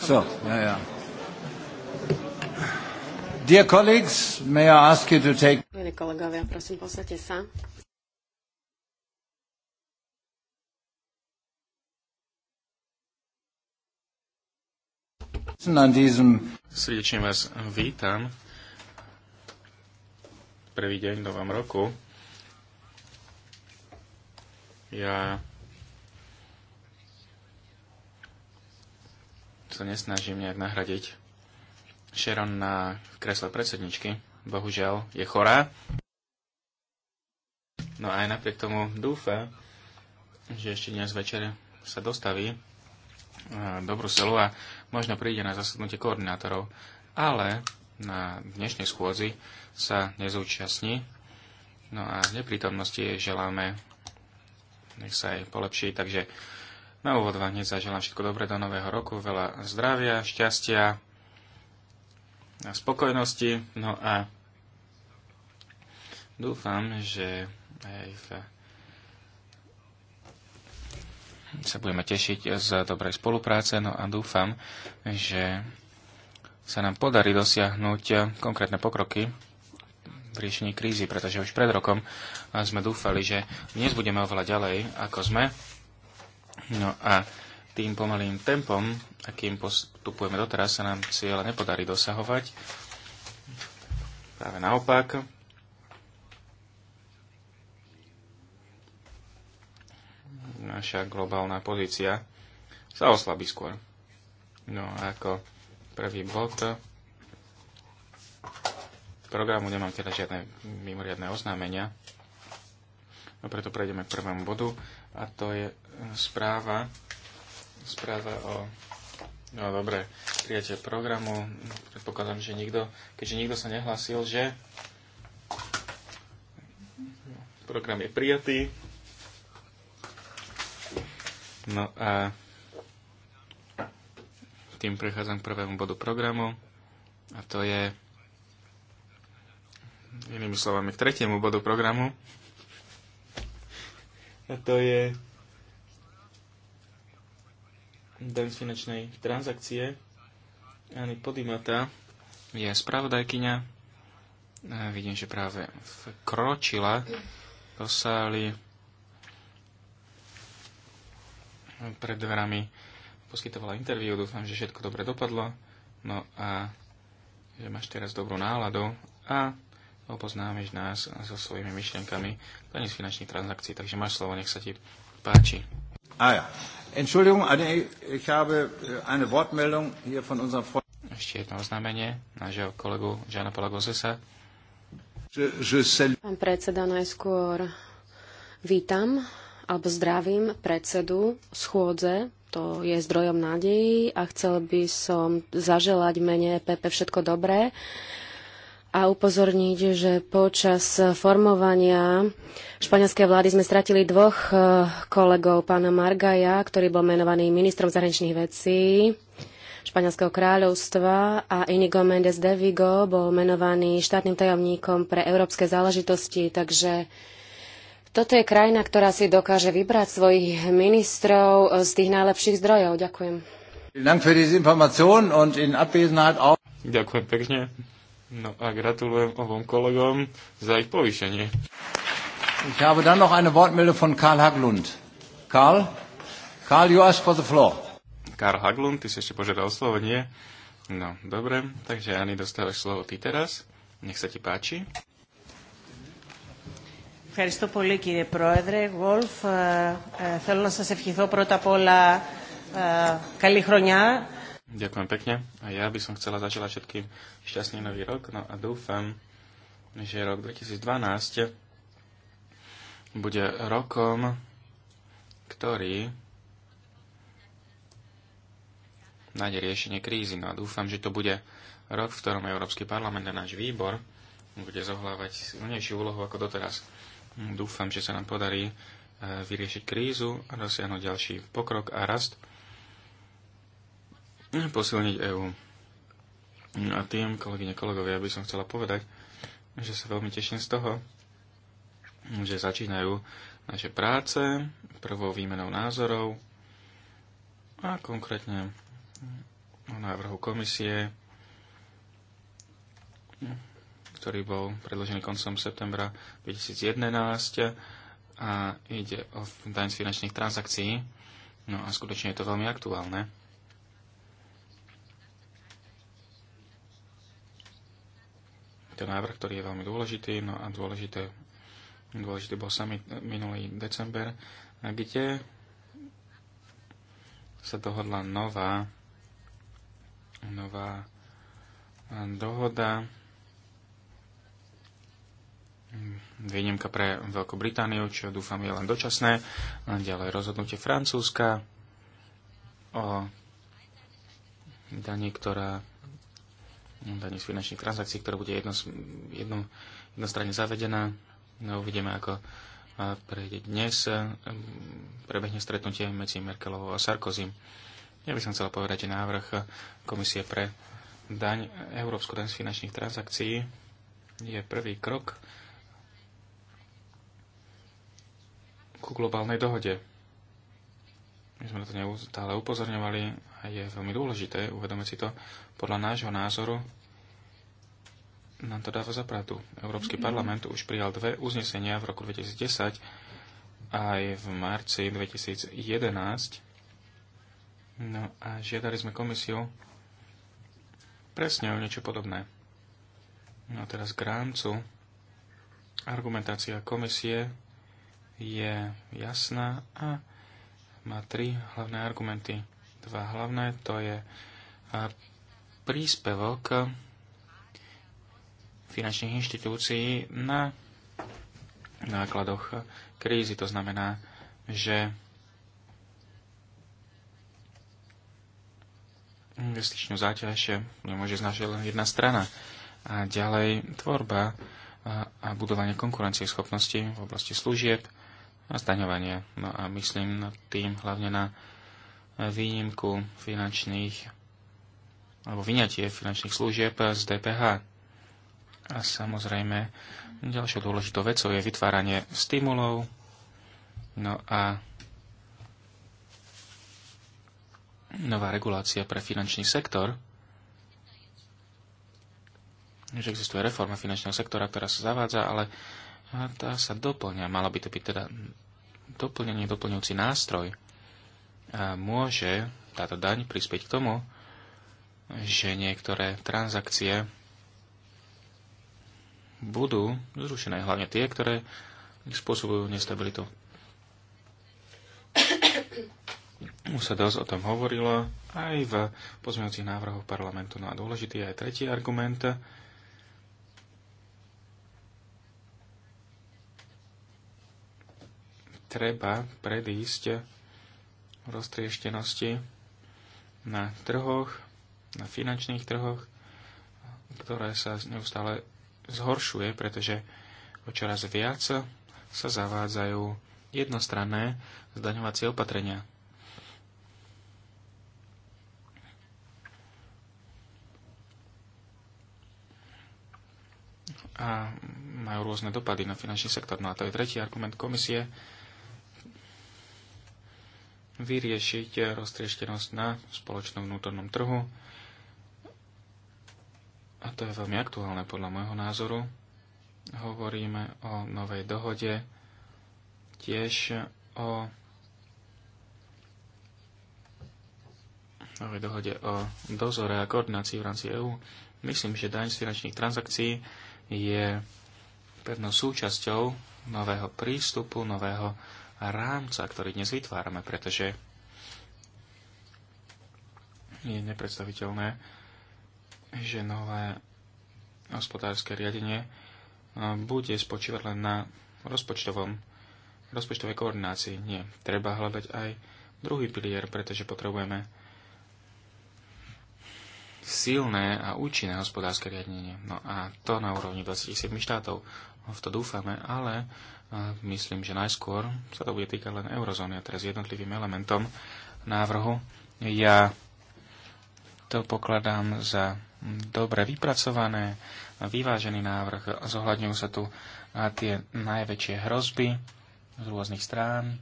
So, ja, ja. Dear colleagues, may I ask you to take... Milí kolegovia, prosím, posadte sa. Srdečne vás vítam. Prvý deň do vám roku. Ja sa nesnažím nejak nahradiť Sharon na kresle predsedničky. Bohužiaľ, je chorá. No a aj napriek tomu dúfa, že ešte dnes večer sa dostaví e, do Bruselu a možno príde na zasadnutie koordinátorov, ale na dnešnej schôdzi sa nezúčastní. No a v neprítomnosti želáme, nech sa aj polepší, takže na úvod vám hneď zaželám všetko dobré do nového roku, veľa zdravia, šťastia a spokojnosti. No a dúfam, že aj v sa budeme tešiť z dobrej spolupráce, no a dúfam, že sa nám podarí dosiahnuť konkrétne pokroky v riešení krízy, pretože už pred rokom sme dúfali, že dnes budeme oveľa ďalej, ako sme. No a tým pomalým tempom, akým postupujeme doteraz, sa nám cieľa nepodarí dosahovať. Práve naopak. Naša globálna pozícia sa oslabí skôr. No a ako prvý bod programu nemám teda žiadne mimoriadne oznámenia. No preto prejdeme k prvému bodu a to je správa, správa o No dobre, prijatie programu. Predpokladám, že nikto, keďže nikto sa nehlasil, že program je prijatý. No a tým prechádzam k prvému bodu programu a to je inými slovami k tretiemu bodu programu a to je daň z finančnej transakcie. Ani Podimata je spravodajkyňa. vidím, že práve vkročila do sály pred dverami poskytovala interviu, dúfam, že všetko dobre dopadlo. No a že máš teraz dobrú náladu a oboznámiš nás so svojimi myšlienkami daní z finančných transakcií. Takže máš slovo, nech sa ti páči. A ja. Entschuldigung, ich habe äh, eine Wortmeldung hier von unserem Freund. Ešte jedno oznámenie nášho kolegu Žana Paula Gozesa. Pán predseda, najskôr vítam alebo zdravím predsedu schôdze to je zdrojom nádejí a chcel by som zaželať mene PP všetko dobré a upozorniť, že počas formovania španielskej vlády sme stratili dvoch eh, kolegov, pána Margaja, ktorý bol menovaný ministrom zahraničných vecí Španielského kráľovstva a Inigo Mendes de Vigo bol menovaný štátnym tajomníkom pre európske záležitosti, takže toto je krajina, ktorá si dokáže vybrať svojich ministrov eh, z tých najlepších zdrojov. Ďakujem. Ďakujem pekne No a gratulujem obom kolegom za ich povýšenie. Ich habe dann noch eine Wortmeldung von Karl Haglund. Karl? Karl, you ask for the floor. Karl Haglund, ty si ešte požiadal slovo, nie? No, dobre. Takže, Ani, dostávaš slovo ty teraz. Nech sa ti páči. Ευχαριστώ πολύ κύριε Πρόεδρε. Γολφ, ε, θέλω να σας ευχηθώ πρώτα απ' όλα ε, καλή χρονιά Ďakujem pekne. A ja by som chcela začala všetkým šťastný nový rok. No a dúfam, že rok 2012 bude rokom, ktorý nájde riešenie krízy. No a dúfam, že to bude rok, v ktorom Európsky parlament a náš výbor bude zohlávať silnejšiu úlohu ako doteraz. Dúfam, že sa nám podarí eh, vyriešiť krízu a dosiahnuť ďalší pokrok a rast posilniť EÚ. No a tým, kolegyne, kolegovia, by som chcela povedať, že sa veľmi teším z toho, že začínajú naše práce prvou výmenou názorov a konkrétne o návrhu komisie, ktorý bol predložený koncom septembra 2011 a ide o daň z finančných transakcií. No a skutočne je to veľmi aktuálne. to návrh, ktorý je veľmi dôležitý. No a dôležité, dôležitý bol summit minulý december, kde sa dohodla nová, nová e, dohoda, výnimka pre Veľkú Britániu, čo dúfam je len dočasné, ďalej rozhodnutie Francúzska o daní, ktorá daní z finančných transakcií, ktorá bude jedno, jedno, jednostranne zavedená. No, uvidíme, ako prejde dnes. Prebehne stretnutie medzi Merkelovou a Sarkozy. Ja by som chcel povedať, že návrh Komisie pre daň, Európsku daň z finančných transakcií je prvý krok ku globálnej dohode. My sme na to neustále upozorňovali a je veľmi dôležité uvedomiť si to. Podľa nášho názoru nám to dáva za pravdu. Európsky mhm. parlament už prijal dve uznesenia v roku 2010 aj v marci 2011. No a žiadali sme komisiu presne o niečo podobné. No a teraz k rámcu. Argumentácia komisie je jasná a má tri hlavné argumenty. Dva hlavné, to je príspevok finančných inštitúcií na nákladoch krízy. To znamená, že investičnú záťaž nemôže znašiť len jedna strana. A ďalej tvorba a budovanie konkurencieschopnosti v oblasti služieb, a zdaňovanie. No a myslím nad tým hlavne na eh, výnimku finančných alebo vyňatie finančných služieb z DPH. A samozrejme, ďalšou dôležitou vecou je vytváranie stimulov. No a nová regulácia pre finančný sektor, že existuje reforma finančného sektora, ktorá sa zavádza, ale a tá sa doplňa, mala by to byť teda doplňanie, doplňujúci nástroj. A môže táto daň prispieť k tomu, že niektoré transakcie budú zrušené, hlavne tie, ktoré spôsobujú nestabilitu. Už sa dosť o tom hovorilo aj v pozmeňujúcich návrhoch parlamentu. No a dôležitý je aj tretí argument, treba predísť roztrieštenosti na trhoch, na finančných trhoch, ktoré sa neustále zhoršuje, pretože čoraz viac sa zavádzajú jednostranné zdaňovacie opatrenia. A majú rôzne dopady na finančný sektor. No a to je tretí argument komisie, vyriešiť roztrieštenosť na spoločnom vnútornom trhu. A to je veľmi aktuálne podľa môjho názoru. Hovoríme o novej dohode, tiež o novej dohode o dozore a koordinácii v rámci EÚ. Myslím, že daň z finančných transakcií je pevnou súčasťou nového prístupu, nového rámca, ktorý dnes vytvárame, pretože je nepredstaviteľné, že nové hospodárske riadenie no, bude spočívať len na rozpočtovom, rozpočtovej koordinácii. Nie, treba hľadať aj druhý pilier, pretože potrebujeme silné a účinné hospodárske riadenie. No a to na úrovni 27 štátov. V to dúfame, ale a myslím, že najskôr sa to bude týkať len eurozóny a teraz jednotlivým elementom návrhu. Ja to pokladám za dobre vypracované, vyvážený návrh. Zohľadňujú sa tu na tie najväčšie hrozby z rôznych strán.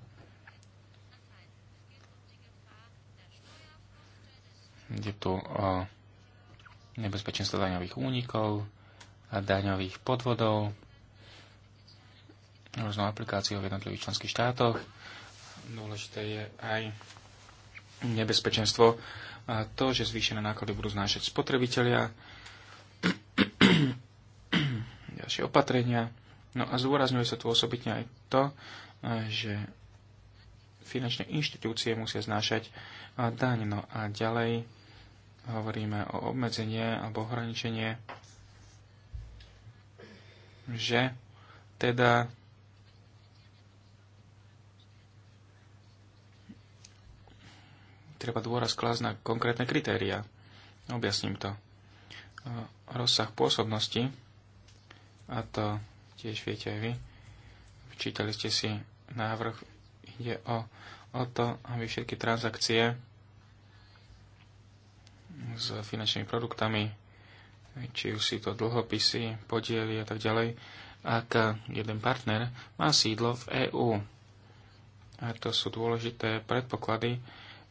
Je tu o nebezpečenstvo daňových únikov a daňových podvodov rôznou aplikáciou v jednotlivých členských štátoch. Dôležité je aj nebezpečenstvo a to, že zvýšené náklady budú znášať spotrebitelia, ďalšie opatrenia. No a zdôrazňuje sa tu osobitne aj to, že finančné inštitúcie musia znášať daň. No a ďalej hovoríme o obmedzenie alebo ohraničenie, že teda treba dôraz klásť na konkrétne kritéria. Objasním to. E, rozsah pôsobnosti, a to tiež viete aj vy, čítali ste si návrh, ide o, o to, aby všetky transakcie s finančnými produktami, či už si to dlhopisy, podiely a tak ďalej, ak jeden partner má sídlo v EÚ. A to sú dôležité predpoklady,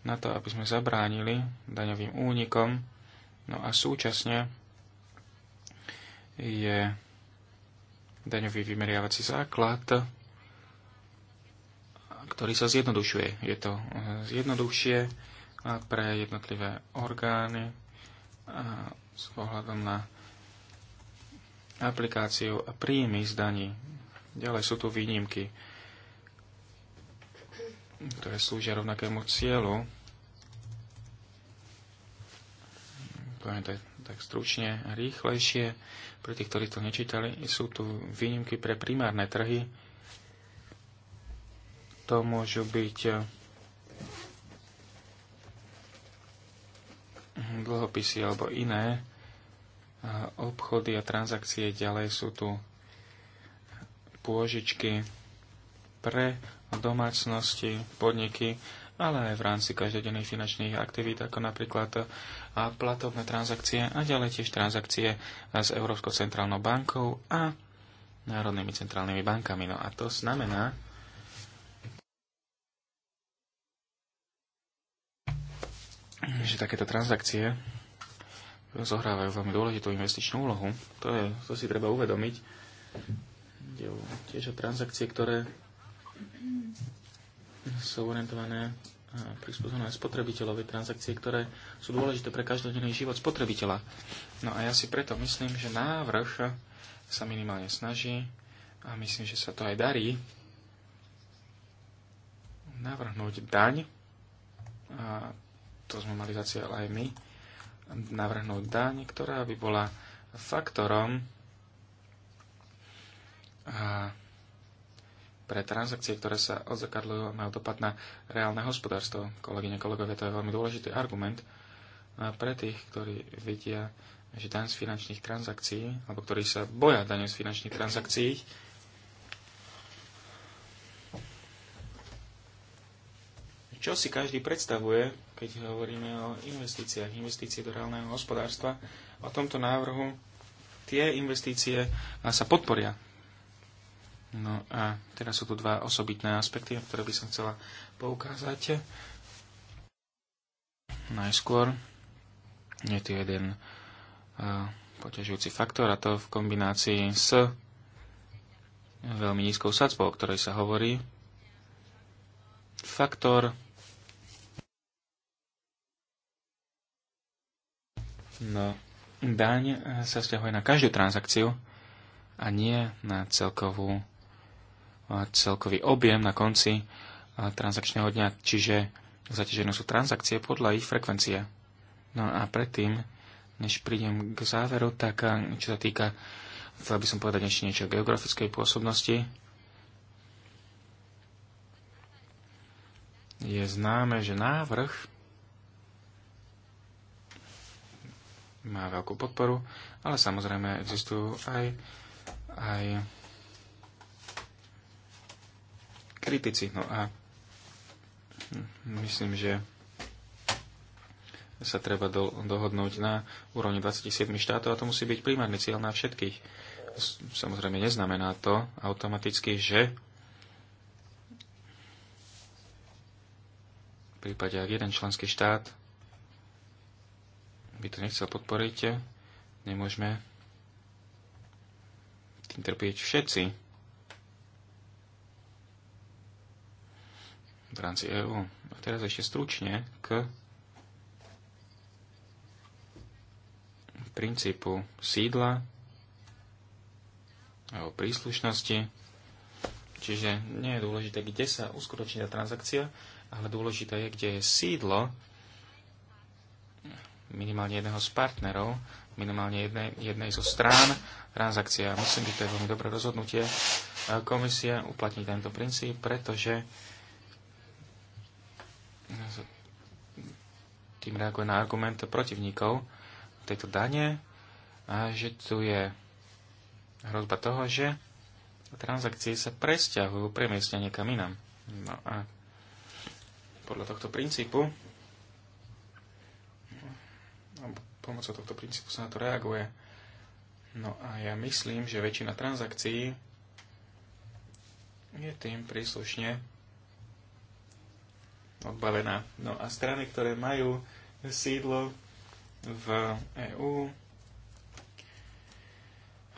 na to, aby sme zabránili daňovým únikom. No a súčasne je daňový vymeriavací základ, ktorý sa zjednodušuje. Je to zjednodušie pre jednotlivé orgány a s pohľadom na aplikáciu a príjmy z daní. Ďalej sú tu výnimky ktoré slúžia rovnakému cieľu. Poviem to tak stručne a rýchlejšie. Pre tých, ktorí to nečítali, sú tu výnimky pre primárne trhy. To môžu byť eh, dlhopisy alebo iné eh, obchody a transakcie. Ďalej sú tu pôžičky pre domácnosti, podniky, ale aj v rámci každodenných finančných aktivít, ako napríklad e, platobné transakcie a ďalej tiež transakcie s Európskou centrálnou bankou a národnými centrálnymi bankami. No a to znamená, že takéto transakcie zohrávajú veľmi dôležitú investičnú úlohu. To, je, to si treba uvedomiť. Tiež o transakcie, ktoré sú orientované a prispôsobené spotrebiteľovi transakcie, ktoré sú dôležité pre každodenný život spotrebiteľa. No a ja si preto myslím, že návrh sa minimálne snaží a myslím, že sa to aj darí navrhnúť daň a to sme mali za cieľ aj my, navrhnúť daň, ktorá by bola faktorom a pre transakcie, ktoré sa odzakadľujú a majú dopad na reálne hospodárstvo. Kolegyne, kolegovia, to je veľmi dôležitý argument pre tých, ktorí vidia, že daň z finančných transakcií, alebo ktorí sa boja daň z finančných transakcií, Čo si každý predstavuje, keď hovoríme o investíciách, investície do reálneho hospodárstva, o tomto návrhu tie investície sa podporia. No a teraz sú tu dva osobitné aspekty, na ktoré by som chcela poukázať. Najskôr je tu jeden uh, poťažujúci faktor a to v kombinácii s veľmi nízkou sadzbou, o ktorej sa hovorí. Faktor No, daň sa vzťahuje na každú transakciu a nie na celkovú celkový objem na konci transakčného dňa, čiže zaťažené sú transakcie podľa ich frekvencie. No a predtým, než prídem k záveru, tak čo sa týka, chcel by som povedať ešte niečo o geografickej pôsobnosti. Je známe, že návrh má veľkú podporu, ale samozrejme existujú aj, aj kritici. No a myslím, že sa treba do, dohodnúť na úrovni 27 štátov a to musí byť primárny cieľ na všetkých. Samozrejme neznamená to automaticky, že v prípade, ak jeden členský štát by to nechcel podporiť, nemôžeme tým trpieť všetci. v rámci EÚ. A teraz ešte stručne k princípu sídla alebo príslušnosti. Čiže nie je dôležité, kde sa uskutoční tá transakcia, ale dôležité je, kde je sídlo minimálne jedného z partnerov, minimálne jednej, jednej zo strán transakcia. Myslím, že to je veľmi dobré rozhodnutie komisia uplatní tento princíp, pretože tým reaguje na argument protivníkov tejto dane a že tu je hrozba toho, že transakcie sa presťahujú, premiestnia niekam inam. No a podľa tohto princípu pomocou tohto princípu sa na to reaguje. No a ja myslím, že väčšina transakcií je tým príslušne odbavená. No a strany, ktoré majú sídlo v EÚ,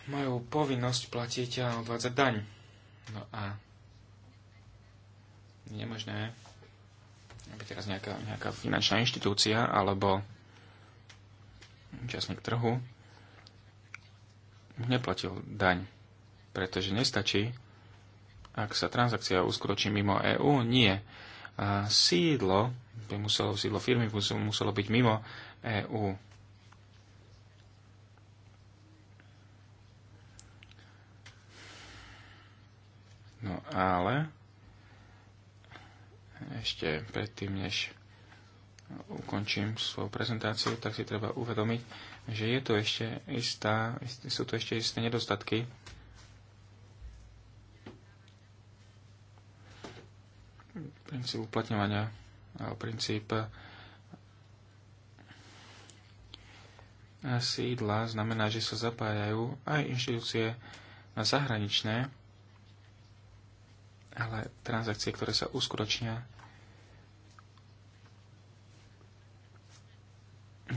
majú povinnosť platiť a odvádzať daň. No a je možné, aby teraz nejaká, nejaká finančná inštitúcia alebo účastník trhu neplatil daň, pretože nestačí, ak sa transakcia uskročí mimo EÚ, nie sídlo, by muselo, sídlo firmy muselo, muselo byť mimo EÚ. No ale ešte predtým, než ukončím svoju prezentáciu, tak si treba uvedomiť, že je tu ešte istá, sú tu ešte isté nedostatky princíp uplatňovania alebo princíp eh, sídla znamená, že sa zapájajú aj inštitúcie zahraničné, ale transakcie, ktoré sa uskutočnia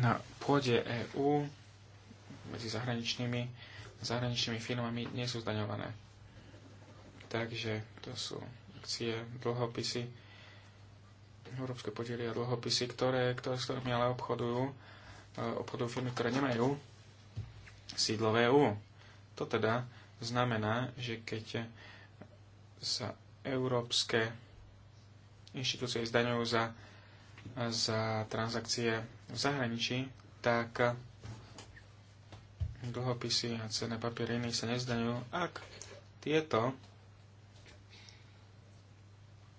na pôde EÚ medzi zahraničnými, zahraničnými firmami nie sú zdaňované. Takže to sú akcie, dlhopisy, európske podiely a dlhopisy, ktoré, ktoré, s ktorými ale obchodujú, eh, obchodujú firmy, ktoré nemajú sídlo v EU. To teda znamená, že keď sa európske inštitúcie zdaňujú za, za transakcie v zahraničí, tak dlhopisy a cenné papiery iných sa nezdaňujú, ak tieto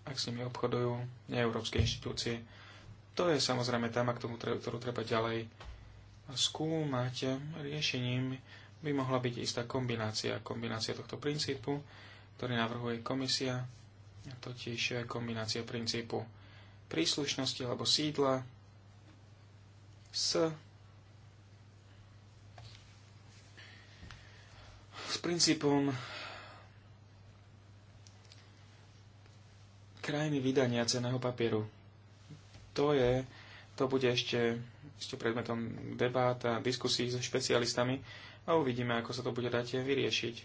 ak s nimi obchodujú neeurópske inštitúcie. To je samozrejme téma, ktorú, ktorú treba ďalej skúmať. Riešením by mohla byť istá kombinácia. Kombinácia tohto princípu, ktorý navrhuje komisia, totiž kombinácia princípu príslušnosti alebo sídla s, s princípom krajiny vydania ceného papieru. To je, to bude ešte, ešte predmetom debát a diskusí so špecialistami a uvidíme, ako sa to bude dať vyriešiť.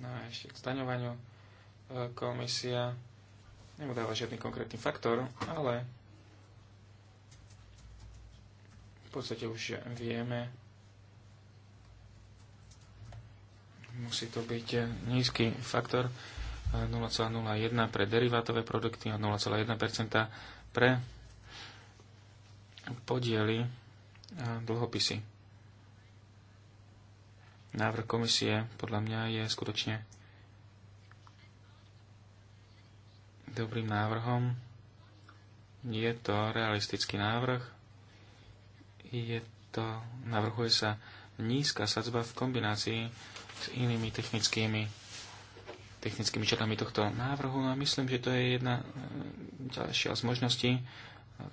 No a ešte k zdaňovaniu e, komisia neudáva žiadny konkrétny faktor, ale v podstate už vieme, musí to byť nízky faktor 0,01 pre derivátové produkty a 0,1 pre podiely a dlhopisy. Návrh komisie podľa mňa je skutočne dobrým návrhom. Je to realistický návrh. Je to, navrhuje sa nízka sadzba v kombinácii s inými technickými technickými čertami tohto návrhu. No a myslím, že to je jedna e, ďalšia z možností, e,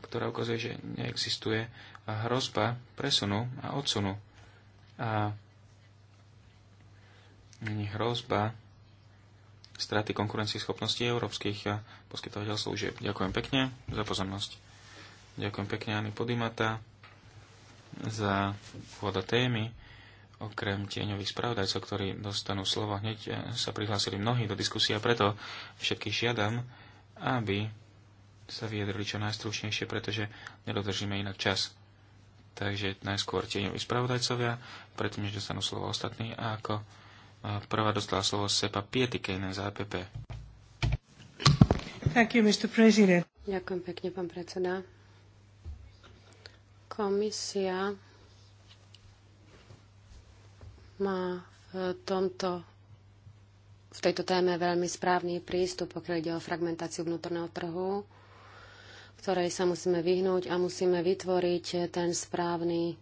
ktorá ukazuje, že neexistuje hrozba presunu a odsunu. A není hrozba straty konkurencieschopnosti európskych e, poskytovateľov služieb. Ďakujem pekne za pozornosť. Ďakujem pekne Ani Podimata za úvod témy. Okrem tieňových spravodajcov, ktorí dostanú slovo hneď, eh, sa prihlásili mnohí do diskusie a preto všetkých žiadam, aby sa vyjadrili čo najstručnejšie, pretože nedodržíme inak čas. Takže najskôr tieňoví spravodajcovia, predtým, než dostanú slovo ostatní a ako eh, prvá dostala slovo Sepa Pietikejnen za APP. E Thank you, Mr. President. Ďakujem pekne, pán predseda. Komisia má v e, tomto v tejto téme veľmi správny prístup, pokiaľ ide o fragmentáciu vnútorného trhu, ktorej sa musíme vyhnúť a musíme vytvoriť e, ten správny,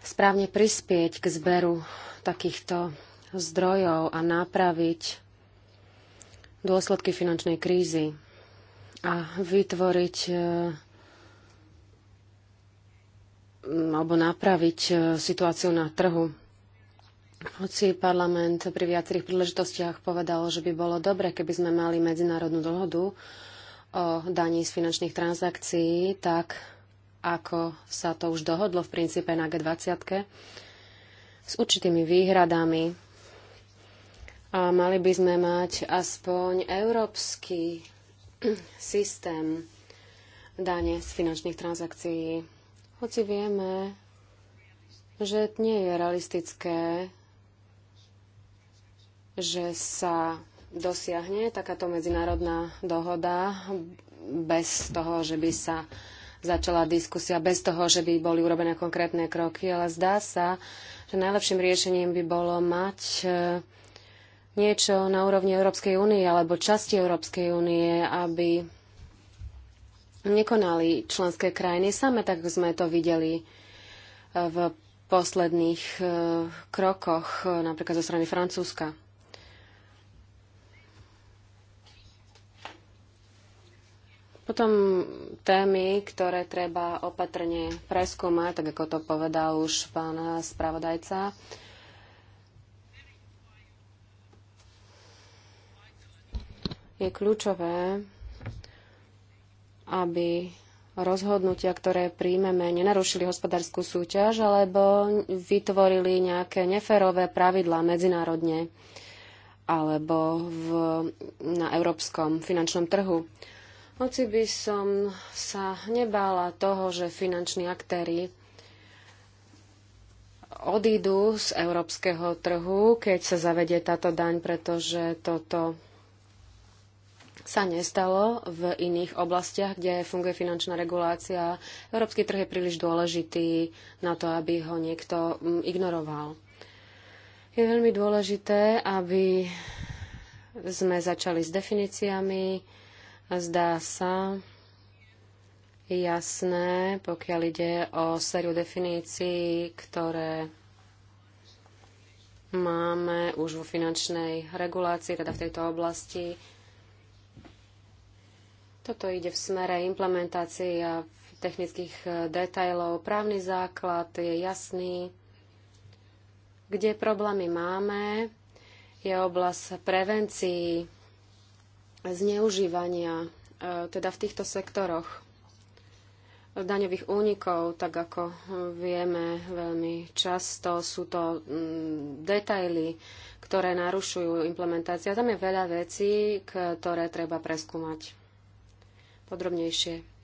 správne prispieť k zberu takýchto zdrojov a napraviť dôsledky finančnej krízy a vytvoriť e, alebo napraviť situáciu na trhu hoci parlament pri viacerých príležitostiach povedal, že by bolo dobre, keby sme mali medzinárodnú dohodu o daní z finančných transakcií, tak ako sa to už dohodlo v princípe na G20, s určitými výhradami. A mali by sme mať aspoň európsky systém dane z finančných transakcií. Hoci vieme, že nie je realistické že sa dosiahne takáto medzinárodná dohoda bez toho, že by sa začala diskusia, bez toho, že by boli urobené konkrétne kroky, ale zdá sa, že najlepším riešením by bolo mať e, niečo na úrovni Európskej únie alebo časti Európskej únie, aby nekonali členské krajiny same, tak ako sme to videli e, v posledných e, krokoch, napríklad zo strany Francúzska. Potom témy, ktoré treba opatrne preskúmať, tak ako to povedal už pán spravodajca. Je kľúčové, aby rozhodnutia, ktoré príjmeme, nenarušili hospodárskú súťaž alebo vytvorili nejaké neférové pravidlá medzinárodne alebo v, na európskom finančnom trhu. Hoci by som sa nebála toho, že finanční aktéry odídu z európskeho trhu, keď sa zavedie táto daň, pretože toto sa nestalo v iných oblastiach, kde funguje finančná regulácia. Európsky trh je príliš dôležitý na to, aby ho niekto mm, ignoroval. Je veľmi dôležité, aby sme začali s definíciami, Zdá sa jasné, pokiaľ ide o sériu definícií, ktoré máme už vo finančnej regulácii, teda v tejto oblasti. Toto ide v smere implementácie a technických e, detajlov. Právny základ je jasný. Kde problémy máme, je oblasť prevencií zneužívania, e, teda v týchto sektoroch daňových únikov, tak ako vieme veľmi často, sú to mm, detaily, ktoré narušujú implementáciu. Tam je veľa vecí, ktoré treba preskúmať podrobnejšie.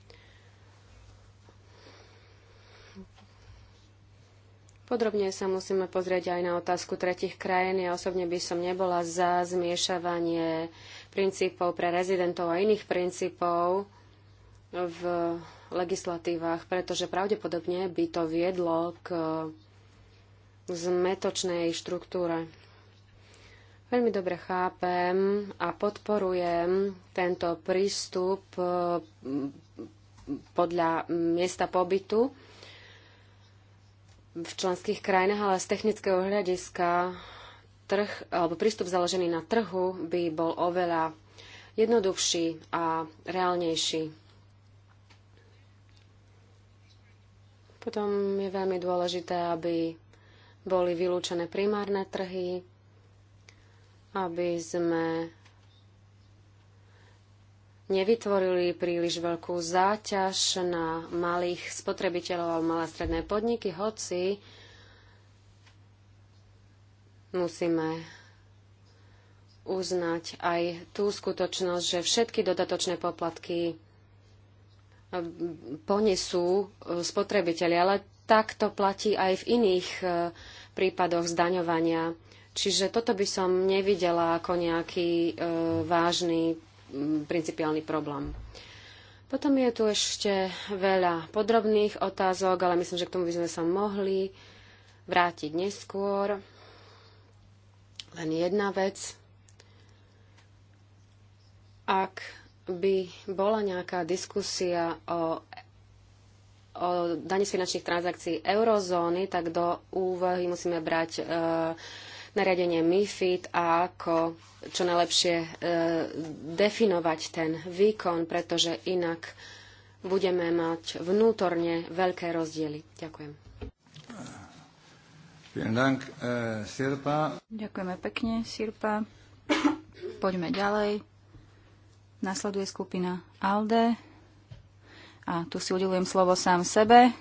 Podrobne sa musíme pozrieť aj na otázku tretich krajín. Ja osobne by som nebola za zmiešavanie princípov pre rezidentov a iných princípov v legislatívach, pretože pravdepodobne by to viedlo k zmetočnej štruktúre. Veľmi dobre chápem a podporujem tento prístup eh, podľa miesta pobytu v členských krajinách, ale z technického hľadiska trh, alebo prístup založený na trhu by bol oveľa jednoduchší a reálnejší. Potom je veľmi dôležité, aby boli vylúčené primárne trhy, aby sme nevytvorili príliš veľkú záťaž na malých spotrebiteľov alebo malé stredné podniky, hoci musíme uznať aj tú skutočnosť, že všetky dodatočné poplatky ponesú e, spotrebiteľi, ale tak to platí aj v iných e, prípadoch zdaňovania. Čiže toto by som nevidela ako nejaký e, vážny principiálny problém. Potom je tu ešte veľa podrobných otázok, ale myslím, že k tomu by sme sa mohli vrátiť neskôr. Len jedna vec. Ak by bola nejaká diskusia o o daní z finančných transakcií eurozóny, tak do úvahy musíme brať e, nariadenie MIFID a ako čo najlepšie e, definovať ten výkon, pretože inak budeme mať vnútorne veľké rozdiely. Ďakujem. E, Ďakujeme pekne, Sirpa. Poďme ďalej. Nasleduje skupina ALDE. A tu si udelujem slovo sám sebe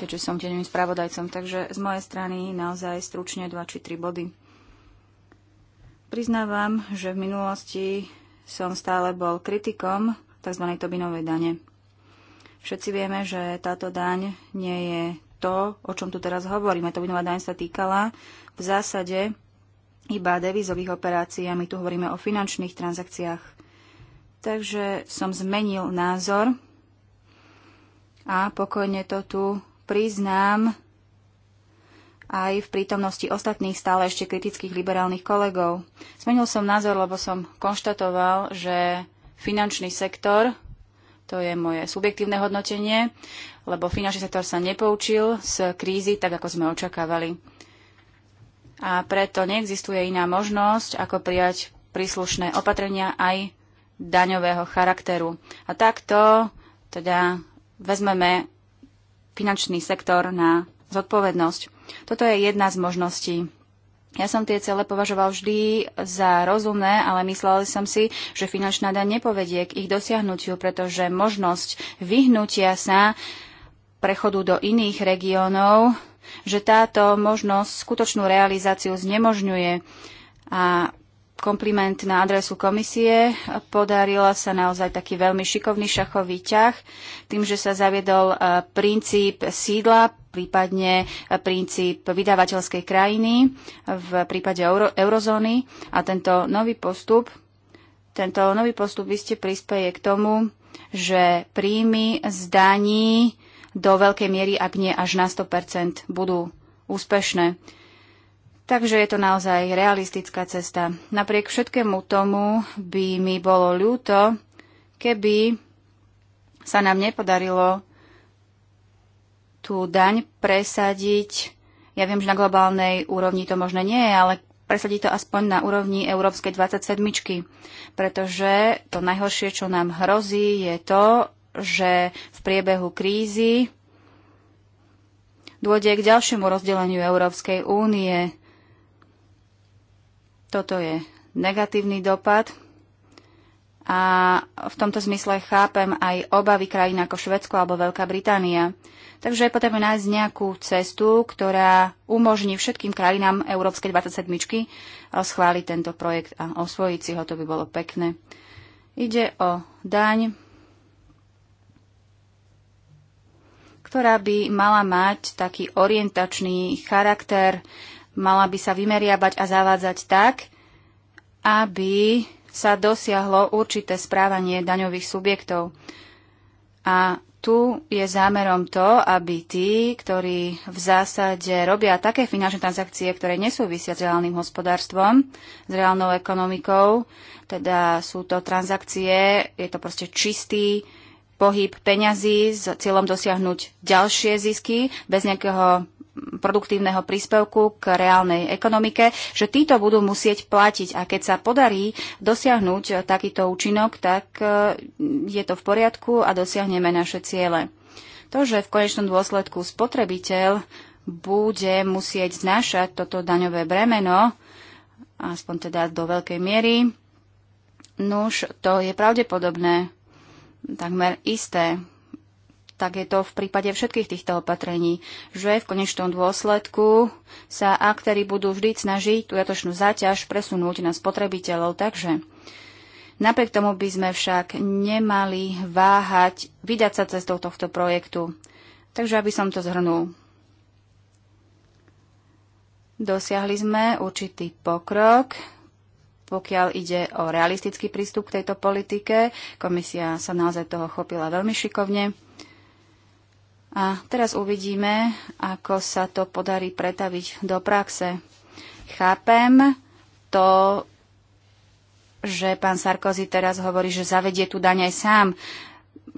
keďže som denným spravodajcom. Takže z mojej strany naozaj stručne 2 či 3 body. Priznávam, že v minulosti som stále bol kritikom tzv. Tobinovej dane. Všetci vieme, že táto daň nie je to, o čom tu teraz hovoríme. Tobinová daň sa týkala v zásade iba devizových operácií a my tu hovoríme o finančných transakciách. Takže som zmenil názor a pokojne to tu priznám, aj v prítomnosti ostatných stále ešte kritických liberálnych kolegov. Zmenil som názor, lebo som konštatoval, že finančný sektor, to je moje subjektívne hodnotenie, lebo finančný sektor sa nepoučil z krízy tak, ako sme očakávali. A preto neexistuje iná možnosť, ako prijať príslušné opatrenia aj daňového charakteru. A takto teda vezmeme finančný sektor na zodpovednosť. Toto je jedna z možností. Ja som tie celé považoval vždy za rozumné, ale myslel som si, že finančná daň nepovedie k ich dosiahnutiu, pretože možnosť vyhnutia sa prechodu do iných regiónov, že táto možnosť skutočnú realizáciu znemožňuje. A kompliment na adresu komisie. Podarila sa naozaj taký veľmi šikovný šachový ťah tým, že sa zaviedol e, princíp sídla, prípadne e, princíp vydavateľskej krajiny v prípade euro, eurozóny a tento nový postup tento nový postup iste prispieje k tomu, že príjmy z daní do veľkej miery, ak nie až na 100%, budú úspešné. Takže je to naozaj realistická cesta. Napriek všetkému tomu by mi bolo ľúto, keby sa nám nepodarilo tú daň presadiť. Ja viem, že na globálnej úrovni to možno nie je, ale presadí to aspoň na úrovni Európskej 27. Pretože to najhoršie, čo nám hrozí, je to, že v priebehu krízy dôjde k ďalšiemu rozdeleniu Európskej únie toto je negatívny dopad a v tomto zmysle chápem aj obavy krajín ako Švedsko alebo Veľká Británia. Takže je potrebné nájsť nejakú cestu, ktorá umožní všetkým krajinám Európskej 27 eh, schváliť tento projekt a osvojiť si ho, to by bolo pekné. Ide o daň, ktorá by mala mať taký orientačný charakter, mala by sa vymeriavať a zavádzať tak, aby sa dosiahlo určité správanie daňových subjektov. A tu je zámerom to, aby tí, ktorí v zásade robia také finančné transakcie, ktoré nesúvisia s reálnym hospodárstvom, s reálnou ekonomikou, teda sú to transakcie, je to proste čistý pohyb peňazí s cieľom dosiahnuť ďalšie zisky bez nejakého produktívneho príspevku k reálnej ekonomike, že títo budú musieť platiť. A keď sa podarí dosiahnuť takýto účinok, tak e, je to v poriadku a dosiahneme naše ciele. To, že v konečnom dôsledku spotrebiteľ bude musieť znášať toto daňové bremeno, aspoň teda do veľkej miery, nuž to je pravdepodobné, takmer isté, tak je to v prípade všetkých týchto opatrení, že v konečnom dôsledku sa aktéry budú vždy snažiť dodatočnú záťaž presunúť na spotrebiteľov. Takže napriek tomu by sme však nemali váhať vydať sa cestou tohto projektu. Takže aby som to zhrnul. Dosiahli sme určitý pokrok, pokiaľ ide o realistický prístup k tejto politike. Komisia sa naozaj toho chopila veľmi šikovne. A teraz uvidíme, ako sa to podarí pretaviť do praxe. Chápem to, že pán Sarkozy teraz hovorí, že zavedie tu daň aj sám.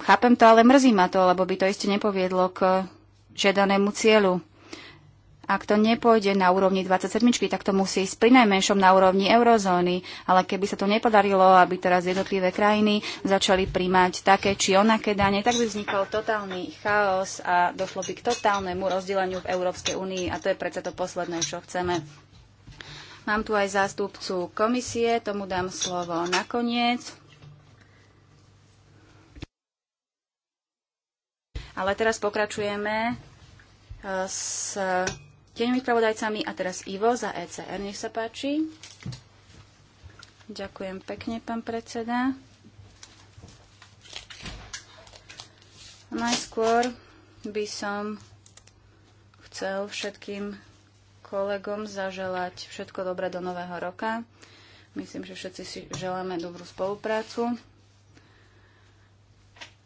Chápem to, ale mrzí ma to, lebo by to iste nepoviedlo k žiadanému cieľu. Ak to nepôjde na úrovni 27, tak to musí ísť pri najmenšom na úrovni eurozóny. Ale keby sa to nepodarilo, aby teraz jednotlivé krajiny začali príjmať také či onaké dane, tak by vznikol totálny chaos a došlo by k totálnemu rozdeleniu v Európskej únii. A to je predsa to posledné, čo chceme. Mám tu aj zástupcu komisie, tomu dám slovo nakoniec. Ale teraz pokračujeme eh, s tieňovými pravodajcami a teraz Ivo za ECR. Nech sa páči. Ďakujem pekne, pán predseda. Najskôr by som chcel všetkým kolegom zaželať všetko dobré do nového roka. Myslím, že všetci si želáme dobrú spoluprácu.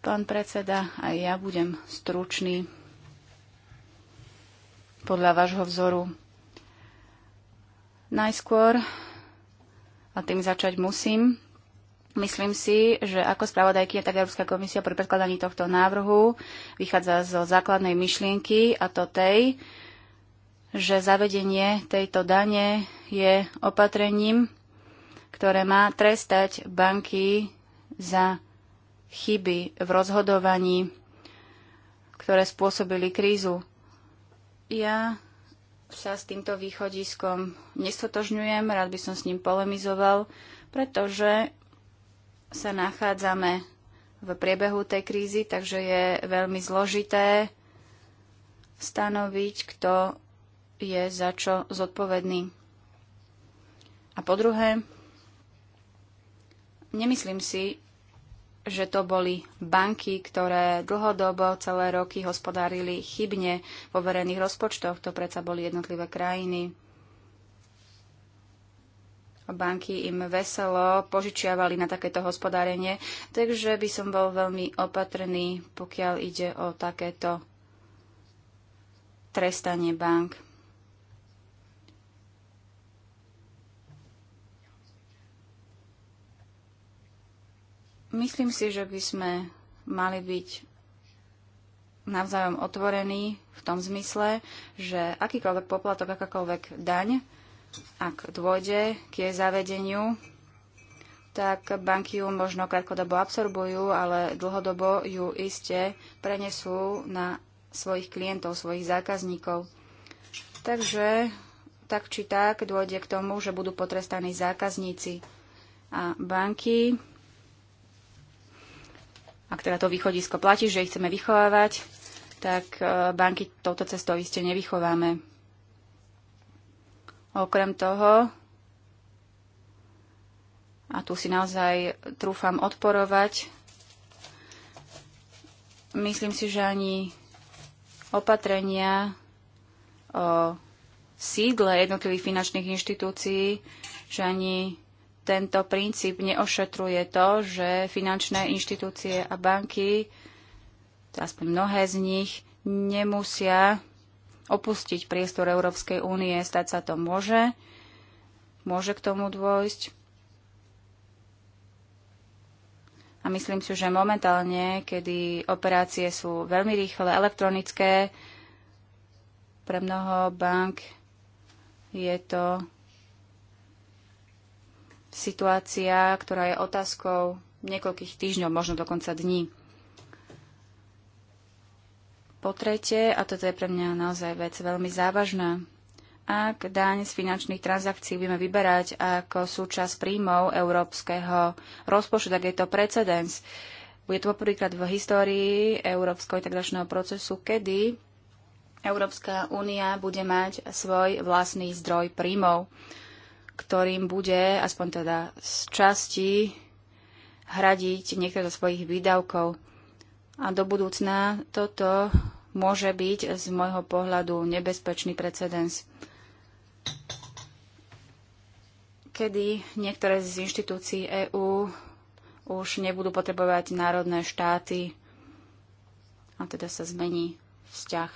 Pán predseda, aj ja budem stručný podľa vášho vzoru? Najskôr, a tým začať musím, Myslím si, že ako spravodajkyňa, tak Európska komisia pri predkladaní tohto návrhu vychádza zo základnej myšlienky a to tej, že zavedenie tejto dane je opatrením, ktoré má trestať banky za chyby v rozhodovaní, ktoré spôsobili krízu. Ja sa s týmto východiskom nestotožňujem, rád by som s ním polemizoval, pretože sa nachádzame v priebehu tej krízy, takže je veľmi zložité stanoviť, kto je za čo zodpovedný. A po druhé, nemyslím si, že to boli banky, ktoré dlhodobo celé roky hospodárili chybne vo verejných rozpočtoch. To predsa boli jednotlivé krajiny. Banky im veselo požičiavali na takéto hospodárenie, takže by som bol veľmi opatrný, pokiaľ ide o takéto trestanie bank. Myslím si, že by sme mali byť navzájom otvorení v tom zmysle, že akýkoľvek poplatok, akákoľvek daň, ak dôjde k jej zavedeniu, tak banky ju možno krátkodobo absorbujú, ale dlhodobo ju iste prenesú na svojich klientov, svojich zákazníkov. Takže tak či tak dôjde k tomu, že budú potrestaní zákazníci. A banky ak teda to východisko platí, že ich chceme vychovávať, tak e, banky touto cestou iste nevychováme. Okrem toho, a tu si naozaj trúfam odporovať, myslím si, že ani opatrenia o sídle jednotlivých finančných inštitúcií, že ani tento princíp neošetruje to, že finančné inštitúcie a banky, aspoň mnohé z nich, nemusia opustiť priestor Európskej únie. Stať sa to môže, môže k tomu dôjsť. A myslím si, že momentálne, kedy operácie sú veľmi rýchle, elektronické, pre mnoho bank je to situácia, ktorá je otázkou niekoľkých týždňov, možno dokonca dní. Po tretie, a toto je pre mňa naozaj vec veľmi závažná, ak daň z finančných transakcií budeme vyberať ako súčasť príjmov európskeho rozpočtu, tak je to precedens. Bude to poprvýkrát v histórii európskeho integračného procesu, kedy Európska únia bude mať svoj vlastný zdroj príjmov ktorým bude, aspoň teda z časti, hradiť niektoré zo svojich výdavkov. A do budúcna toto môže byť z môjho pohľadu nebezpečný precedens, kedy niektoré z inštitúcií EÚ už nebudú potrebovať národné štáty a teda sa zmení vzťah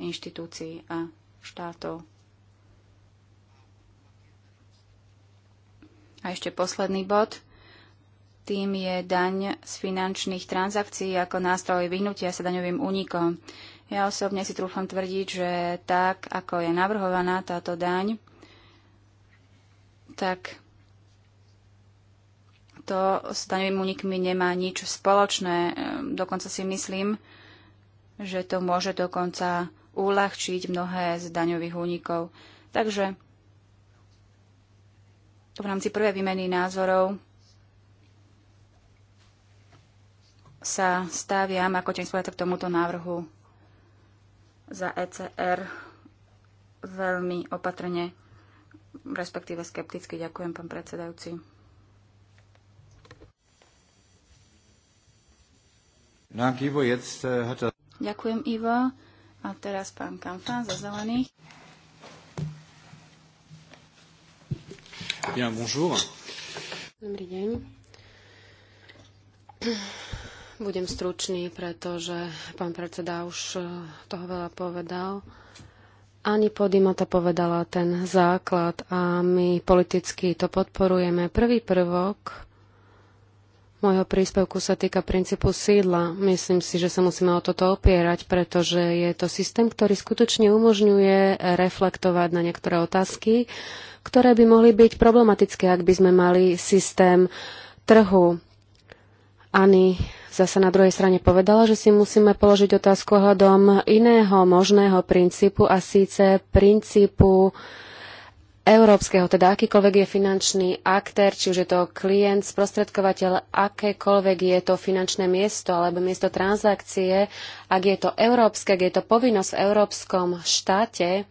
inštitúcií a štátov. A ešte posledný bod. Tým je daň z finančných transakcií ako nástroj vyhnutia sa daňovým únikom. Ja osobne si trúfam tvrdiť, že tak, ako je navrhovaná táto daň, tak to s daňovým únikmi nemá nič spoločné. Ehm, dokonca si myslím, že to môže dokonca uľahčiť mnohé z daňových únikov. Takže v rámci prvej výmeny názorov sa staviam ako teň k tomuto návrhu za ECR veľmi opatrne, respektíve skepticky. Ďakujem, pán predsedajúci. Äh, er- Ďakujem, Ivo. A teraz pán Kamfán za zelených. Bien, bonjour. Dobrý deň. Budem stručný, pretože pán predseda už e, toho veľa povedal. Ani Podimata povedala ten základ a my politicky to podporujeme. Prvý prvok môjho príspevku sa týka princípu sídla. Myslím si, že sa musíme o toto opierať, pretože je to systém, ktorý skutočne umožňuje reflektovať na niektoré otázky, ktoré by mohli byť problematické, ak by sme mali systém trhu. Ani zase na druhej strane povedala, že si musíme položiť otázku hľadom iného možného princípu a síce princípu európskeho, teda akýkoľvek je finančný aktér, či už je to klient, sprostredkovateľ, akékoľvek je to finančné miesto alebo miesto transakcie, ak je to európske, ak je to povinnosť v európskom štáte,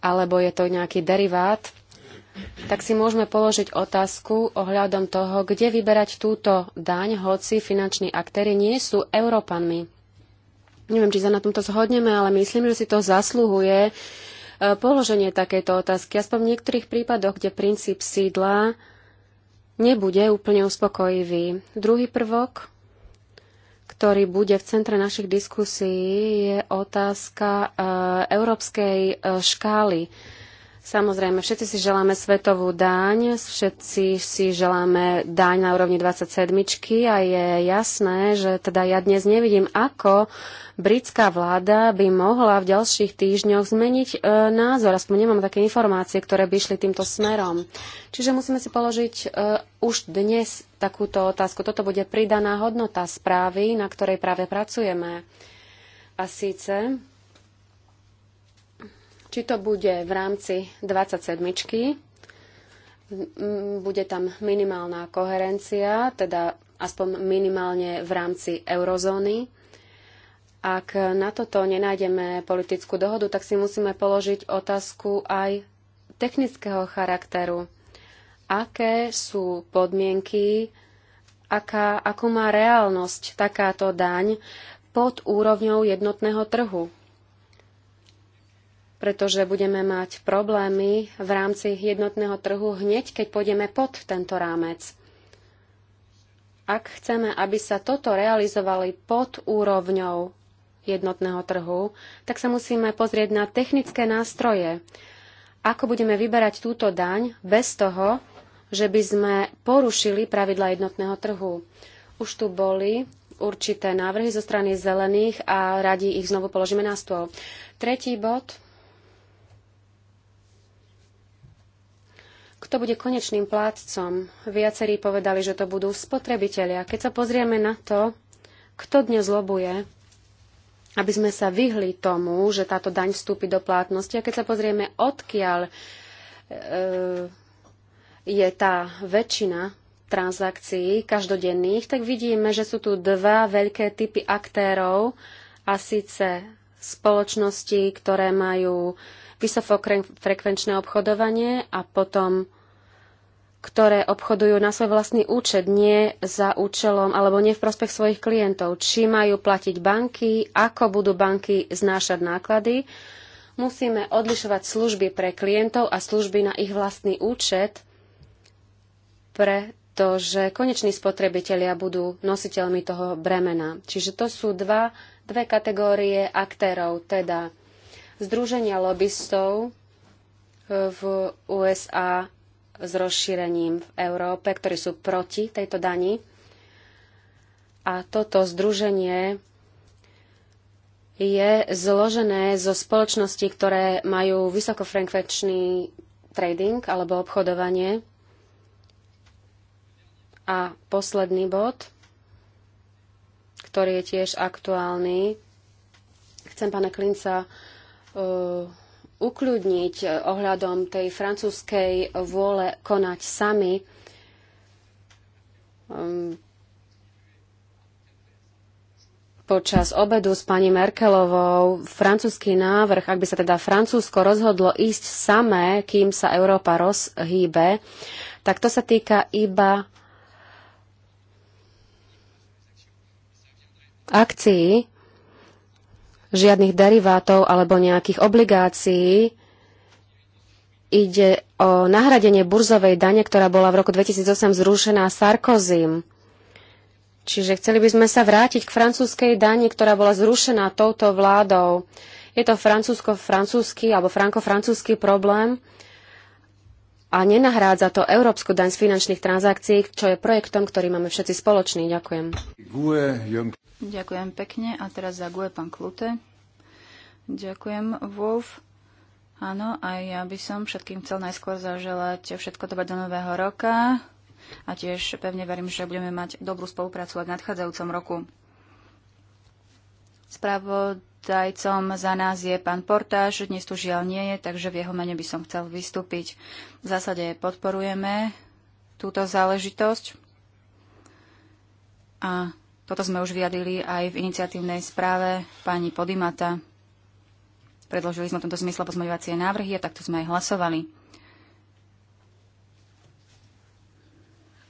alebo je to nejaký derivát, tak si môžeme položiť otázku ohľadom toho, kde vyberať túto daň, hoci finanční aktéry nie sú Európanmi. Neviem, či sa na tomto zhodneme, ale myslím, že si to zasluhuje e, položenie takejto otázky. Aspoň v niektorých prípadoch, kde princíp sídla nebude úplne uspokojivý. Druhý prvok ktorý bude v centre našich diskusí, je otázka eh, európskej eh, škály Samozrejme, všetci si želáme svetovú daň, všetci si želáme daň na úrovni 27 a je jasné, že teda ja dnes nevidím, ako britská vláda by mohla v ďalších týždňoch zmeniť e, názor. Aspoň nemám také informácie, ktoré by išli týmto smerom. Čiže musíme si položiť e, už dnes takúto otázku. Toto bude pridaná hodnota správy, na ktorej práve pracujeme. A síce či to bude v rámci 27. -čky. Bude tam minimálna koherencia, teda aspoň minimálne v rámci eurozóny. Ak na toto nenájdeme politickú dohodu, tak si musíme položiť otázku aj technického charakteru. Aké sú podmienky, aká, akú má reálnosť takáto daň pod úrovňou jednotného trhu? pretože budeme mať problémy v rámci jednotného trhu hneď, keď pôjdeme pod tento rámec. Ak chceme, aby sa toto realizovali pod úrovňou jednotného trhu, tak sa musíme pozrieť na technické nástroje. Ako budeme vyberať túto daň bez toho, že by sme porušili pravidla jednotného trhu. Už tu boli určité návrhy zo strany zelených a radi ich znovu položíme na stôl. Tretí bod Kto bude konečným plátcom? Viacerí povedali, že to budú spotrebitelia. Keď sa pozrieme na to, kto dnes lobuje, aby sme sa vyhli tomu, že táto daň vstúpi do plátnosti. A keď sa pozrieme, odkiaľ e, je tá väčšina transakcií každodenných, tak vidíme, že sú tu dva veľké typy aktérov, a síce spoločnosti, ktoré majú vysokofrekvenčné obchodovanie a potom ktoré obchodujú na svoj vlastný účet, nie za účelom alebo nie v prospech svojich klientov. Či majú platiť banky, ako budú banky znášať náklady. Musíme odlišovať služby pre klientov a služby na ich vlastný účet, pretože koneční spotrebitelia budú nositeľmi toho bremena. Čiže to sú dva, dve kategórie aktérov, teda združenia lobbystov v USA s rozšírením v Európe, ktorí sú proti tejto dani. A toto združenie je zložené zo spoločností, ktoré majú vysokofrekvenčný trading alebo obchodovanie. A posledný bod, ktorý je tiež aktuálny. Chcem pána Klinca uh, ukľudniť eh, ohľadom tej francúzskej vôle konať sami. Ehm, počas obedu s pani Merkelovou francúzsky návrh, ak by sa teda Francúzsko rozhodlo ísť samé, kým sa Európa rozhýbe, tak to sa týka iba akcií, žiadnych derivátov alebo nejakých obligácií. Ide o nahradenie burzovej dane, ktorá bola v roku 2008 zrušená Sarkozym. Čiže chceli by sme sa vrátiť k francúzskej dani, ktorá bola zrušená touto vládou. Je to francúzsko-francúzsky alebo franko-francúzsky problém a nenahrádza to európsku daň z finančných transakcií, čo je projektom, ktorý máme všetci spoločný. Ďakujem. Ďakujem pekne. A teraz za GUE pán Klute. Ďakujem, Wolf. Áno, a ja by som všetkým chcel najskôr zaželať všetko dobre do nového roka a tiež pevne verím, že budeme mať dobrú spoluprácu aj v nadchádzajúcom roku. Spravo Spravodajcom za nás je pán Portáž, dnes tu žiaľ nie je, takže v jeho mene by som chcel vystúpiť. V zásade podporujeme túto záležitosť a toto sme už vyjadili aj v iniciatívnej správe pani Podimata. Predložili sme v tomto zmysle pozmeňovacie návrhy a takto sme aj hlasovali.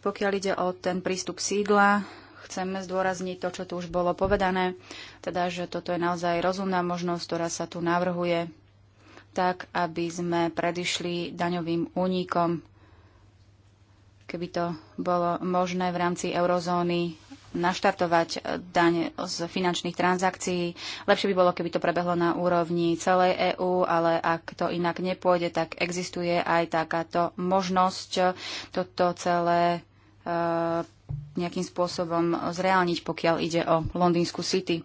Pokiaľ ide o ten prístup sídla, chcem zdôrazniť to, čo tu už bolo povedané, teda, že toto je naozaj rozumná možnosť, ktorá sa tu navrhuje, tak, aby sme predišli daňovým únikom, keby to bolo možné v rámci eurozóny naštartovať eh, daň z finančných transakcií. Lepšie by bolo, keby to prebehlo na úrovni celej EÚ, ale ak to inak nepôjde, tak existuje aj takáto možnosť eh, toto celé eh, nejakým spôsobom zreálniť, pokiaľ ide o Londýnsku City.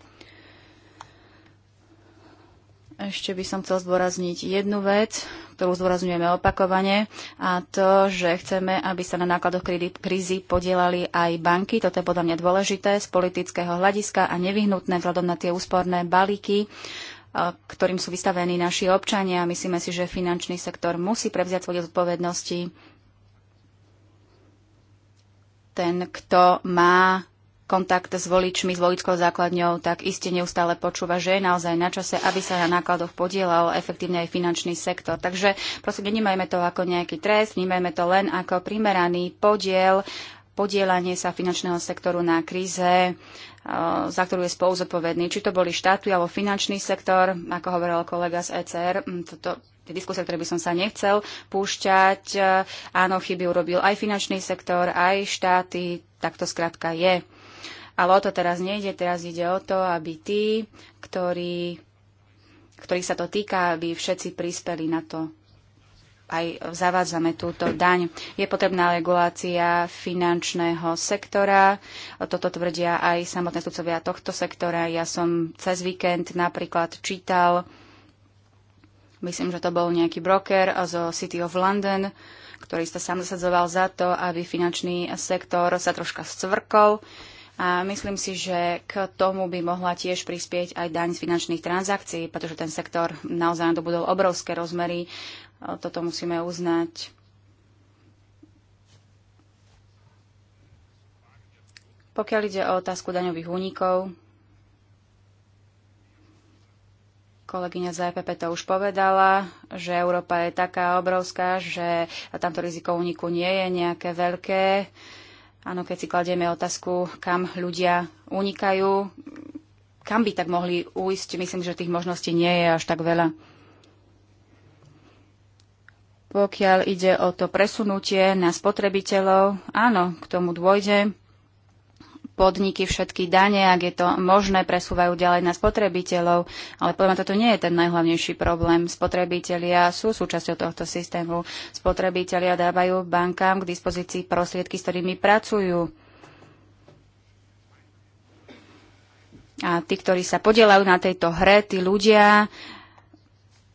Ešte by som chcel zdôrazniť jednu vec, ktorú zdôrazňujeme opakovane, a to, že chceme, aby sa na nákladoch krízy podielali aj banky. Toto je podľa mňa dôležité z politického hľadiska a nevyhnutné vzhľadom na tie úsporné balíky, ktorým sú vystavení naši občania. Myslíme si, že finančný sektor musí prevziať svoje zodpovednosti ten, kto má kontakt s voličmi, s voličskou základňou, tak iste neustále počúva, že je naozaj na čase, aby sa na nákladoch podielal efektívne aj finančný sektor. Takže prosím, nenímajme to ako nejaký trest, vnímajme to len ako primeraný podiel podielanie sa finančného sektoru na kríze, e, za ktorú je spolu zodpovedný. Či to boli štáty alebo finančný sektor, ako hovoril kolega z ECR, toto tie diskusie, ktoré by som sa nechcel púšťať. E, áno, chyby urobil aj finančný sektor, aj štáty, tak to skrátka je. Ale o to teraz nejde, teraz ide o to, aby tí, ktorí, ktorých sa to týka, aby všetci prispeli na to, aj zavádzame túto daň. Je potrebná regulácia finančného sektora. Toto tvrdia aj samotné sudcovia tohto sektora. Ja som cez víkend napríklad čítal, myslím, že to bol nejaký broker zo City of London, ktorý sa sám zasadzoval za to, aby finančný sektor sa troška scvrkol. A myslím si, že k tomu by mohla tiež prispieť aj daň z finančných transakcií, pretože ten sektor naozaj nadobudol obrovské rozmery toto musíme uznať. Pokiaľ ide o otázku daňových únikov, kolegyňa z EPP to už povedala, že Európa je taká obrovská, že tamto riziko úniku nie je nejaké veľké. Áno, keď si kladieme otázku, kam ľudia unikajú, kam by tak mohli uísť? myslím, že tých možností nie je až tak veľa. Pokiaľ ide o to presunutie na spotrebiteľov, áno, k tomu dôjde. Podniky všetky dane, ak je to možné, presúvajú ďalej na spotrebiteľov, ale podľa mňa toto nie je ten najhlavnejší problém. Spotrebitelia sú súčasťou tohto systému. Spotrebitelia dávajú bankám k dispozícii prostriedky, s ktorými pracujú. A tí, ktorí sa podielajú na tejto hre, tí ľudia,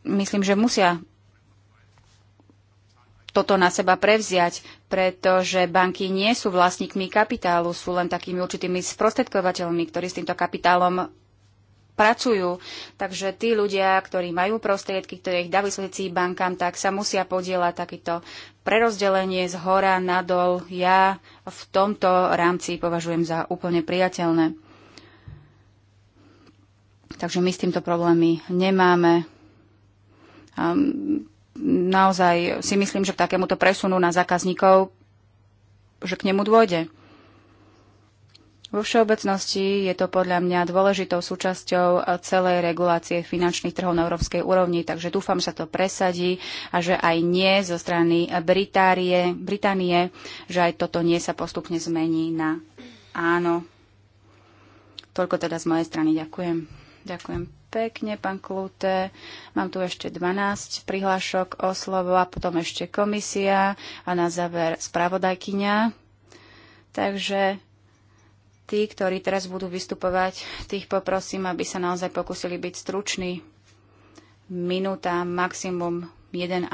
myslím, že musia toto na seba prevziať, pretože banky nie sú vlastníkmi kapitálu, sú len takými určitými sprostredkovateľmi, ktorí s týmto kapitálom pracujú. Takže tí ľudia, ktorí majú prostriedky, ktoré ich dali svedci bankám, tak sa musia podielať takýto prerozdelenie z hora nadol. Ja v tomto rámci považujem za úplne priateľné. Takže my s týmto problémy nemáme. Um, naozaj si myslím, že k takémuto presunu na zákazníkov, že k nemu dôjde. Vo všeobecnosti je to podľa mňa dôležitou súčasťou celej regulácie finančných trhov na európskej úrovni, takže dúfam, že sa to presadí a že aj nie zo strany Británie, Británie, že aj toto nie sa postupne zmení na áno. Toľko teda z mojej strany. Ďakujem. Ďakujem pekne, pán Klute. Mám tu ešte 12 prihlášok o slovo a potom ešte komisia a na záver spravodajkyňa. Takže tí, ktorí teraz budú vystupovať, tých poprosím, aby sa naozaj pokúsili byť struční. Minúta, maximum 1,5.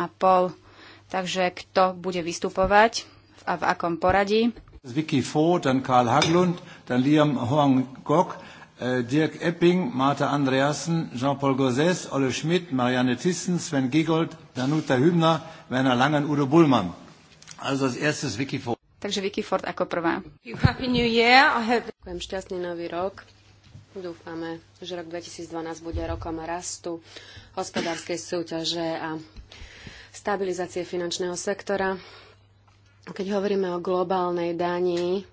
Takže kto bude vystupovať a v akom poradí? Vicky Ford, dann Karl Haglund, dann Liam Hoang Gok, Äh, Dirk Epping, Marta Andreassen, Jean-Paul Gauzès, Olle Schmidt, Marianne Thyssen, Sven Giegold, Danuta Hübner, Werner Langen, Udo Bullmann. Also als erstes Vicky Ford. Takže Vicky Ford ako prvá. Happy New Year. I hope... Ďakujem šťastný nový rok. Dúfame, že rok 2012 bude rokom rastu hospodárskej súťaže a stabilizácie finančného sektora. Keď hovoríme o globálnej dani,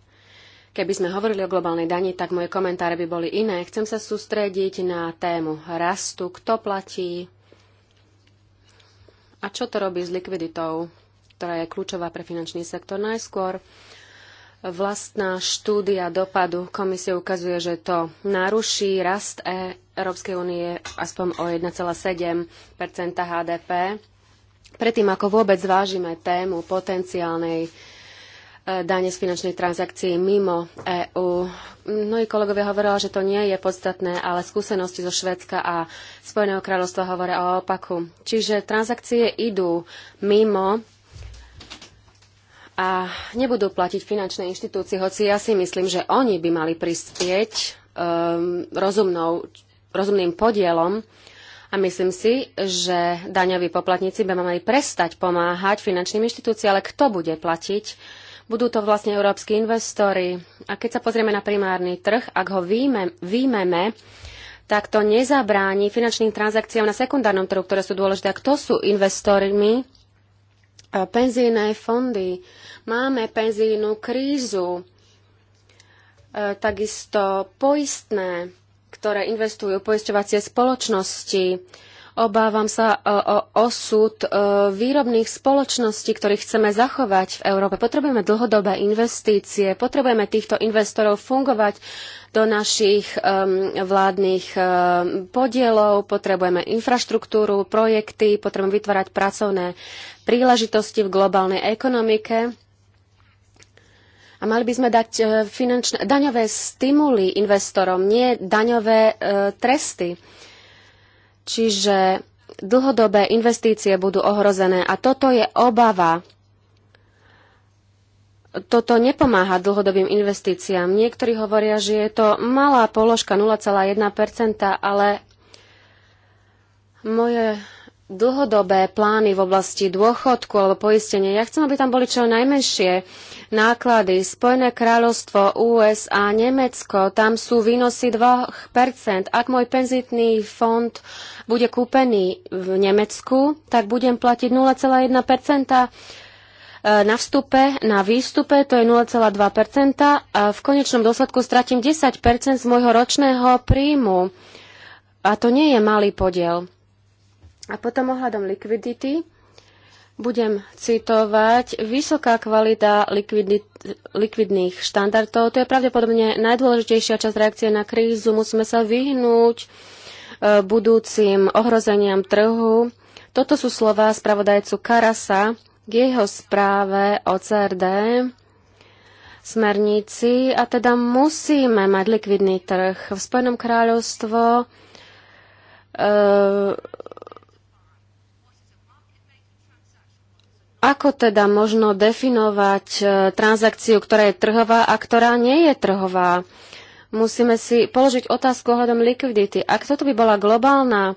Keby sme hovorili o globálnej dani, tak moje komentáre by boli iné. Chcem sa sústrediť na tému rastu, kto platí a čo to robí s likviditou, ktorá je kľúčová pre finančný sektor najskôr. Vlastná štúdia dopadu komisie ukazuje, že to naruší rast e Európskej únie aspoň o 1,7 HDP. Predtým, ako vôbec zvážime tému potenciálnej dane z finančnej transakcií mimo EÚ. Mnohí kolegovia hovorili, že to nie je podstatné, ale skúsenosti zo Švédska a Spojeného kráľovstva hovoria o opaku. Čiže transakcie idú mimo a nebudú platiť finančné inštitúcie, hoci ja si myslím, že oni by mali prispieť um, rozumnou, rozumným podielom a myslím si, že daňoví poplatníci by mali prestať pomáhať finančným inštitúciám, ale kto bude platiť budú to vlastne európsky investori. A keď sa pozrieme na primárny trh, ak ho výjme, výjmeme, tak to nezabráni finančným transakciám na sekundárnom trhu, ktoré sú dôležité. A kto sú investormi? E, penzijné fondy. Máme penzínu krízu, e, takisto poistné, ktoré investujú poisťovacie spoločnosti Obávam sa e, o osud e, výrobných spoločností, ktorých chceme zachovať v Európe. Potrebujeme dlhodobé investície, potrebujeme týchto investorov fungovať do našich e, vládnych podielov, potrebujeme infraštruktúru, projekty, potrebujeme vytvárať pracovné príležitosti v globálnej ekonomike. A mali by sme dať finančné, daňové stimuly investorom, nie daňové e, tresty. Čiže dlhodobé investície budú ohrozené a toto je obava. Toto nepomáha dlhodobým investíciám. Niektorí hovoria, že je to malá položka 0,1%, ale moje dlhodobé plány v oblasti dôchodku alebo poistenia. Ja chcem, aby tam boli čo najmenšie náklady. Spojené kráľovstvo, USA, Nemecko, tam sú výnosy 2%. Ak môj penzitný fond bude kúpený v Nemecku, tak budem platiť 0,1% e, na vstupe, na výstupe to je 0,2% a v konečnom dôsledku stratím 10% z môjho ročného príjmu. A to nie je malý podiel. A potom ohľadom likvidity budem citovať. Vysoká kvalita likvidit, likvidných štandardov, to je pravdepodobne najdôležitejšia časť reakcie na krízu. Musíme sa vyhnúť e, budúcim ohrozeniam trhu. Toto sú slova spravodajcu Karasa k jeho správe o CRD smernici a teda musíme mať likvidný trh. V Spojenom kráľovstvo e, Ako teda možno definovať e, transakciu, ktorá je trhová a ktorá nie je trhová? Musíme si položiť otázku ohľadom likvidity. Ak toto by bola globálna e,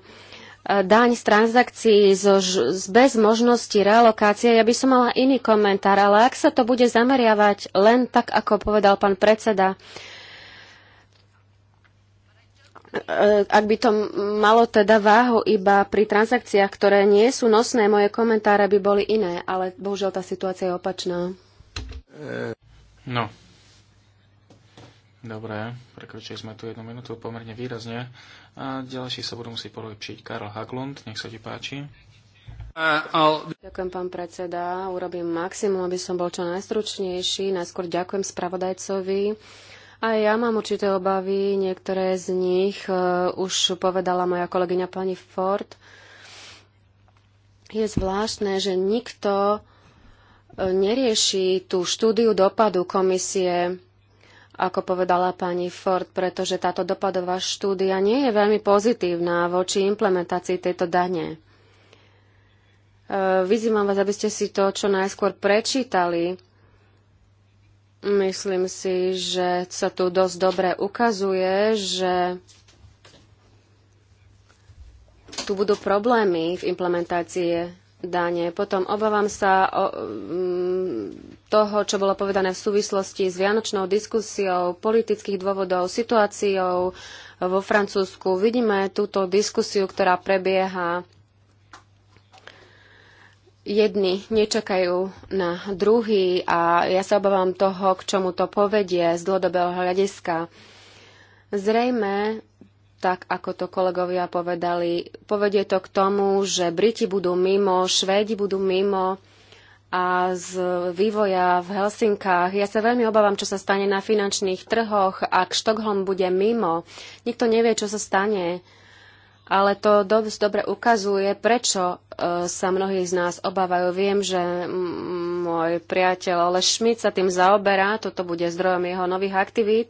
daň z transakcií zo, bez možnosti realokácie, ja by som mala iný komentár, ale ak sa to bude zameriavať len tak, ako povedal pán predseda, E, ak by to malo teda váhu iba pri transakciách, ktoré nie sú nosné, moje komentáre by boli iné, ale bohužiaľ tá situácia je opačná. E. No. Dobre, prekročili sme tu jednu minútu pomerne výrazne. A ďalší sa budú musieť polepšiť. Karol Haglund, nech sa ti páči. E, ďakujem, pán predseda. Urobím maximum, aby som bol čo najstručnejší. Najskôr ďakujem spravodajcovi a ja mám určité obavy, niektoré z nich e, už povedala moja kolegyňa pani Ford. Je zvláštne, že nikto e, nerieši tú štúdiu dopadu komisie, ako povedala pani Ford, pretože táto dopadová štúdia nie je veľmi pozitívna voči implementácii tejto dane. E, vyzývam vás, aby ste si to čo najskôr prečítali Myslím si, že sa tu dosť dobre ukazuje, že tu budú problémy v implementácii dane. Potom obávam sa o, mm, toho, čo bolo povedané v súvislosti s vianočnou diskusiou, politických dôvodov, situáciou vo Francúzsku. Vidíme túto diskusiu, ktorá prebieha jedni nečakajú na druhý a ja sa obávam toho, k čomu to povedie z dlhodobého hľadiska. Zrejme, tak ako to kolegovia povedali, povedie to k tomu, že Briti budú mimo, Švédi budú mimo a z vývoja v Helsinkách. Ja sa veľmi obávam, čo sa stane na finančných trhoch, ak Štokholm bude mimo. Nikto nevie, čo sa stane ale to dosť dobre ukazuje, prečo e, sa mnohí z nás obávajú. Viem, že môj priateľ Ole Šmit sa tým zaoberá, toto bude zdrojom jeho nových aktivít.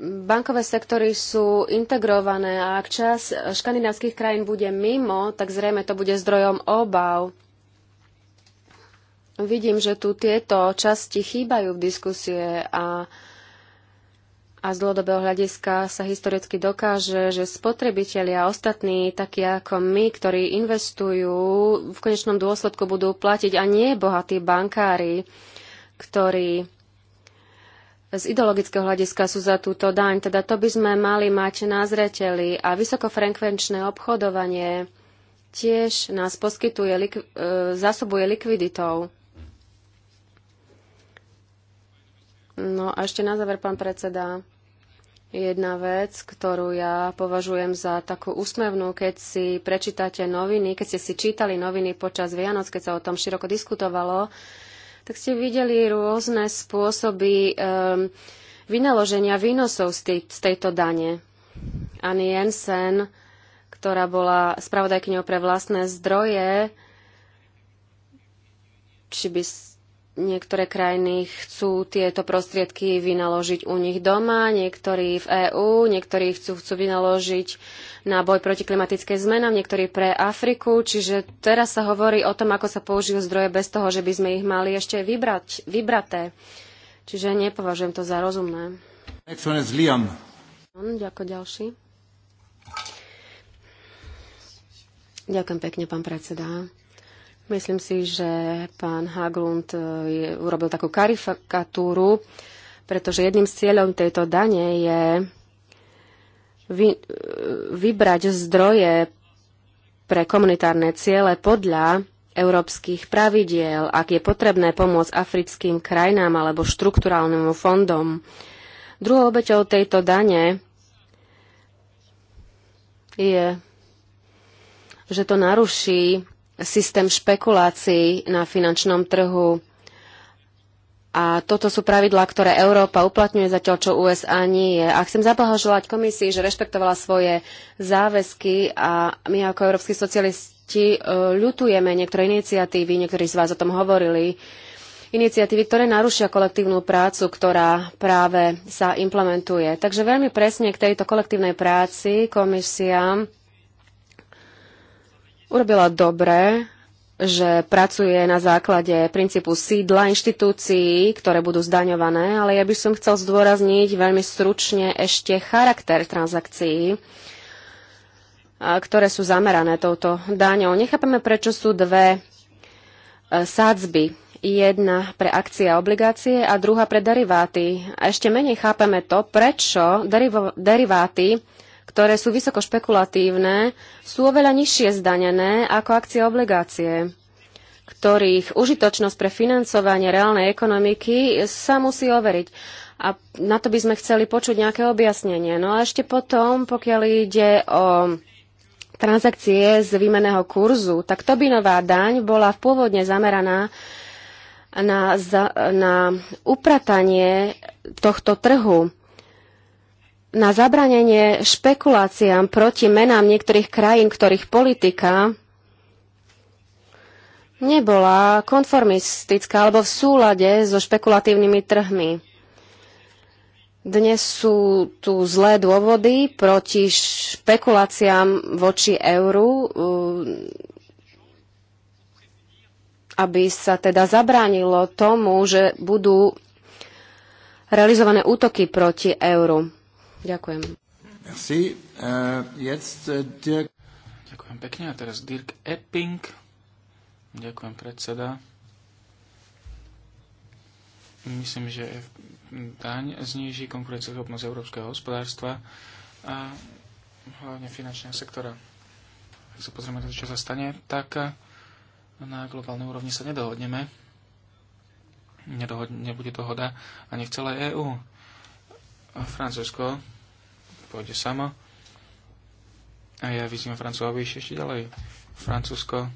Bankové sektory sú integrované a ak čas škandinávskych krajín bude mimo, tak zrejme to bude zdrojom obav. Vidím, že tu tieto časti chýbajú v diskusie a uh, a z dlhodobého hľadiska sa historicky dokáže, že spotrebitelia a ostatní, takí ako my, ktorí investujú, v konečnom dôsledku budú platiť a nie bohatí bankári, ktorí z ideologického hľadiska sú za túto daň. Teda to by sme mali mať na zreteli. A vysokofrekvenčné obchodovanie tiež nás poskytuje, lik- e, zásobuje likviditou. No a ešte na záver, pán predseda, jedna vec, ktorú ja považujem za takú úsmevnú, keď si prečítate noviny, keď ste si čítali noviny počas Vianoc, keď sa o tom široko diskutovalo, tak ste videli rôzne spôsoby um, vynaloženia výnosov z, tej, z tejto dane. Ani Jensen, ktorá bola spravodajkňou pre vlastné zdroje, či by Niektoré krajiny chcú tieto prostriedky vynaložiť u nich doma, niektorí v EÚ, niektorí chcú, chcú vynaložiť na boj proti klimatickej zmenám, niektorí pre Afriku. Čiže teraz sa hovorí o tom, ako sa použijú zdroje bez toho, že by sme ich mali ešte vybrať, vybraté. Čiže nepovažujem to za rozumné. Liam. Hm, ďakujem ďalší. Ďakujem pekne, pán predseda. Myslím si, že pán Haglund e, je, urobil takú karikatúru, pretože jedným z cieľom tejto dane je vy, e, vybrať zdroje pre komunitárne ciele podľa európskych pravidiel, ak je potrebné pomôcť africkým krajinám alebo štrukturálnemu fondom. Druhou obeťou tejto dane je, že to naruší systém špekulácií na finančnom trhu. A toto sú pravidlá, ktoré Európa uplatňuje zatiaľ, čo USA nie je. A chcem zablahoželať komisii, že rešpektovala svoje záväzky a my ako európsky socialisti e, ľutujeme niektoré iniciatívy, niektorí z vás o tom hovorili, iniciatívy, ktoré narušia kolektívnu prácu, ktorá práve sa implementuje. Takže veľmi presne k tejto kolektívnej práci komisia urobila dobre, že pracuje na základe princípu sídla inštitúcií, ktoré budú zdaňované, ale ja by som chcel zdôrazniť veľmi stručne ešte charakter transakcií, ktoré sú zamerané touto daňou. Nechápame, prečo sú dve e, sádzby. Jedna pre akcie a obligácie a druhá pre deriváty. A ešte menej chápeme to, prečo derivo- deriváty ktoré sú vysoko špekulatívne, sú oveľa nižšie zdanené ako akcie obligácie ktorých užitočnosť pre financovanie reálnej ekonomiky sa musí overiť. A na to by sme chceli počuť nejaké objasnenie. No a ešte potom, pokiaľ ide o transakcie z výmeného kurzu, tak Tobinová daň bola pôvodne zameraná na, za, na upratanie tohto trhu na zabranenie špekuláciám proti menám niektorých krajín, ktorých politika nebola konformistická alebo v súlade so špekulatívnymi trhmi. Dnes sú tu zlé dôvody proti špekuláciám voči euru, eh, aby sa teda zabránilo tomu, že budú realizované útoky proti euru. Ďakujem. Merci. Uh, jetzt, uh, Dirk. Ďakujem pekne. A teraz Dirk Epping. Ďakujem, predseda. Myslím, že daň zníži konkurenceschopnosť európskeho hospodárstva a hlavne finančného sektora. Ak sa pozrieme čo sa stane, tak na globálnej úrovni sa nedohodneme. nebude dohoda ani v celej EÚ. Francúzsko pôjde sama. A ja vyzývam Francúza, aby ešte ďalej. Francúzsko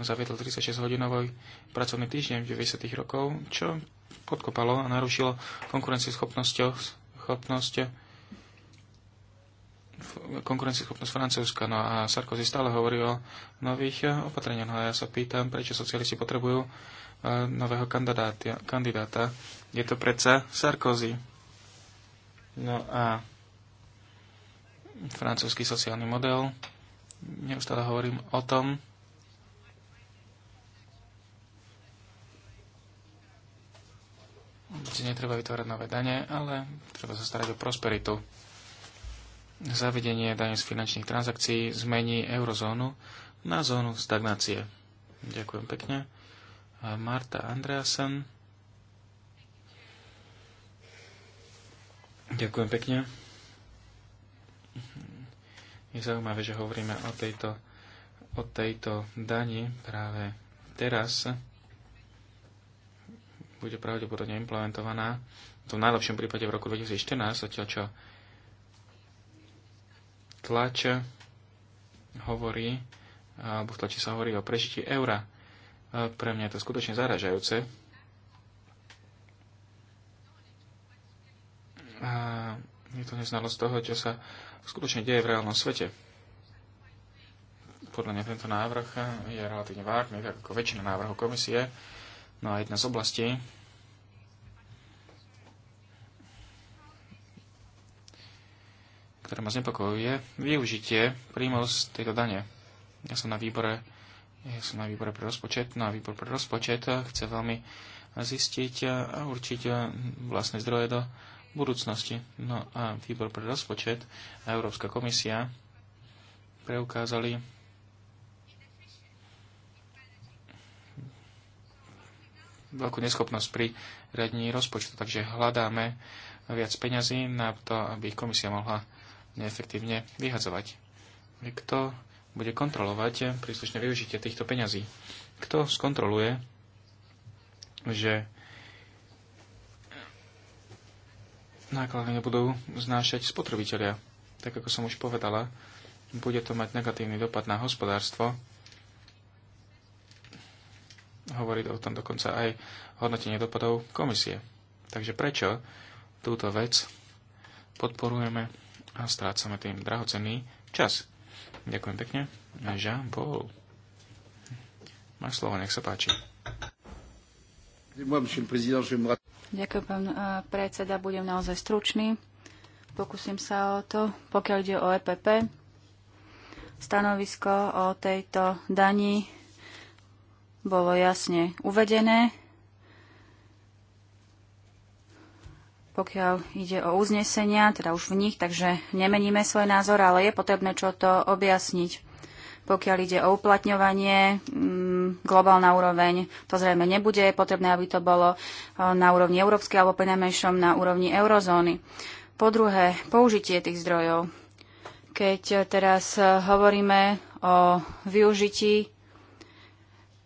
zaviedlo 36-hodinový pracovný týždeň v 90. rokov, čo podkopalo a narušilo konkurencieschopnosť schopnosť konkurencieschopnosť Francúzska. No a Sarkozy stále hovorí o nových opatreniach. No a ja sa pýtam, prečo socialisti potrebujú e, nového kandidáta. Je to predsa Sarkozy. No a francúzsky sociálny model. Neustále hovorím o tom, Čiže netreba vytvárať nové dane, ale treba sa starať o prosperitu. Zavedenie dane z finančných transakcií zmení eurozónu na zónu stagnácie. Ďakujem pekne. Marta Andreasen. Ďakujem pekne. Je zaujímavé, že hovoríme o tejto, o tejto dani práve teraz. Bude pravdepodobne implementovaná v tom najlepšom prípade v roku 2014, zatiaľ čo tlač hovorí, alebo v tlači sa hovorí o prežití eura. Pre mňa je to skutočne zaražajúce. A je to neznalosť toho, čo sa skutočne deje v reálnom svete. Podľa mňa tento návrh je relatívne vágny, tak ako väčšina návrhov komisie. No a jedna z oblastí, ktoré ma znepokojuje, využitie príjmov z tejto dane. Ja som na výbore ja som na výbore pre rozpočet, na no výbor pre rozpočet chce veľmi zistiť a určiť vlastné zdroje do budúcnosti. No a výbor pre rozpočet a Európska komisia preukázali veľkú neschopnosť pri riadení rozpočtu, takže hľadáme viac peňazí na to, aby komisia mohla neefektívne vyhadzovať. Kto bude kontrolovať príslušné využitie týchto peňazí? Kto skontroluje, že náklady nebudú znášať spotrebitelia. Tak ako som už povedala, bude to mať negatívny dopad na hospodárstvo. Hovorí o tom dokonca aj hodnotenie dopadov komisie. Takže prečo túto vec podporujeme a strácame tým drahocenný čas? Ďakujem pekne. Jean-Paul. Máš slovo, nech sa páči. Moi, monsieur le président, je me Ďakujem, pán eh, predseda. Budem naozaj stručný. Pokúsim sa o to, pokiaľ ide o EPP. Stanovisko o tejto dani bolo jasne uvedené. pokiaľ ide o uznesenia, teda už v nich, takže nemeníme svoj názor, ale je potrebné čo to objasniť. Pokiaľ ide o uplatňovanie, mm, globálna úroveň to zrejme nebude. Potrebné, aby to bolo e, na úrovni európskej alebo prenajmenšom na úrovni eurozóny. Po druhé, použitie tých zdrojov. Keď teraz e, hovoríme o využití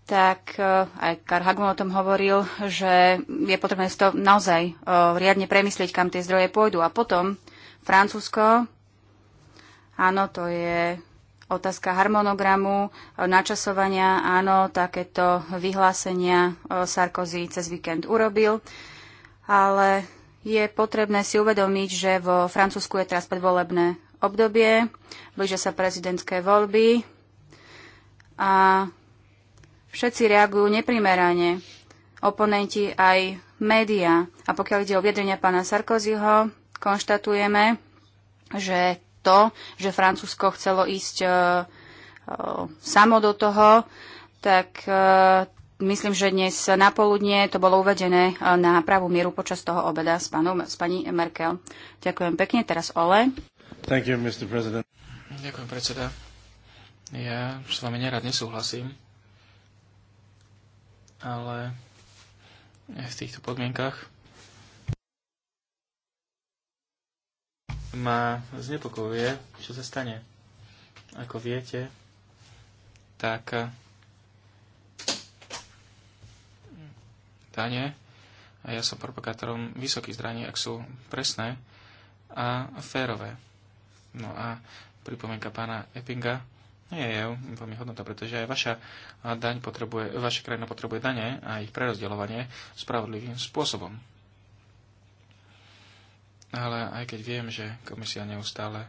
tak e, aj Karl Hagman o tom hovoril, že je potrebné to naozaj riadne premyslieť, kam tie zdroje pôjdu. A potom Francúzsko, áno, to je Otázka harmonogramu, e, načasovania, áno, takéto vyhlásenia e, Sarkozy cez víkend urobil, ale je potrebné si uvedomiť, že vo Francúzsku je teraz predvolebné obdobie, blížia sa prezidentské voľby a všetci reagujú neprimerane. Oponenti aj médiá. A pokiaľ ide o viedrenia pána Sarkozyho, konštatujeme, že to, že Francúzsko chcelo ísť uh, uh, samo do toho, tak uh, myslím, že dnes napoludne to bolo uvedené na pravú mieru počas toho obeda s, panu, s pani Merkel. Ďakujem pekne. Teraz Ole. Thank you, Mr. President. Ďakujem, predseda. Ja s vami nerad nesúhlasím, ale v týchto podmienkach ma znepokojuje, čo sa stane. Ako viete, tak dane a ja som propagátorom vysokých zdraní, ak sú presné a férové. No a pripomienka pána Eppinga nie no je veľmi hodnota, pretože aj vaša, daň potrebuje, vaša krajina potrebuje dane a ich prerozdeľovanie spravodlivým spôsobom. Ale aj keď viem, že komisia neustále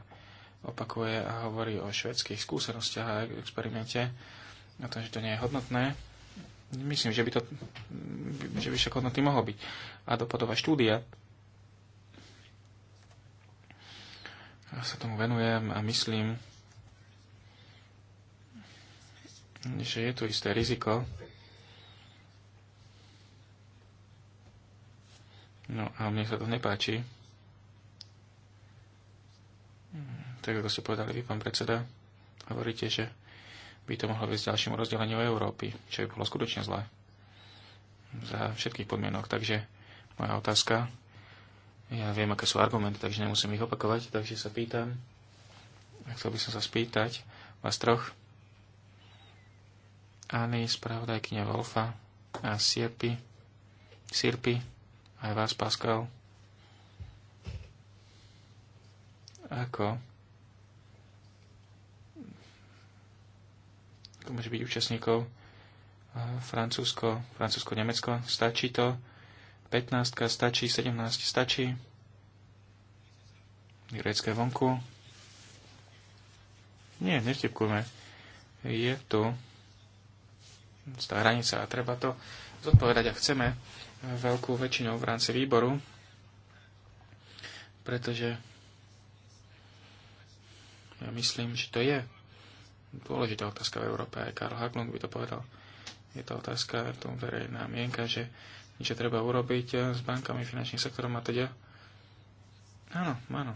opakuje a hovorí o švedských skúsenostiach a experimente, o tom, že to nie je hodnotné, myslím, že by to že by však hodnotný mohol byť. A dopadová štúdia ja sa tomu venujem a myslím, že je tu isté riziko. No a mne sa to nepáči tak ako ste povedali vy, pán predseda, hovoríte, že by to mohlo viesť ďalšiemu rozdeleniu Európy, čo by bolo skutočne zlé za všetkých podmienok. Takže moja otázka, ja viem, aké sú argumenty, takže nemusím ich opakovať, takže sa pýtam, chcel by som sa spýtať vás troch, Ani, spravodajkyňa Wolfa a Sirpy, Sirpy, aj vás, Pascal, ako Ako môže byť účastníkov Francúzsko, Francúzsko, Nemecko, stačí to, 15, stačí, 17, stačí, Grécké vonku. Nie, nevtipkujme. Je tu tá hranica a treba to zodpovedať a chceme veľkú väčšinou v rámci výboru, pretože ja myslím, že to je dôležitá otázka v Európe. Aj Karl Haglund by to povedal. Je to otázka v tom verejná mienka, že niečo treba urobiť eh, s bankami, finančným sektorom a teda. Áno, áno.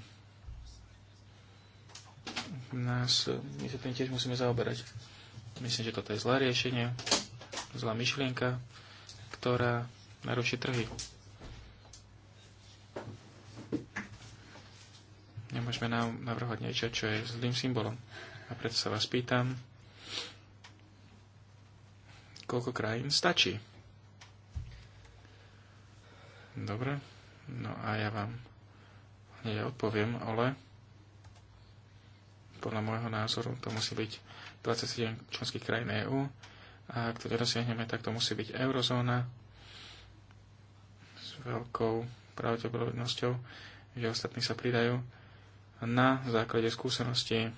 Nás, my sa tým tiež musíme zaoberať. Myslím, že toto je zlé riešenie, zlá myšlienka, ktorá naruší trhy. Nemôžeme nám navrhovať niečo, čo je zlým symbolom. A preto sa vás pýtam, koľko krajín stačí? Dobre, no a ja vám hneď odpoviem, ale podľa môjho názoru to musí byť 27 členských krajín EÚ a ak to nedosiahneme, tak to musí byť eurozóna s veľkou pravdepodobnosťou, že ostatní sa pridajú na základe skúsenosti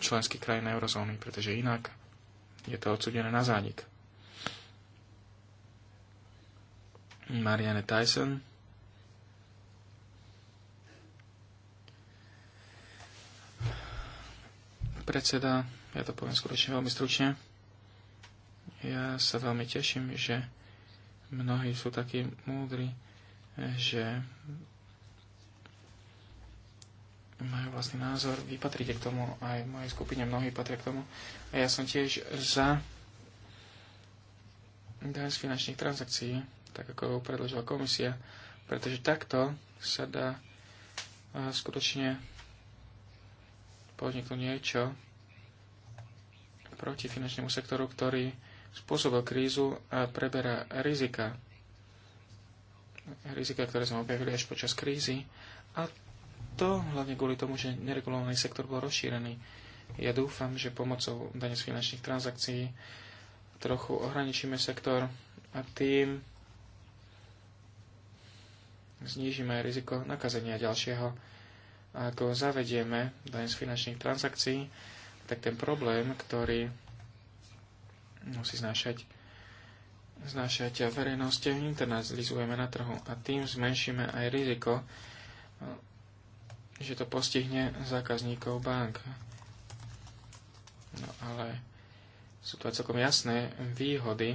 členských krajín eurozóny, pretože inak je to odsudené na zánik. Marianne Tyson predseda, ja to poviem skutočne veľmi stručne, ja sa veľmi teším, že mnohí sú takí múdri, že majú vlastný názor, vy patríte k tomu, aj v mojej skupine mnohí patria k tomu. A ja som tiež za daň z finančných transakcií, tak ako ju predložila komisia, pretože takto sa dá e, skutočne podniknúť niečo proti finančnému sektoru, ktorý spôsobil krízu a preberá rizika. Rizika, ktoré sme objavili až počas krízy a to hlavne kvôli tomu, že neregulovaný sektor bol rozšírený. Ja dúfam, že pomocou dane z finančných transakcií trochu ohraničíme sektor a tým znížime riziko nakazenia ďalšieho. A ako zavedieme daň z finančných transakcií, tak ten problém, ktorý musí znášať, znášať verejnosť, internalizujeme na trhu a tým zmenšíme aj riziko že to postihne zákazníkov bank. No ale sú to aj celkom jasné výhody,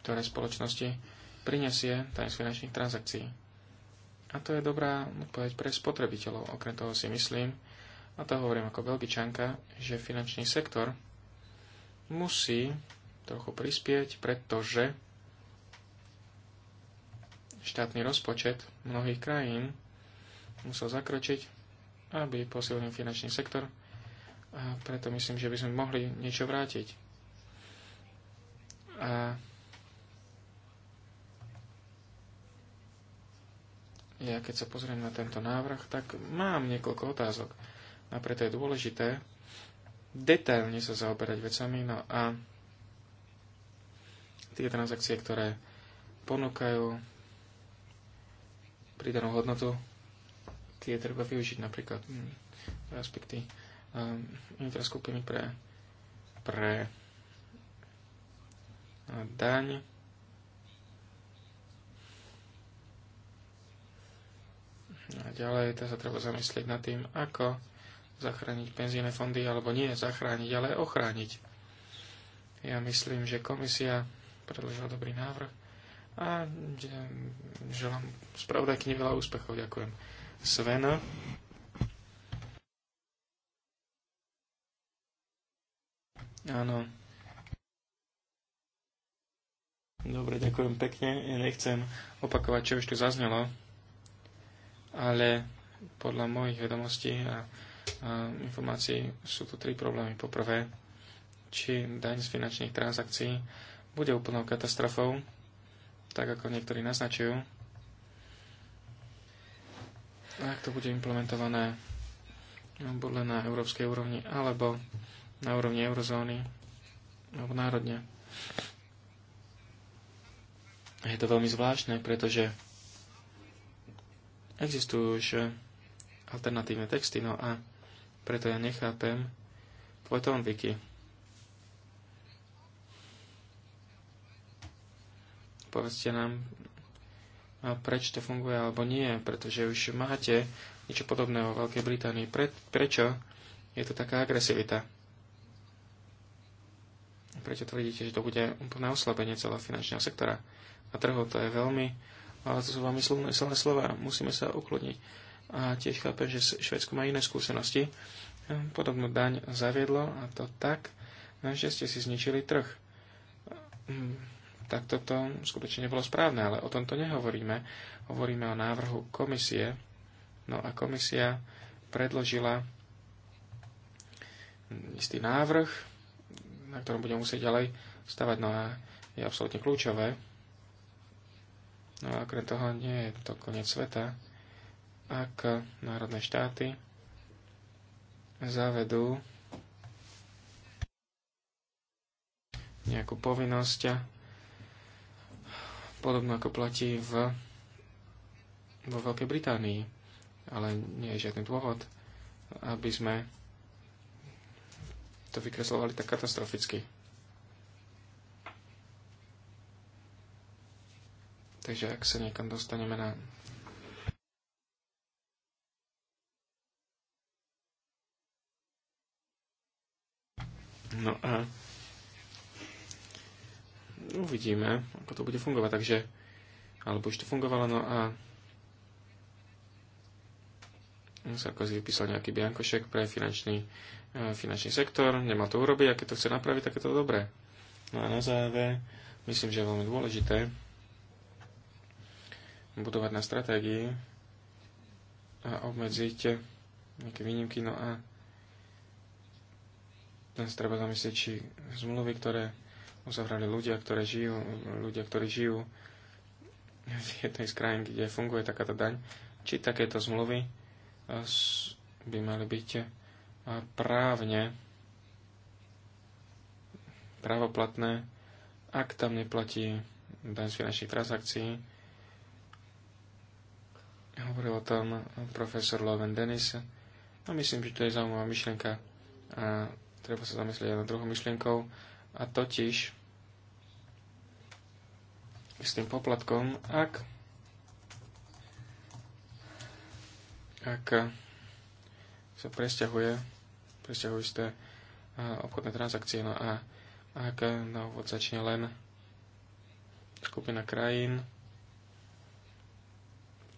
ktoré spoločnosti prinesie tajem z finančných transakcií. A to je dobrá odpoveď pre spotrebiteľov. Okrem toho si myslím, a to hovorím ako belgičanka, že finančný sektor musí trochu prispieť, pretože štátny rozpočet mnohých krajín musel zakročiť, aby posilnil finančný sektor a preto myslím, že by sme mohli niečo vrátiť. A ja keď sa pozriem na tento návrh, tak mám niekoľko otázok. A preto je dôležité detailne sa zaoberať vecami. No a tie transakcie, ktoré ponúkajú pridanú hodnotu, tie treba využiť napríklad hm, aspekty um, hm, infraskupiny pre, pre daň. A ďalej to sa treba zamyslieť nad tým, ako zachrániť penzíne fondy, alebo nie zachrániť, ale ochrániť. Ja myslím, že komisia predložila dobrý návrh a želám spravodajkyni veľa úspechov. Ďakujem. Svena. Áno. Dobre, ďakujem pekne. Ja nechcem opakovať, čo ešte zaznelo, ale podľa mojich vedomostí a, a informácií sú tu tri problémy. Poprvé, či daň z finančných transakcií bude úplnou katastrofou, tak ako niektorí naznačujú, ak to bude implementované len na európskej úrovni alebo na úrovni eurozóny alebo národne. Je to veľmi zvláštne, pretože existujú už alternatívne texty, no a preto ja nechápem tvoj tón, Vicky. Povedzte nám prečo to funguje alebo nie, pretože už máte niečo podobné vo Veľkej Británii. Pre, prečo je to taká agresivita? Prečo tvrdíte, že to bude úplné oslabenie celého finančného sektora a trhu? To je veľmi, to sú veľmi slovné, slovné slova, musíme sa ukludniť. A tiež chápem, že Švedsko má iné skúsenosti. Podobnú daň zaviedlo a to tak, že ste si zničili trh mm tak toto skutočne nebolo správne, ale o tomto nehovoríme. Hovoríme o návrhu komisie. No a komisia predložila istý návrh, na ktorom budeme musieť ďalej stavať. No a je absolútne kľúčové. No a okrem toho nie je to koniec sveta, ak národné štáty zavedú nejakú povinnosť podobno ako platí v, vo Veľkej Británii. Ale nie je žiadny dôvod, aby sme to vykreslovali tak katastroficky. Takže ak sa niekam dostaneme na No a uvidíme, ako to bude fungovať. Takže, alebo už to fungovalo, no a Sarkozy vypísal nejaký biankošek pre finančný, e, finančný sektor, nemal to urobiť a keď to chce napraviť, tak je to dobré. No a na záver, myslím, že je veľmi dôležité budovať na stratégii a obmedziť nejaké výnimky, no a tam treba zamyslieť, či zmluvy, ktoré uzavrali ľudia, ktoré žijú, ľudia, ktorí žijú v jednej z krajín, kde funguje takáto daň, či takéto zmluvy eh, by mali byť eh, právne právoplatné, ak tam neplatí daň z finančných transakcií. Hovoril o tom profesor Loven Dennis a no, myslím, že to je zaujímavá myšlienka a treba sa zamyslieť aj na druhou myšlienkou a totiž s tým poplatkom, ak ak sa presťahuje, presťahujú ste obchodné transakcie, no a ak na úvod začne len skupina krajín,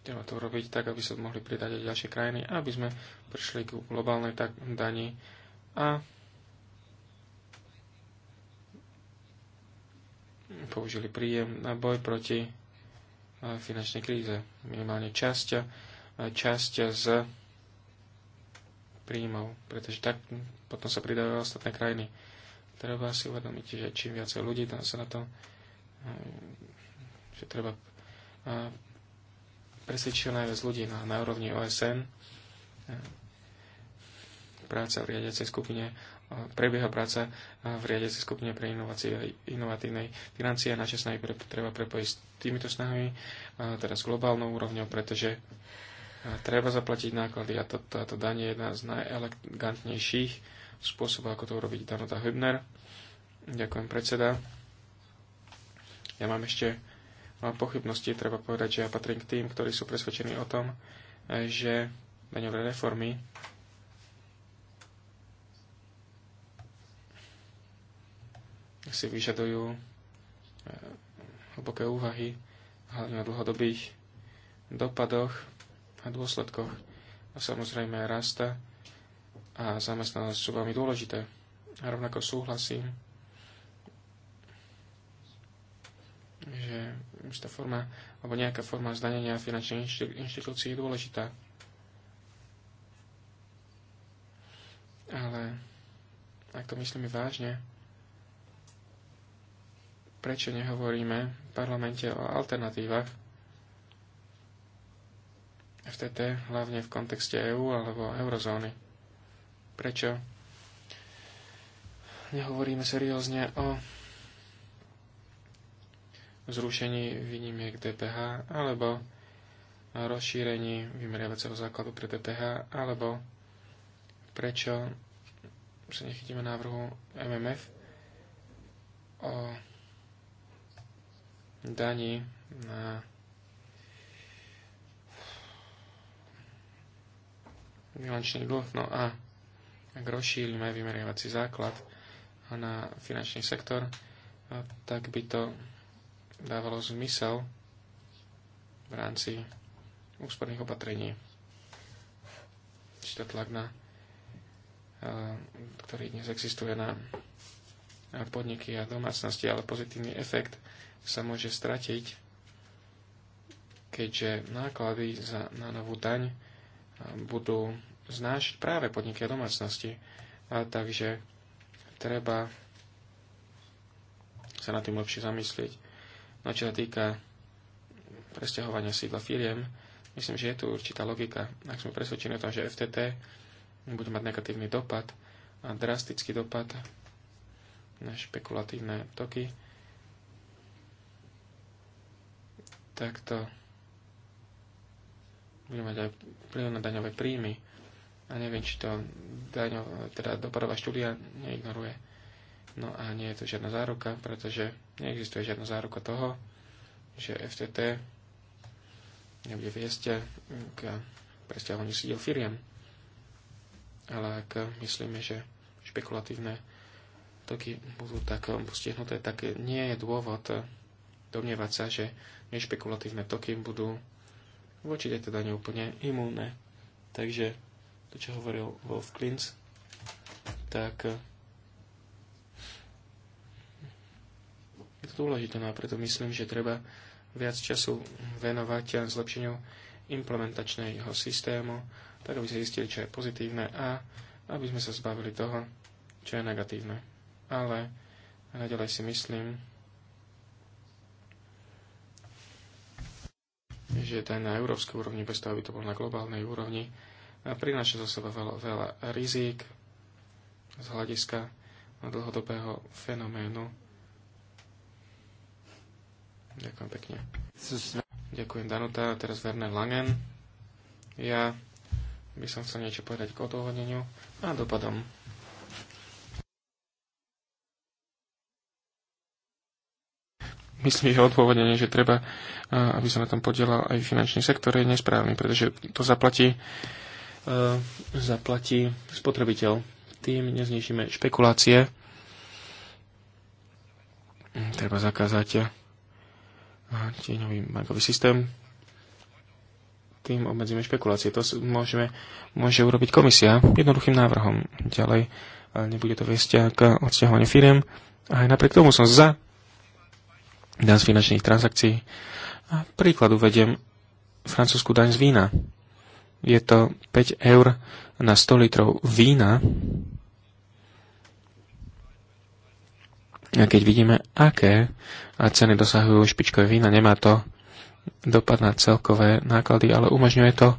treba to urobiť tak, aby sa mohli pridať aj ďalšie krajiny, aby sme prišli k globálnej tak dani a použili príjem na boj proti e, finančnej kríze. Minimálne časť, e, časť z príjmov, pretože tak potom sa pridávajú ostatné krajiny. Treba si uvedomiť, že čím viacej ľudí tam sa na to, e, že treba presvedčiť čo najviac ľudí na, na úrovni OSN, práca v riadiacej skupine prebieha práca v riadiacej skupine pre inovácie a inovatívnej financie. Naše snahy pre, treba prepojiť s týmito snahami, teraz globálnou úrovňou, pretože treba zaplatiť náklady a to, táto daň je jedna z najelegantnejších spôsobov, ako to urobiť Danota Hübner. Ďakujem predseda. Ja mám ešte mám pochybnosti, treba povedať, že ja patrím k tým, ktorí sú presvedčení o tom, e, že daňové reformy si vyžadujú eh, hlboké úvahy, hlavne o dlhodobých dopadoch a dôsledkoch. A samozrejme rasta a zamestnanosť sú veľmi dôležité. A rovnako súhlasím, že tá forma alebo nejaká forma zdanenia finančnej inštitúcii je dôležitá. Ale ak to myslíme vážne, prečo nehovoríme v parlamente o alternatívach FTT, hlavne v kontexte EÚ alebo eurozóny. Prečo nehovoríme seriózne o zrušení výnimiek DPH alebo rozšírení vymeriavaceho základu pre DPH alebo prečo sa nechytíme návrhu MMF o daní na bilančný dlh. No a ak rozšírime vymeriavací základ na finančný sektor, tak by to dávalo zmysel v rámci úsporných opatrení. Čiže tlak na ktorý dnes existuje na podniky a domácnosti, ale pozitívny efekt sa môže stratiť, keďže náklady za, na novú daň budú znášať práve podniky a domácnosti. A takže treba sa na tým lepšie zamyslieť. No čo sa týka presťahovania sídla firiem, myslím, že je tu určitá logika. Ak sme presvedčení o tom, že FTT bude mať negatívny dopad a drastický dopad na špekulatívne toky, tak to bude mať aj vplyv na daňové príjmy. A neviem, či to daňo, teda dopadová štúdia neignoruje. No a nie je to žiadna záruka, pretože neexistuje žiadna záruka toho, že FTT nebude viesť k presťahovaniu sídel firiem. Ale ak myslíme, že špekulatívne toky budú tak postihnuté, tak nie je dôvod domnievať sa, že nešpekulatívne toky budú voči teda neúplne úplne Takže to, čo hovoril Wolf Klintz, tak eh, je to dôležité. No a preto myslím, že treba viac času venovať zlepšeniu implementačného systému, tak aby sme zistili, čo je pozitívne a aby sme sa zbavili toho, čo je negatívne. Ale naďalej si myslím, že to je na európskej úrovni, bez toho aby to bolo na globálnej úrovni. A prináša zo seba veľa, veľa rizík z hľadiska dlhodobého fenoménu. Ďakujem pekne. Ďakujem Danuta, teraz Verne Langen. Ja by som chcel niečo povedať k odôvodneniu a dopadom. myslím, že odôvodnenie, že treba, aby sa na tom podielal aj finančný sektor, je nesprávny, pretože to zaplatí, zaplatí spotrebiteľ. Tým neznižíme špekulácie. Treba zakázať tieňový bankový systém. Tým obmedzíme špekulácie. To môžeme, môže urobiť komisia jednoduchým návrhom. Ďalej nebude to viesť k odsťahovaniu firiem. Aj napriek tomu som za daň z finančných transakcií. A príklad uvediem francúzsku daň z vína. Je to 5 eur na 100 litrov vína. A keď vidíme, aké a ceny dosahujú špičkové vína, nemá to dopad na celkové náklady, ale umožňuje to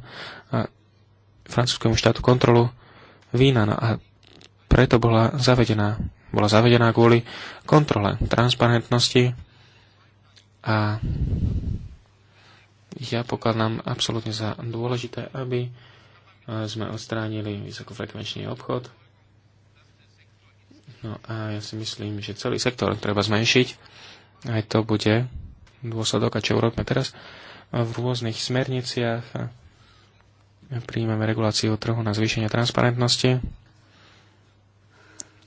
francúzskému štátu kontrolu vína. No a preto bola zavedená. Bola zavedená kvôli kontrole transparentnosti a ja pokladám absolútne za dôležité, aby e, sme odstránili vysokofrekvenčný obchod. No a ja si myslím, že celý sektor treba zmenšiť. Aj to bude dôsledok, a čo urobíme teraz, v rôznych smerniciach príjmeme reguláciu trhu na zvýšenie transparentnosti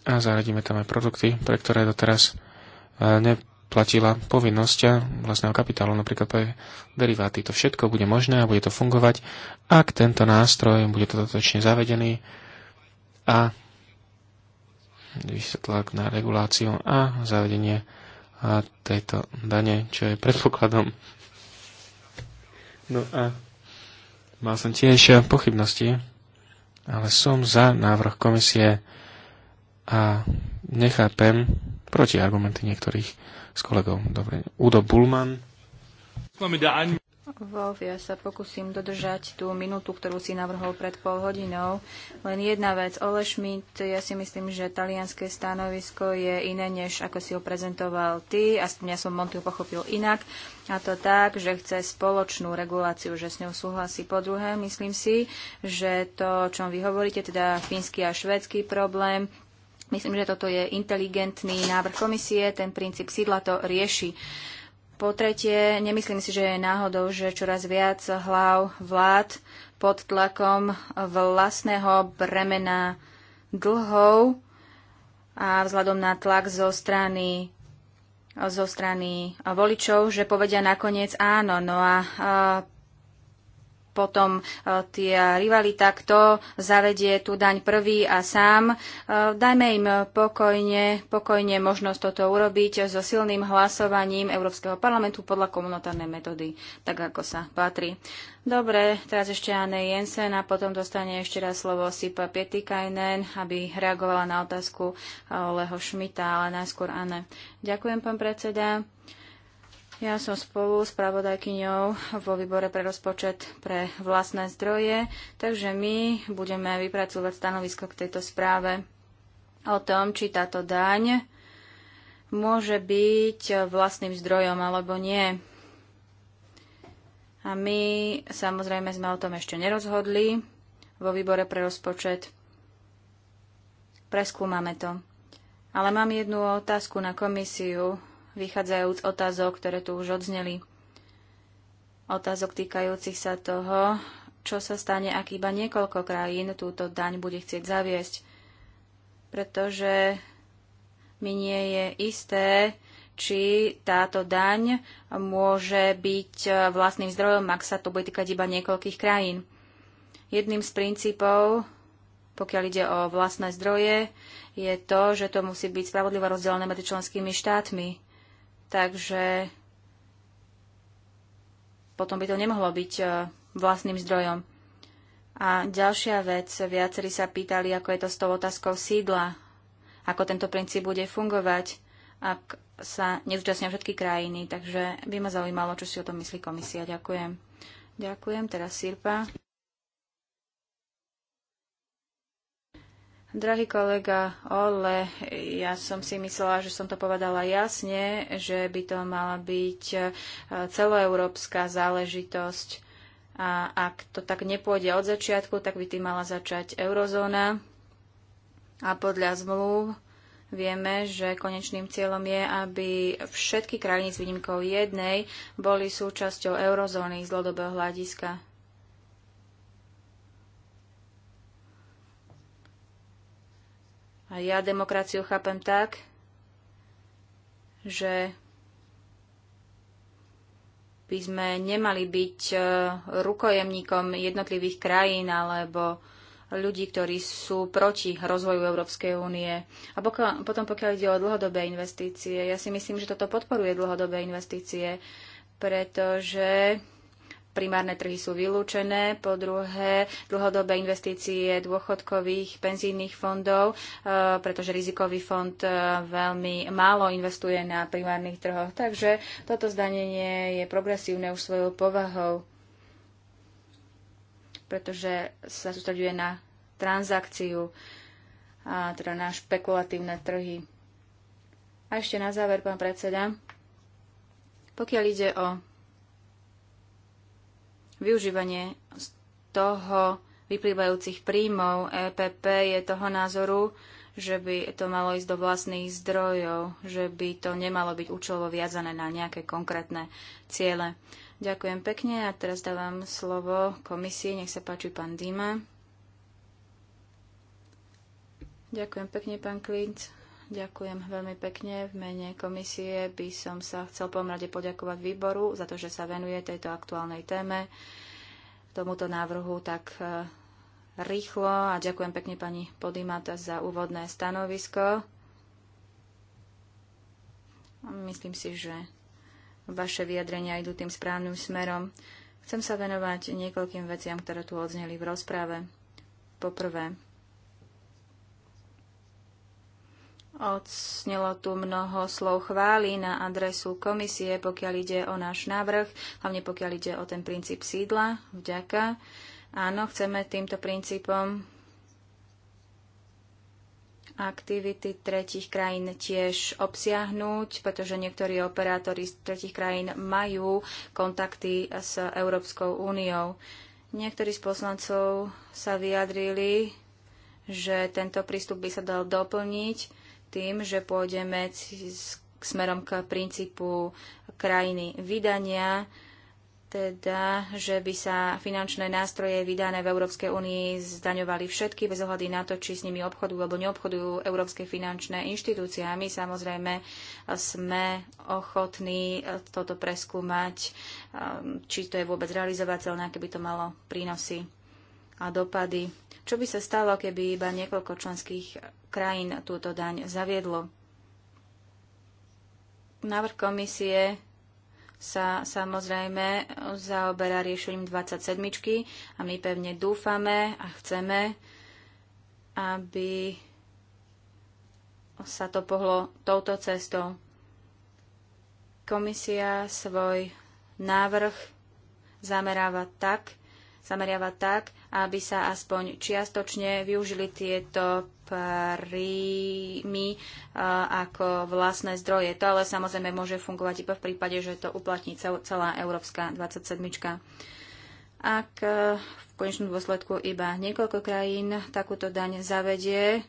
a zaradíme tam aj produkty, pre ktoré doteraz e, ne, platila povinnosť vlastného kapitálu, napríklad pre deriváty. To všetko bude možné a bude to fungovať, ak tento nástroj bude dodatočne zavedený a vysvetlak na reguláciu a zavedenie tejto dane, čo je predpokladom. No a mal som tiež pochybnosti, ale som za návrh komisie a nechápem protiargumenty niektorých s kolegou. Dobre. Udo Bulman. Wolf, ja sa pokúsim dodržať tú minútu, ktorú si navrhol pred pol hodinou. Len jedna vec. Ole Schmidt, ja si myslím, že talianské stanovisko je iné, než ako si ho prezentoval ty. a ja som Montiu pochopil inak. A to tak, že chce spoločnú reguláciu, že s ňou súhlasí. Po druhé, myslím si, že to, o čom vy hovoríte, teda fínsky a švédsky problém, Myslím, že toto je inteligentný návrh komisie, ten princíp sídla to rieši. Po tretie, nemyslím si, že je náhodou, že čoraz viac hlav vlád pod tlakom vlastného bremena dlhov a vzhľadom na tlak zo strany zo strany voličov, že povedia nakoniec áno. No a potom e, tie rivalita, kto zavedie tú daň prvý a sám. E, dajme im pokojne, pokojne možnosť toto urobiť so silným hlasovaním Európskeho parlamentu podľa komunitárnej metódy, tak ako sa patrí. Dobre, teraz ešte Anne Jensen a potom dostane ešte raz slovo Sipa Pietikajnen, aby reagovala na otázku e, Leho Šmita, ale najskôr Anne. Ďakujem, pán predseda. Ja som spolu s pravodajkyňou vo výbore pre rozpočet pre vlastné zdroje, takže my budeme vypracovať stanovisko k tejto správe o tom, či táto daň môže byť vlastným zdrojom alebo nie. A my samozrejme sme o tom ešte nerozhodli vo výbore pre rozpočet. Preskúmame to. Ale mám jednu otázku na komisiu vychádzajúc otázok, ktoré tu už odzneli. Otázok týkajúcich sa toho, čo sa stane, ak iba niekoľko krajín túto daň bude chcieť zaviesť. Pretože mi nie je isté, či táto daň môže byť vlastným zdrojom, ak sa to bude týkať iba niekoľkých krajín. Jedným z princípov, pokiaľ ide o vlastné zdroje, je to, že to musí byť spravodlivo rozdelené medzi členskými štátmi takže potom by to nemohlo byť e, vlastným zdrojom. A ďalšia vec, viacerí sa pýtali, ako je to s tou otázkou sídla, ako tento princíp bude fungovať, ak sa nezúčastnia všetky krajiny, takže by ma zaujímalo, čo si o tom myslí komisia. Ďakujem. Ďakujem, teraz Sirpa. Drahý kolega Ole, ja som si myslela, že som to povedala jasne, že by to mala byť e, celoeurópska záležitosť. A ak to tak nepôjde od začiatku, tak by tým mala začať eurozóna. A podľa zmluv vieme, že konečným cieľom je, aby všetky krajiny s výnimkou jednej boli súčasťou eurozóny z dlhodobého hľadiska. A ja demokraciu chápem tak, že by sme nemali byť e, rukojemníkom jednotlivých krajín alebo ľudí, ktorí sú proti rozvoju Európskej únie. A pokiaľ, potom pokiaľ ide o dlhodobé investície, ja si myslím, že toto podporuje dlhodobé investície, pretože primárne trhy sú vylúčené, po druhé dlhodobé investície dôchodkových penzijných fondov, e, pretože rizikový fond e, veľmi málo investuje na primárnych trhoch. Takže toto zdanenie je progresívne už svojou povahou, pretože sa sústreduje na transakciu, a teda na špekulatívne trhy. A ešte na záver, pán predseda, pokiaľ ide o využívanie z toho vyplývajúcich príjmov EPP je toho názoru, že by to malo ísť do vlastných zdrojov, že by to nemalo byť účelovo viazané na nejaké konkrétne ciele. Ďakujem pekne a teraz dávam slovo komisii. Nech sa páči pán Dima. Ďakujem pekne, pán Klinc. Ďakujem veľmi pekne. V mene komisie by som sa chcel po rade poďakovať výboru za to, že sa venuje tejto aktuálnej téme, tomuto návrhu tak e, rýchlo a ďakujem pekne pani Podimata za úvodné stanovisko. Myslím si, že vaše vyjadrenia idú tým správnym smerom. Chcem sa venovať niekoľkým veciam, ktoré tu odzneli v rozprave. Poprvé, Odsnelo tu mnoho slov chvály na adresu komisie, pokiaľ ide o náš návrh, hlavne pokiaľ ide o ten princíp sídla. Vďaka. Áno, chceme týmto princípom aktivity tretich krajín tiež obsiahnuť, pretože niektorí operátori z tretich krajín majú kontakty s Európskou úniou. Niektorí z poslancov sa vyjadrili, že tento prístup by sa dal doplniť tým, že pôjdeme smerom k princípu krajiny vydania, teda, že by sa finančné nástroje vydané v Európskej únii zdaňovali všetky, bez ohľadu na to, či s nimi obchodujú alebo neobchodujú európske finančné inštitúcie. A my samozrejme sme ochotní toto preskúmať, um, či to je vôbec realizovateľné, aké by to malo prínosy a dopady. Čo by sa stalo, keby iba niekoľko členských krajín túto daň zaviedlo? Návrh komisie sa samozrejme zaoberá riešením 27 a my pevne dúfame a chceme, aby sa to pohlo touto cestou. Komisia svoj návrh zameráva tak, zameriava tak, aby sa aspoň čiastočne využili tieto príjmy e, ako vlastné zdroje. To ale samozrejme môže fungovať iba v prípade, že to uplatní celá Európska 27. Ak e, v konečnom dôsledku iba niekoľko krajín takúto daň zavedie,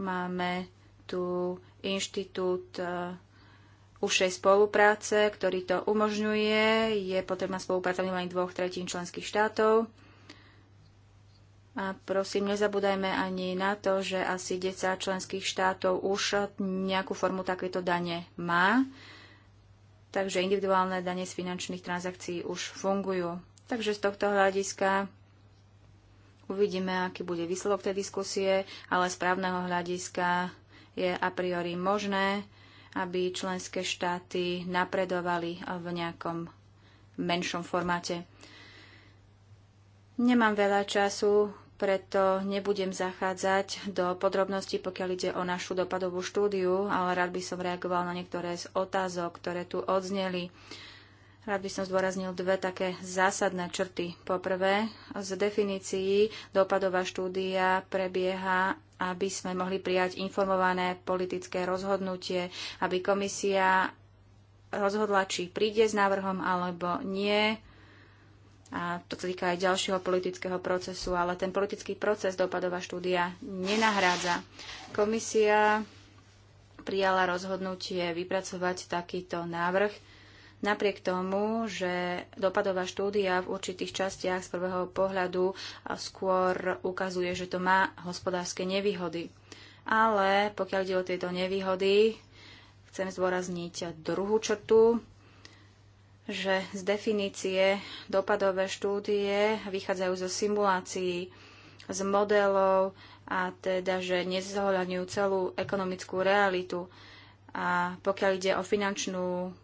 máme tu inštitút e, užšej spolupráce, ktorý to umožňuje. Je potrebná spolupráca minimálne dvoch tretín členských štátov. A prosím, nezabúdajme ani na to, že asi 10 členských štátov už nejakú formu takéto dane má. Takže individuálne dane z finančných transakcií už fungujú. Takže z tohto hľadiska uvidíme, aký bude výsledok tej diskusie, ale z právneho hľadiska je a priori možné, aby členské štáty napredovali v nejakom menšom formáte. Nemám veľa času, preto nebudem zachádzať do podrobností, pokiaľ ide o našu dopadovú štúdiu, ale rád by som reagoval na niektoré z otázok, ktoré tu odzneli. Rád by som zdôraznil dve také zásadné črty. Poprvé, z definícií dopadová štúdia prebieha aby sme mohli prijať informované politické rozhodnutie, aby komisia rozhodla, či príde s návrhom alebo nie. A to sa týka aj ďalšieho politického procesu, ale ten politický proces dopadová štúdia nenahrádza. Komisia prijala rozhodnutie vypracovať takýto návrh Napriek tomu, že dopadová štúdia v určitých častiach z prvého pohľadu skôr ukazuje, že to má hospodárske nevýhody. Ale pokiaľ ide o tieto nevýhody, chcem zdôrazniť druhú črtu, že z definície dopadové štúdie vychádzajú zo simulácií, z modelov a teda, že nezohľadňujú celú ekonomickú realitu. A pokiaľ ide o finančnú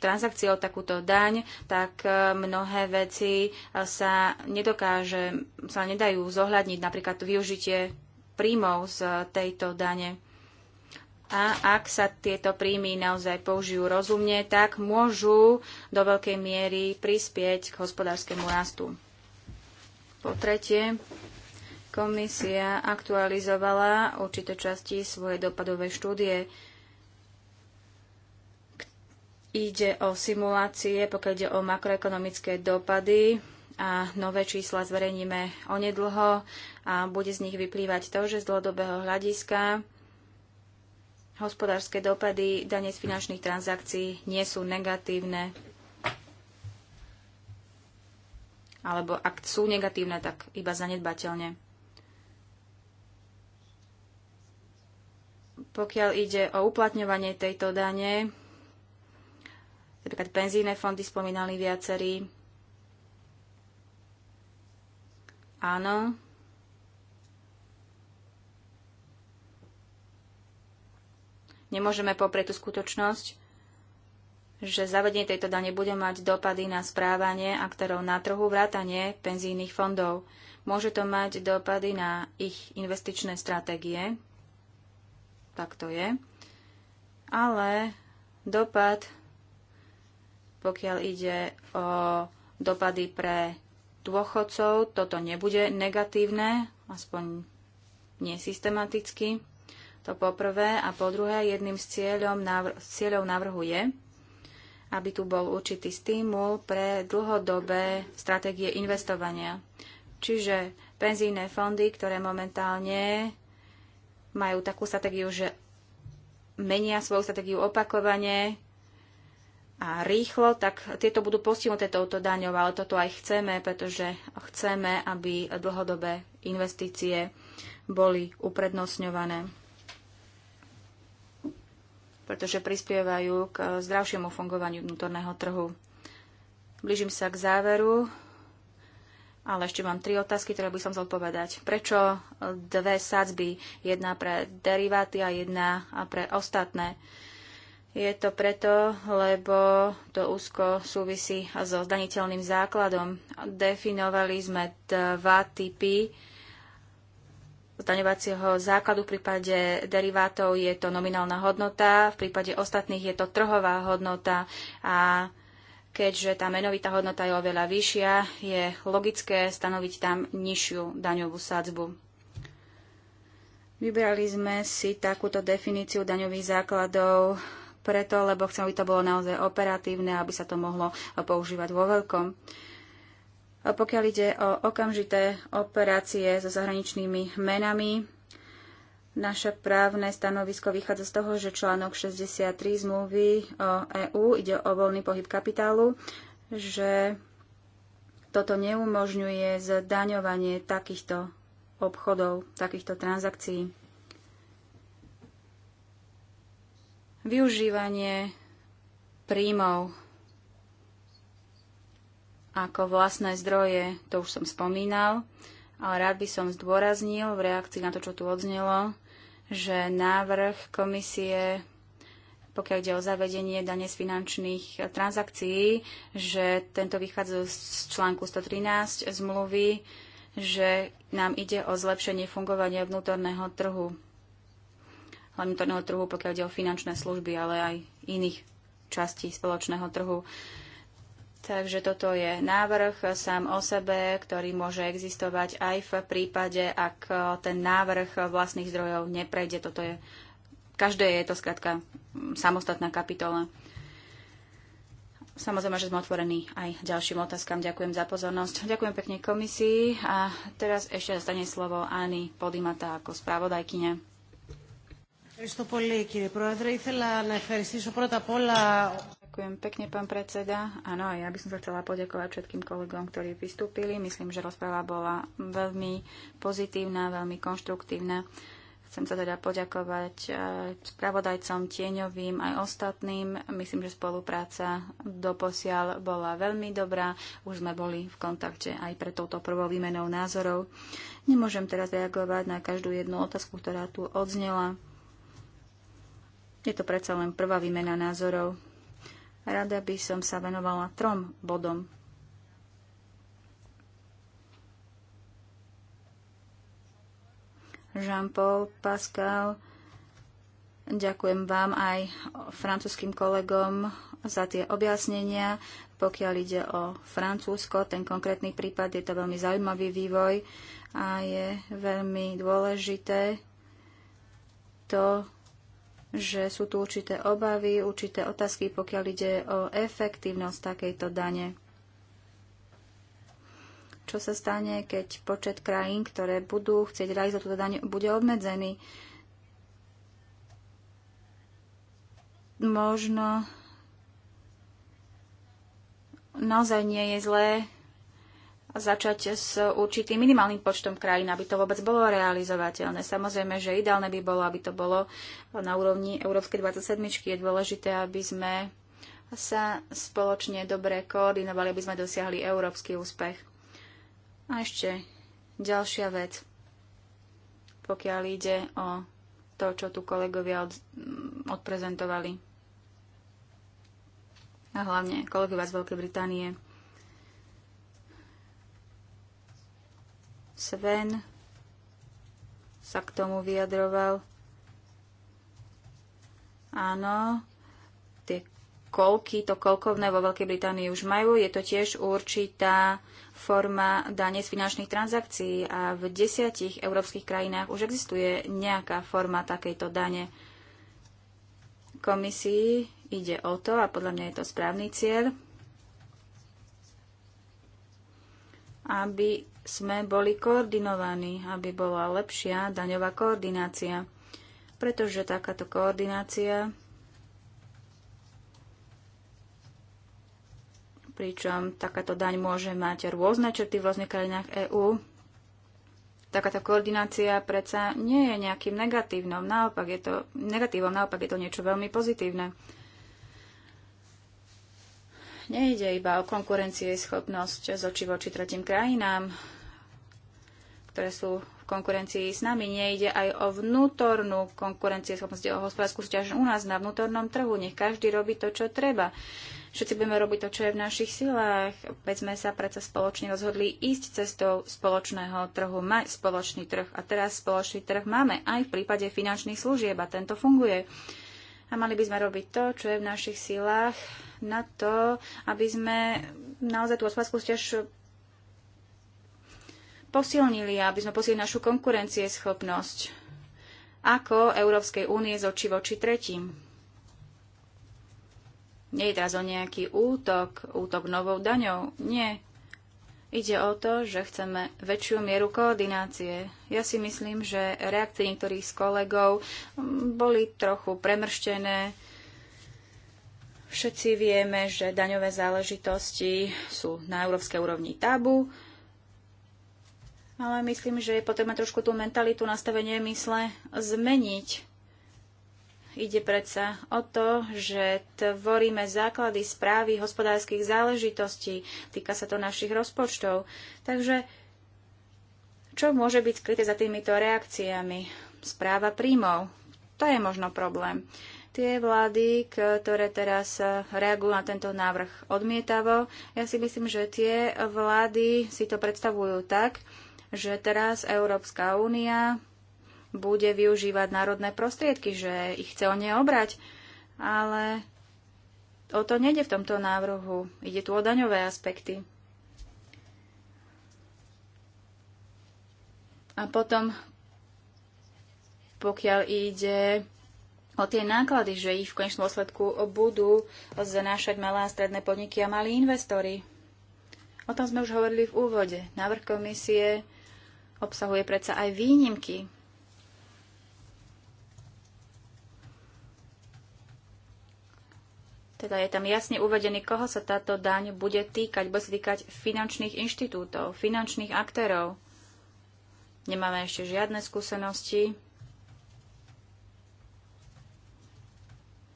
transakcie o takúto daň, tak e, mnohé veci e, sa nedokáže, sa nedajú zohľadniť, napríklad využitie príjmov z e, tejto dane. A ak sa tieto príjmy naozaj použijú rozumne, tak môžu do veľkej miery prispieť k hospodárskému rastu. Po tretie, komisia aktualizovala určité časti svojej dopadovej štúdie Ide o simulácie, pokiaľ ide o makroekonomické dopady a nové čísla zverejníme onedlho a bude z nich vyplývať to, že z dlhodobého hľadiska hospodárske dopady dane z finančných transakcií nie sú negatívne. Alebo ak sú negatívne, tak iba zanedbateľne. Pokiaľ ide o uplatňovanie tejto dane, Napríklad penzíne fondy spomínali viacerí. Áno. Nemôžeme poprieť tú skutočnosť, že zavedenie tejto dane bude mať dopady na správanie aktérov na trhu vrátanie penzijných fondov. Môže to mať dopady na ich investičné stratégie, tak to je, ale dopad pokiaľ ide o dopady pre dôchodcov, toto nebude negatívne, aspoň nesystematicky. To poprvé. A po druhé, jedným z cieľom, návr- cieľov návrhu je, aby tu bol určitý stimul pre dlhodobé stratégie investovania. Čiže penzíne fondy, ktoré momentálne majú takú stratégiu, že menia svoju stratégiu opakovane, a rýchlo, tak tieto budú postihnuté touto daňou, ale toto aj chceme, pretože chceme, aby dlhodobé investície boli uprednostňované, pretože prispievajú k zdravšiemu fungovaniu vnútorného trhu. Blížim sa k záveru. Ale ešte mám tri otázky, ktoré by som chcel povedať. Prečo dve sadzby? Jedna pre deriváty a jedna pre ostatné. Je to preto, lebo to úzko súvisí so zdaniteľným základom. Definovali sme dva typy zdaňovacieho základu. V prípade derivátov je to nominálna hodnota, v prípade ostatných je to trhová hodnota a keďže tá menovitá hodnota je oveľa vyššia, je logické stanoviť tam nižšiu daňovú sadzbu. Vybrali sme si takúto definíciu daňových základov preto, lebo chcem, aby to bolo naozaj operatívne, aby sa to mohlo používať vo veľkom. Pokiaľ ide o okamžité operácie so zahraničnými menami, naše právne stanovisko vychádza z toho, že článok 63 zmluvy o EÚ ide o voľný pohyb kapitálu, že toto neumožňuje zdaňovanie takýchto obchodov, takýchto transakcií. Využívanie príjmov ako vlastné zdroje, to už som spomínal, ale rád by som zdôraznil v reakcii na to, čo tu odznelo, že návrh komisie, pokiaľ ide o zavedenie dane z finančných transakcií, že tento vychádza z článku 113 zmluvy, že nám ide o zlepšenie fungovania vnútorného trhu hlavne vnútorného trhu, pokiaľ ide o finančné služby, ale aj iných častí spoločného trhu. Takže toto je návrh sám o sebe, ktorý môže existovať aj v prípade, ak ten návrh vlastných zdrojov neprejde. Toto je, každé je to skrátka samostatná kapitola. Samozrejme, že sme otvorení aj ďalším otázkam. Ďakujem za pozornosť. Ďakujem pekne komisii. A teraz ešte dostane slovo Ani Podimata ako spravodajkyne. Ευχαριστώ πολύ, κύριε Πρόεδρε. Ήθελα να ευχαριστήσω πρώτα απ' όλα... Ďakujem pekne, pán predseda. Áno, ja by som sa chcela poďakovať všetkým kolegom, ktorí vystúpili. Myslím, že rozpráva bola veľmi pozitívna, veľmi konštruktívna. Chcem sa teda poďakovať eh, spravodajcom, tieňovým aj ostatným. Myslím, že spolupráca doposiaľ bola veľmi dobrá. Už sme boli v kontakte aj pre touto prvou výmenou názorov. Nemôžem teraz reagovať na každú jednu otázku, ktorá tu odznela. Je to predsa len prvá výmena názorov. Rada by som sa venovala trom bodom. Jean-Paul, Pascal, ďakujem vám aj francúzským kolegom za tie objasnenia. Pokiaľ ide o Francúzsko, ten konkrétny prípad je to veľmi zaujímavý vývoj a je veľmi dôležité to, že sú tu určité obavy, určité otázky, pokiaľ ide o efektívnosť takejto dane. Čo sa stane, keď počet krajín, ktoré budú chcieť realizovať túto daň, bude obmedzený? Možno naozaj nie je zlé začať s určitým minimálnym počtom krajín, aby to vôbec bolo realizovateľné. Samozrejme, že ideálne by bolo, aby to bolo na úrovni Európskej 27. Je dôležité, aby sme sa spoločne dobre koordinovali, aby sme dosiahli európsky úspech. A ešte ďalšia vec, pokiaľ ide o to, čo tu kolegovia od, mm, odprezentovali. A hlavne kolegovia z Veľkej Británie. Sven sa k tomu vyjadroval. Áno, tie kolky, to kolkovné vo Veľkej Británii už majú. Je to tiež určitá forma dane z finančných transakcií a v desiatich európskych krajinách už existuje nejaká forma takejto dane. Komisii ide o to, a podľa mňa je to správny cieľ, aby sme boli koordinovaní, aby bola lepšia daňová koordinácia, pretože takáto koordinácia, pričom takáto daň môže mať rôzne črty v rôznych krajinách EÚ, takáto koordinácia predsa nie je nejakým negatívnom, naopak je to, negatívom, naopak je to niečo veľmi pozitívne nejde iba o konkurencieschopnosť z oči voči tretím krajinám, ktoré sú v konkurencii s nami. Nejde aj o vnútornú konkurencieschopnosť, o hospodárskú súťaž u nás na vnútornom trhu. Nech každý robí to, čo treba. Všetci budeme robiť to, čo je v našich silách. Veď sme sa predsa spoločne rozhodli ísť cestou spoločného trhu, mať spoločný trh. A teraz spoločný trh máme aj v prípade finančných služieb a tento funguje. A mali by sme robiť to, čo je v našich silách, na to, aby sme naozaj tú hospodárskú súťaž posilnili, aby sme posilnili našu konkurencieschopnosť ako Európskej únie z oči voči tretím. Nie je teraz o nejaký útok, útok novou daňou. Nie. Ide o to, že chceme väčšiu mieru koordinácie. Ja si myslím, že reakcie niektorých z kolegov mm, boli trochu premrštené. Všetci vieme, že daňové záležitosti sú na európskej úrovni tabu, ale myslím, že je potrebné trošku tú mentalitu, nastavenie mysle zmeniť. Ide predsa o to, že tvoríme základy správy hospodárskych záležitostí. Týka sa to našich rozpočtov. Takže čo môže byť skryté za týmito reakciami? Správa príjmov. To je možno problém. Tie vlády, ktoré teraz eh, reagujú na tento návrh odmietavo, ja si myslím, že tie vlády si to predstavujú tak, že teraz Európska únia bude využívať národné prostriedky, že ich chce o ne obrať. Ale o to nejde v tomto návrhu. Ide tu o daňové aspekty. A potom, pokiaľ ide o tie náklady, že ich v konečnom dôsledku budú znášať malé a stredné podniky a malí investori. O tom sme už hovorili v úvode. Návrh komisie obsahuje predsa aj výnimky. Teda je tam jasne uvedený, koho sa táto daň bude týkať. Bude sa týkať finančných inštitútov, finančných aktérov. Nemáme ešte žiadne skúsenosti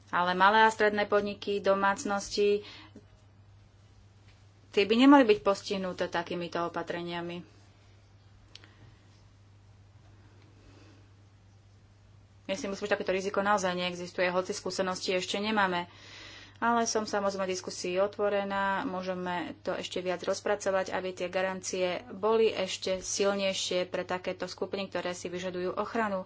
Ale malé a stredné podniky, domácnosti, tie by nemali byť postihnuté takýmito opatreniami. Ja si myslím, že takéto riziko naozaj neexistuje, hoci skúsenosti ešte nemáme. Ale som samozrejme diskusii otvorená, môžeme to ešte viac rozpracovať, aby tie garancie boli ešte silnejšie pre takéto skupiny, ktoré si vyžadujú ochranu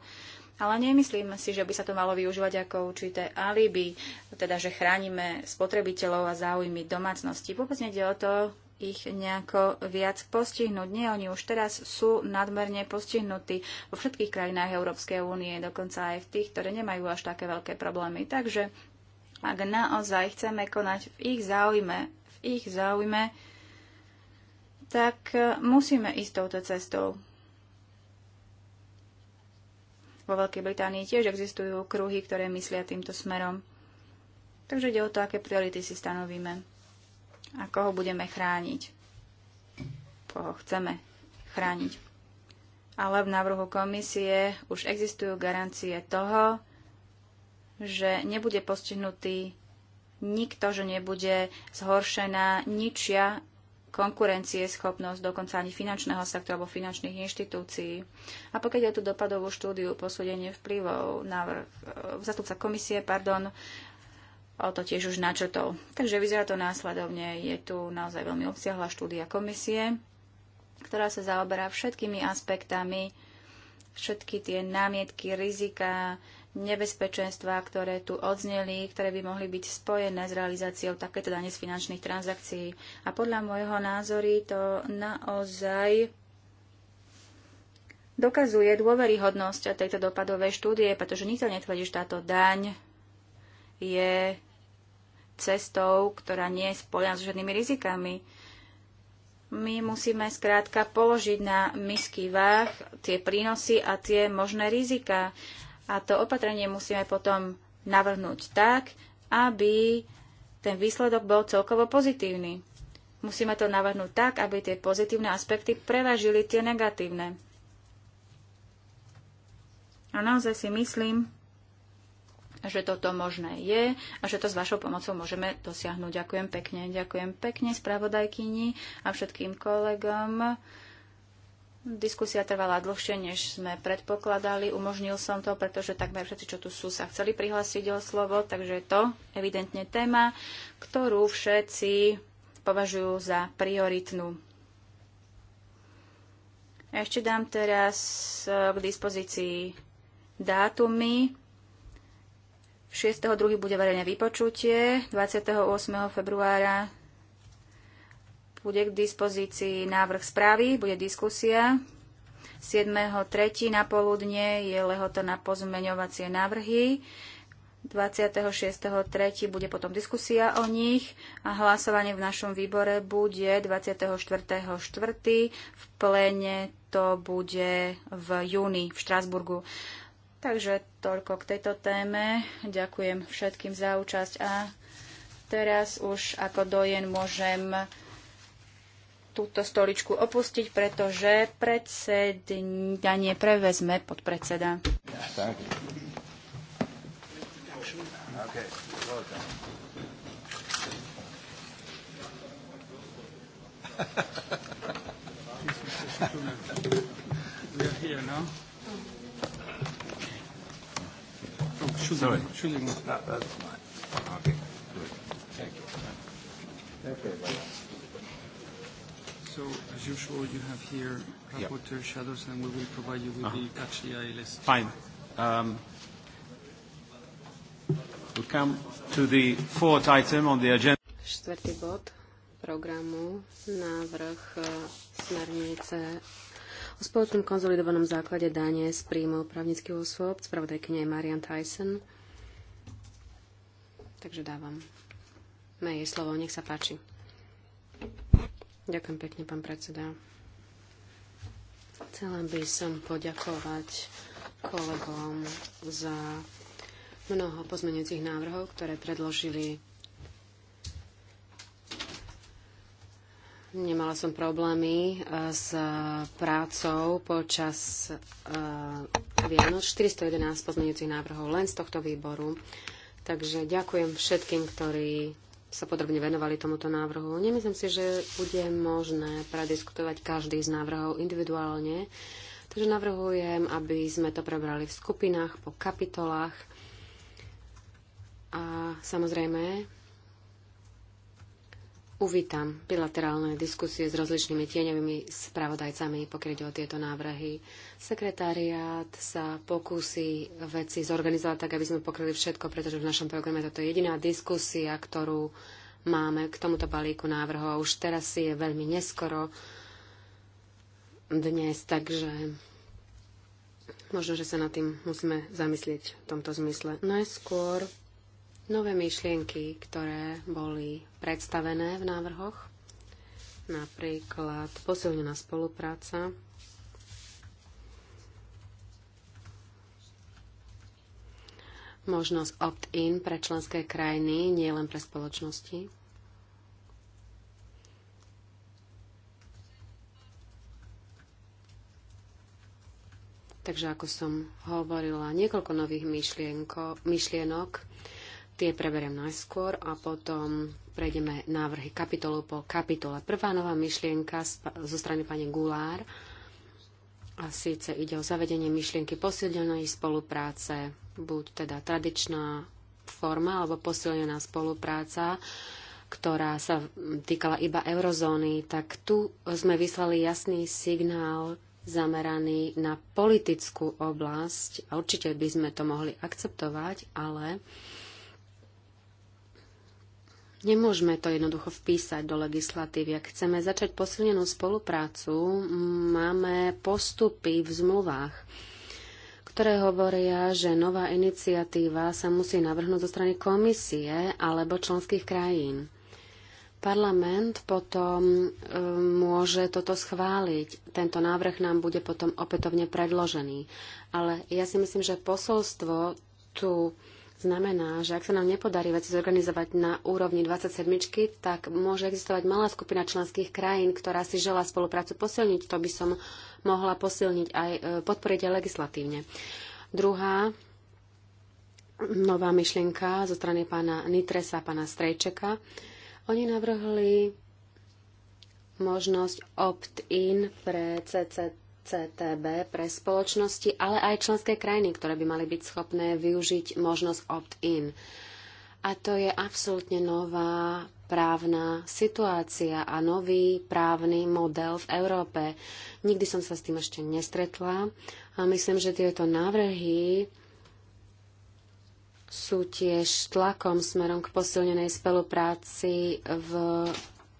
ale nemyslíme si, že by sa to malo využívať ako určité alibi, teda že chránime spotrebiteľov a záujmy domácnosti. Vôbec nejde o to ich nejako viac postihnúť. Nie, oni už teraz sú nadmerne postihnutí vo všetkých krajinách Európskej únie, dokonca aj v tých, ktoré nemajú až také veľké problémy. Takže ak naozaj chceme konať v ich záujme, v ich záujme, tak musíme ísť touto cestou vo Veľkej Británii tiež existujú kruhy, ktoré myslia týmto smerom. Takže ide o to, aké priority si stanovíme a koho budeme chrániť. Koho chceme chrániť. Ale v návrhu komisie už existujú garancie toho, že nebude postihnutý nikto, že nebude zhoršená ničia konkurencieschopnosť, dokonca ani finančného sektora alebo finančných inštitúcií. A pokiaľ je tu dopadovú štúdiu posúdenie vplyvov, na e, zastupca komisie, pardon, o to tiež už načrtol. Takže vyzerá to následovne. Je tu naozaj veľmi obsiahla štúdia komisie, ktorá sa zaoberá všetkými aspektami, všetky tie námietky, rizika, nebezpečenstva, ktoré tu odzneli, ktoré by mohli byť spojené s realizáciou takéto dane z finančných transakcií. A podľa môjho názory to naozaj dokazuje dôveryhodnosť tejto dopadovej štúdie, pretože nikto netvrdí, že táto daň je cestou, ktorá nie je spojená s žiadnymi rizikami my musíme skrátka položiť na misky váh tie prínosy a tie možné rizika. A to opatrenie musíme potom navrhnúť tak, aby ten výsledok bol celkovo pozitívny. Musíme to navrhnúť tak, aby tie pozitívne aspekty prevažili tie negatívne. A naozaj si myslím, že toto možné je a že to s vašou pomocou môžeme dosiahnuť. Ďakujem pekne. Ďakujem pekne spravodajkyni a všetkým kolegom. Diskusia trvala dlhšie, než sme predpokladali. Umožnil som to, pretože takmer všetci, čo tu sú, sa chceli prihlásiť o slovo, takže je to evidentne téma, ktorú všetci považujú za prioritnú. Ešte dám teraz e, k dispozícii dátumy. 6.2. bude verejné vypočutie, 28. februára bude k dispozícii návrh správy, bude diskusia. 7.3. na poludne je lehoto na pozmeňovacie návrhy. 26.3. bude potom diskusia o nich a hlasovanie v našom výbore bude 24.4. V pléne to bude v júni v Štrásburgu. Takže toľko k tejto téme. Ďakujem všetkým za účasť a teraz už ako dojen môžem túto stoličku opustiť, pretože predsedanie prevezme podpredseda. Yeah, okay, Okay, good. So, as usual, you have here rapporteur yeah. shadows, and we will provide you with uh -huh. the catch the list. Fine. Um, we come to the fourth item on the agenda. Štvrtý bod programu, návrh uh, smernice o spoločnom konzolidovanom základe dane z príjmov právnických osôb. Spravodajkynia je Marian Tyson. Takže dávam. Mej slovo, nech sa páči. Ďakujem pekne, pán predseda. Chcela by som poďakovať kolegom za mnoho pozmeňujúcich návrhov, ktoré predložili. Nemala som problémy e, s prácou počas e, Vianoc. 411 pozmeňujúcich návrhov len z tohto výboru. Takže ďakujem všetkým, ktorí sa podrobne venovali tomuto návrhu. Nemyslím si, že bude možné prediskutovať každý z návrhov individuálne, takže navrhujem, aby sme to prebrali v skupinách, po kapitolách. A samozrejme, uvítam bilaterálne diskusie s rozličnými tieňovými spravodajcami, pokiaľ ide o tieto návrhy. Sekretariát sa pokúsi veci zorganizovať tak, aby sme pokryli všetko, pretože v našom programe toto je jediná diskusia, ktorú máme k tomuto balíku návrhov. Už teraz si je veľmi neskoro dnes, takže možno, že sa nad tým musíme zamyslieť v tomto zmysle. Najskôr nové myšlienky, ktoré boli predstavené v návrhoch, napríklad posilnená spolupráca možnosť opt-in pre členské krajiny, nie len pre spoločnosti? Takže ako som hovorila, niekoľko nových myšlienko, myšlienok Tie preberiem najskôr a potom prejdeme návrhy kapitolu po kapitole. Prvá nová myšlienka zo strany pani Gulár a síce ide o zavedenie myšlienky posilnenej spolupráce, buď teda tradičná forma alebo posilnená spolupráca, ktorá sa týkala iba eurozóny, tak tu sme vyslali jasný signál zameraný na politickú oblasť. Určite by sme to mohli akceptovať, ale uh, Nemôžeme to jednoducho vpísať do legislatívy. Ak chceme začať posilnenú spoluprácu, máme postupy v zmluvách, ktoré hovoria, že nová iniciatíva sa musí navrhnúť zo strany komisie alebo členských krajín. Parlament potom e, môže toto schváliť. Tento návrh nám bude potom opätovne predložený. Ale ja si myslím, že posolstvo tu znamená, že ak sa nám nepodarí veci zorganizovať na úrovni 27, tak môže existovať malá skupina členských krajín, ktorá si želá spoluprácu posilniť. To by som mohla posilniť aj, e, podporiť aj legislatívne. Druhá nová myšlienka zo strany pána Nitresa a pána Strejčeka. Oni navrhli možnosť opt-in pre CCT CTB pre spoločnosti, ale aj členské krajiny, ktoré by mali byť schopné využiť možnosť opt-in. A to je absolútne nová právna situácia a nový právny model v Európe. Nikdy som sa s tým ešte nestretla a myslím, že tieto návrhy sú tiež tlakom smerom k posilnenej spolupráci v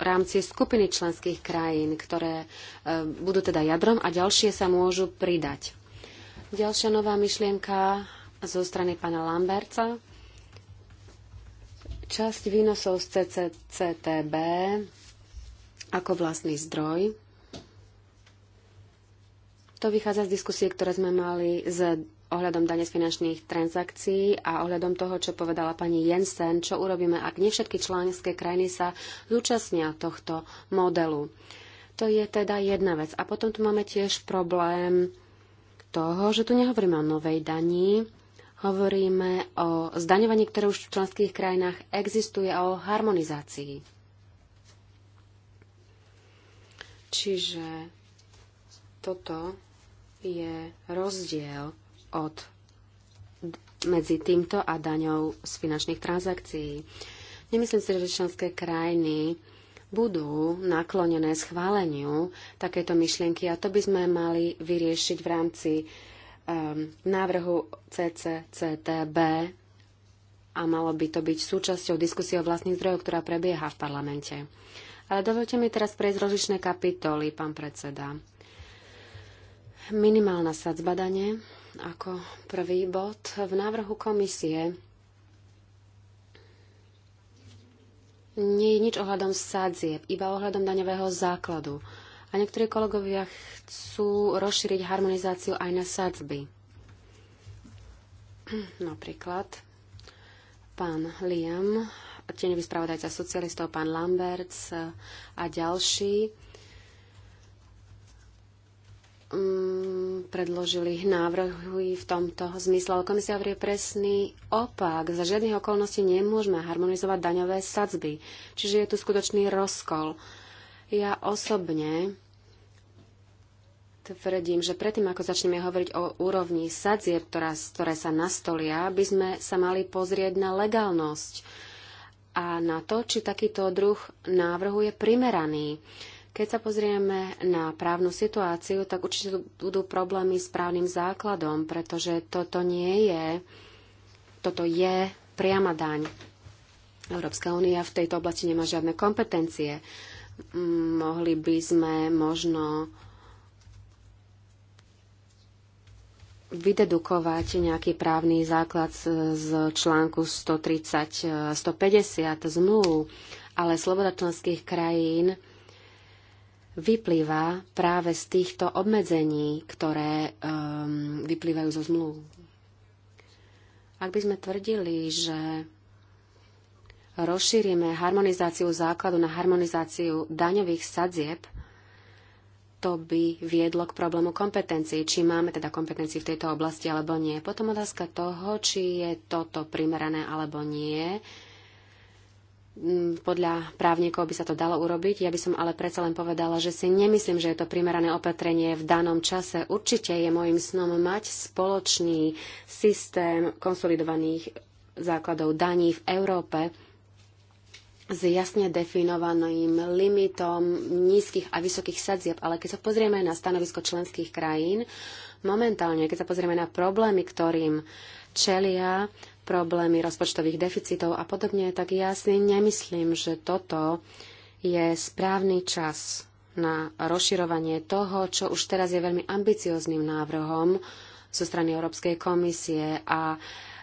rámci skupiny členských krajín, ktoré e, budú teda jadrom a ďalšie sa môžu pridať. Ďalšia nová myšlienka zo strany pána Lamberca. Časť výnosov z CCCTB ako vlastný zdroj. To vychádza z diskusie, ktoré sme mali s ohľadom dane z finančných transakcií a ohľadom toho, čo povedala pani Jensen, čo urobíme, ak nie všetky členské krajiny sa zúčastnia tohto modelu. To je teda jedna vec. A potom tu máme tiež problém toho, že tu nehovoríme o novej daní. hovoríme o zdaňovaní, ktoré už v členských krajinách existuje a o harmonizácii. Čiže toto je rozdiel od, medzi týmto a daňou z finančných transakcií. Nemyslím si, že členské krajiny budú naklonené schváleniu takéto myšlienky a to by sme mali vyriešiť v rámci um, návrhu CCCTB a malo by to byť súčasťou diskusie o vlastných zdrojoch, ktorá prebieha v parlamente. Ale dovolte mi teraz prejsť rozličné kapitoly, pán predseda. Minimálna sadzba dane, ako prvý bod v návrhu komisie. Nie je nič ohľadom sadzieb, iba ohľadom daňového základu. A niektorí kolegovia chcú rozšíriť harmonizáciu aj na sadzby. Napríklad pán Liam, tieňový spravodajca socialistov, pán Lamberts a ďalší Mm, predložili návrhy v tomto zmysle. ale Komisia hovorí presný opak. Za žiadnych okolností nemôžeme harmonizovať daňové sadzby. Čiže je tu skutočný rozkol. Ja osobne tvrdím, že predtým, ako začneme hovoriť o úrovni sadzieb, ktorá, ktoré sa nastolia, by sme sa mali pozrieť na legálnosť a na to, či takýto druh návrhu je primeraný. Keď sa pozrieme na právnu situáciu, tak určite budú problémy s právnym základom, pretože toto nie je, toto je priama daň. Európska únia v tejto oblasti nemá žiadne kompetencie. Mohli by sme možno vydedukovať nejaký právny základ z článku 130-150 zmluv, ale sloboda členských krajín vyplýva práve z týchto obmedzení, ktoré um, vyplývajú zo zmluv. Ak by sme tvrdili, že rozšírime harmonizáciu základu na harmonizáciu daňových sadzieb, to by viedlo k problému kompetencií. Či máme teda kompetencii v tejto oblasti alebo nie. Potom otázka toho, či je toto primerané alebo nie, podľa právnikov by sa to dalo urobiť. Ja by som ale predsa len povedala, že si nemyslím, že je to primerané opatrenie v danom čase. Určite je môjim snom mať spoločný systém konsolidovaných základov daní v Európe s jasne definovaným limitom nízkych a vysokých sadzieb. Ale keď sa pozrieme na stanovisko členských krajín, momentálne, keď sa pozrieme na problémy, ktorým čelia, problémy rozpočtových deficitov a podobne, tak ja si nemyslím, že toto je správny čas na rozširovanie toho, čo už teraz je veľmi ambiciozným návrhom zo strany Európskej komisie a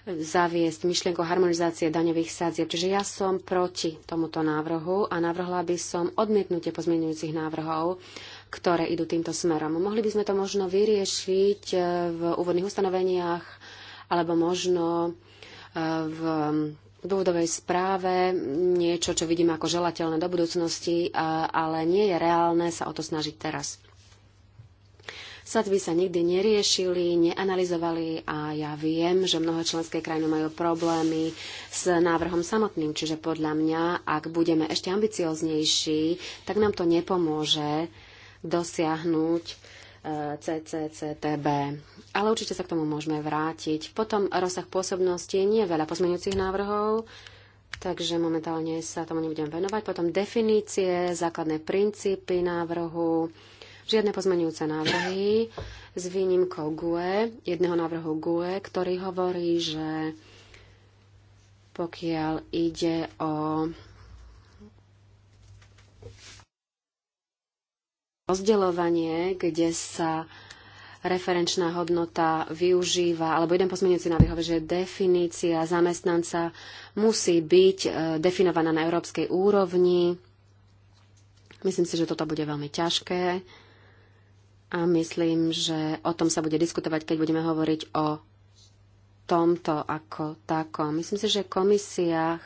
zaviesť myšlienku harmonizácie daňových sadzieb. Čiže ja som proti tomuto návrhu a navrhla by som odmietnutie pozmeňujúcich návrhov, ktoré idú týmto smerom. Mohli by sme to možno vyriešiť eh, v úvodných ustanoveniach alebo možno v dôvodovej správe niečo, čo vidíme ako želateľné do budúcnosti, ale nie je reálne sa o to snažiť teraz. Sadby sa nikdy neriešili, neanalizovali a ja viem, že mnohé členské krajiny majú problémy s návrhom samotným, čiže podľa mňa, ak budeme ešte ambicioznejší, tak nám to nepomôže dosiahnuť CCCTB. Ale určite sa k tomu môžeme vrátiť. Potom rozsah pôsobnosti nie je veľa pozmeňujúcich návrhov, takže momentálne sa tomu nebudem venovať. Potom definície, základné princípy návrhu, žiadne pozmeňujúce návrhy s výnimkou GUE, jedného návrhu GUE, ktorý hovorí, že pokiaľ ide o rozdeľovanie, kde sa referenčná hodnota využíva, alebo jeden pozmeňujúci návrh hovorí, že definícia zamestnanca musí byť e, definovaná na európskej úrovni. Myslím si, že toto bude veľmi ťažké a myslím, že o tom sa bude diskutovať, keď budeme hovoriť o tomto ako takom. Myslím si, že komisia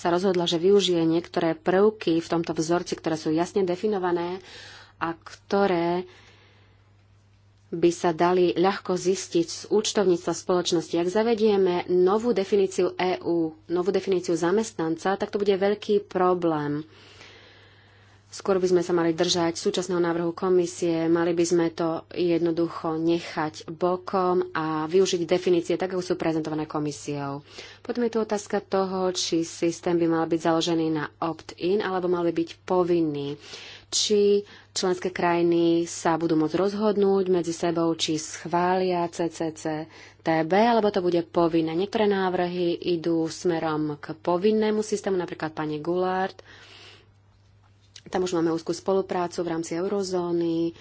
sa rozhodla, že využije niektoré prvky v tomto vzorci, ktoré sú jasne definované a ktoré by sa dali ľahko zistiť z účtovníctva spoločnosti. Ak zavedieme novú definíciu EÚ, novú definíciu zamestnanca, tak to bude veľký problém Skôr by sme sa mali držať súčasného návrhu komisie, mali by sme to jednoducho nechať bokom a využiť definície tak, ako sú prezentované komisiou. Potom je tu otázka toho, či systém by mal byť založený na opt-in alebo mal by byť povinný. Či členské krajiny sa budú môcť rozhodnúť medzi sebou, či schvália CCC TB, alebo to bude povinné. Niektoré návrhy idú smerom k povinnému systému, napríklad pani Goulart tam už máme úzkú spoluprácu v rámci eurozóny.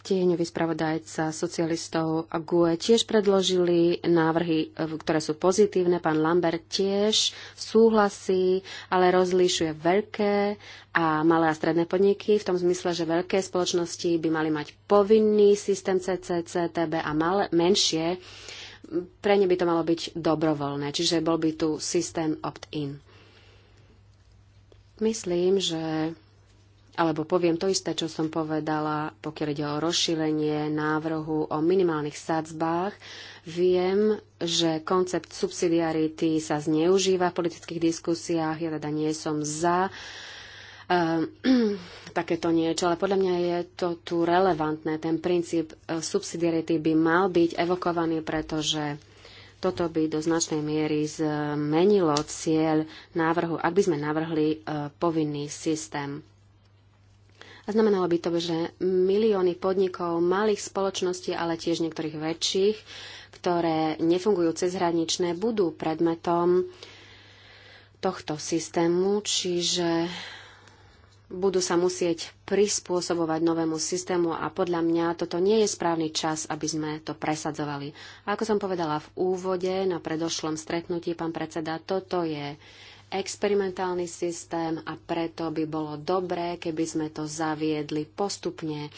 Tieňový spravodajca socialistov a GUE tiež predložili návrhy, ktoré sú pozitívne. Pán Lambert tiež súhlasí, ale rozlíšuje veľké a malé a stredné podniky v tom zmysle, že veľké spoločnosti by mali mať povinný systém CCCTB a malé, menšie pre ne by to malo byť dobrovoľné, čiže bol by tu systém opt-in. Myslím, že alebo poviem to isté, čo som povedala, pokiaľ ide o rozšírenie návrhu o minimálnych sadzbách. Viem, že koncept subsidiarity sa zneužíva v politických diskusiách, ja teda nie som za uh, takéto niečo, ale podľa mňa je to tu relevantné. Ten princíp eh, subsidiarity by mal byť evokovaný, pretože toto by do značnej miery zmenilo cieľ návrhu, ak by sme navrhli e, povinný systém. A znamenalo by to, že milióny podnikov, malých spoločností, ale tiež niektorých väčších, ktoré nefungujú cezhraničné, budú predmetom tohto systému, čiže budú sa musieť prispôsobovať novému systému a podľa mňa toto nie je správny čas, aby sme to presadzovali. A ako som povedala v úvode na predošlom stretnutí, pán predseda, toto je experimentálny systém a preto by bolo dobré, keby sme to zaviedli postupne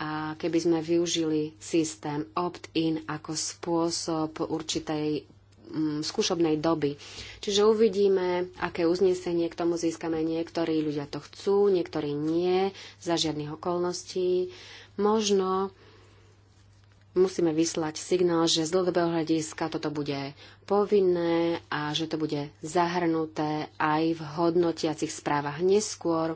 a keby sme využili systém opt-in ako spôsob určitej Mm, skúšobnej doby. Čiže uvidíme, aké uznesenie k tomu získame. Niektorí ľudia to chcú, niektorí nie, za žiadnych okolností. Možno musíme vyslať signál, že z dlhodobého hľadiska toto bude povinné a že to bude zahrnuté aj v hodnotiacich správach neskôr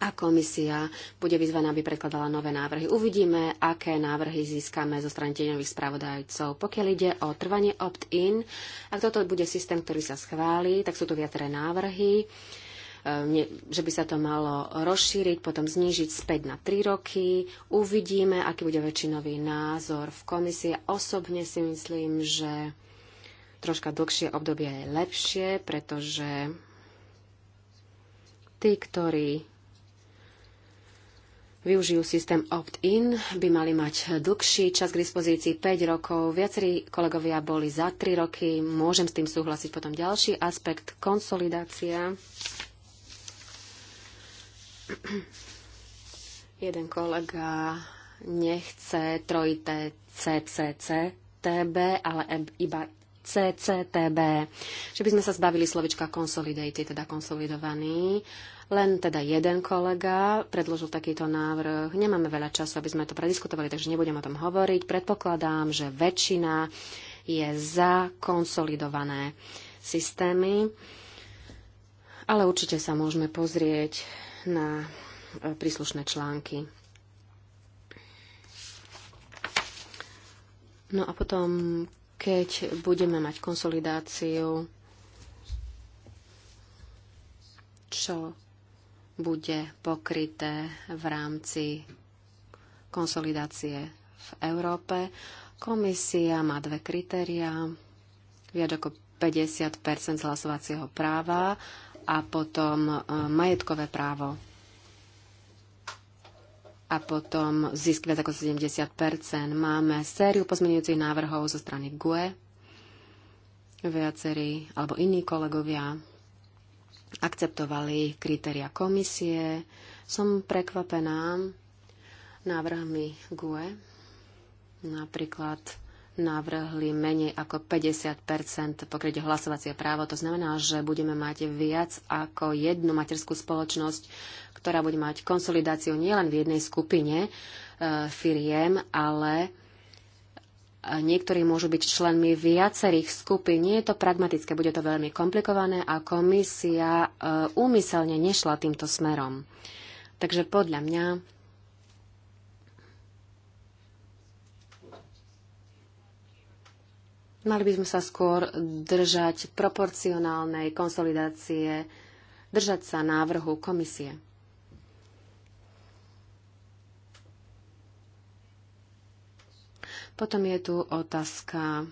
a komisia bude vyzvaná, aby prekladala nové návrhy. Uvidíme, aké návrhy získame zo strany tieňových spravodajcov. Pokiaľ ide o trvanie opt-in, ak toto bude systém, ktorý sa schváli, tak sú tu viaceré návrhy, eh, že by sa to malo rozšíriť, potom znížiť späť na 3 roky. Uvidíme, aký bude väčšinový názor v komisii. Osobne si myslím, že troška dlhšie obdobie je lepšie, pretože tí, ktorí využijú systém opt-in, by mali mať dlhší čas k dispozícii 5 rokov. Viacerí kolegovia boli za 3 roky, môžem s tým súhlasiť. Potom ďalší aspekt, konsolidácia. Jeden kolega nechce trojité CCCTB, ale iba CCTB. Že by sme sa zbavili slovička consolidated, teda konsolidovaný. Uh, len teda jeden kolega predložil takýto návrh. Nemáme veľa času, aby sme to prediskutovali, takže nebudem o tom hovoriť. Predpokladám, že väčšina je za konsolidované systémy, ale určite sa môžeme pozrieť na e, príslušné články. No a potom, keď budeme mať konsolidáciu, čo bude pokryté v rámci konsolidácie v Európe. Komisia má dve kritériá, viac ako 50 z hlasovacieho práva a potom e, majetkové právo a potom zisk viac ako 70 Máme sériu pozmenujúcich návrhov zo strany GUE, viacerí alebo iní kolegovia akceptovali kritéria komisie. Som prekvapená návrhmi GUE. Napríklad navrhli menej ako 50 pokryť hlasovacie právo. To znamená, že budeme mať viac ako jednu materskú spoločnosť, ktorá bude mať konsolidáciu nielen v jednej skupine e, firiem, ale Niektorí môžu byť členmi viacerých skupín. Nie je to pragmatické, bude to veľmi komplikované a komisia e, úmyselne nešla týmto smerom. Takže podľa mňa mali by sme sa skôr držať proporcionálnej konsolidácie, držať sa návrhu komisie. Potom je tu otázka,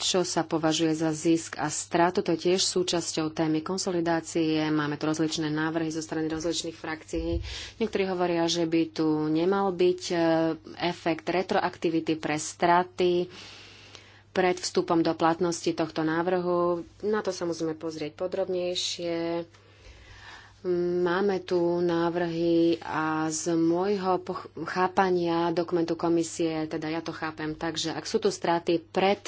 čo sa považuje za zisk a stratu. To je tiež súčasťou témy konsolidácie. Máme tu rozličné návrhy zo strany rozličných frakcií. Niektorí hovoria, že by tu nemal byť e, efekt retroaktivity pre straty pred vstupom do platnosti tohto návrhu. Na to sa musíme pozrieť podrobnejšie. Máme tu návrhy a z môjho chápania dokumentu komisie, teda ja to chápem tak, že ak sú tu straty pred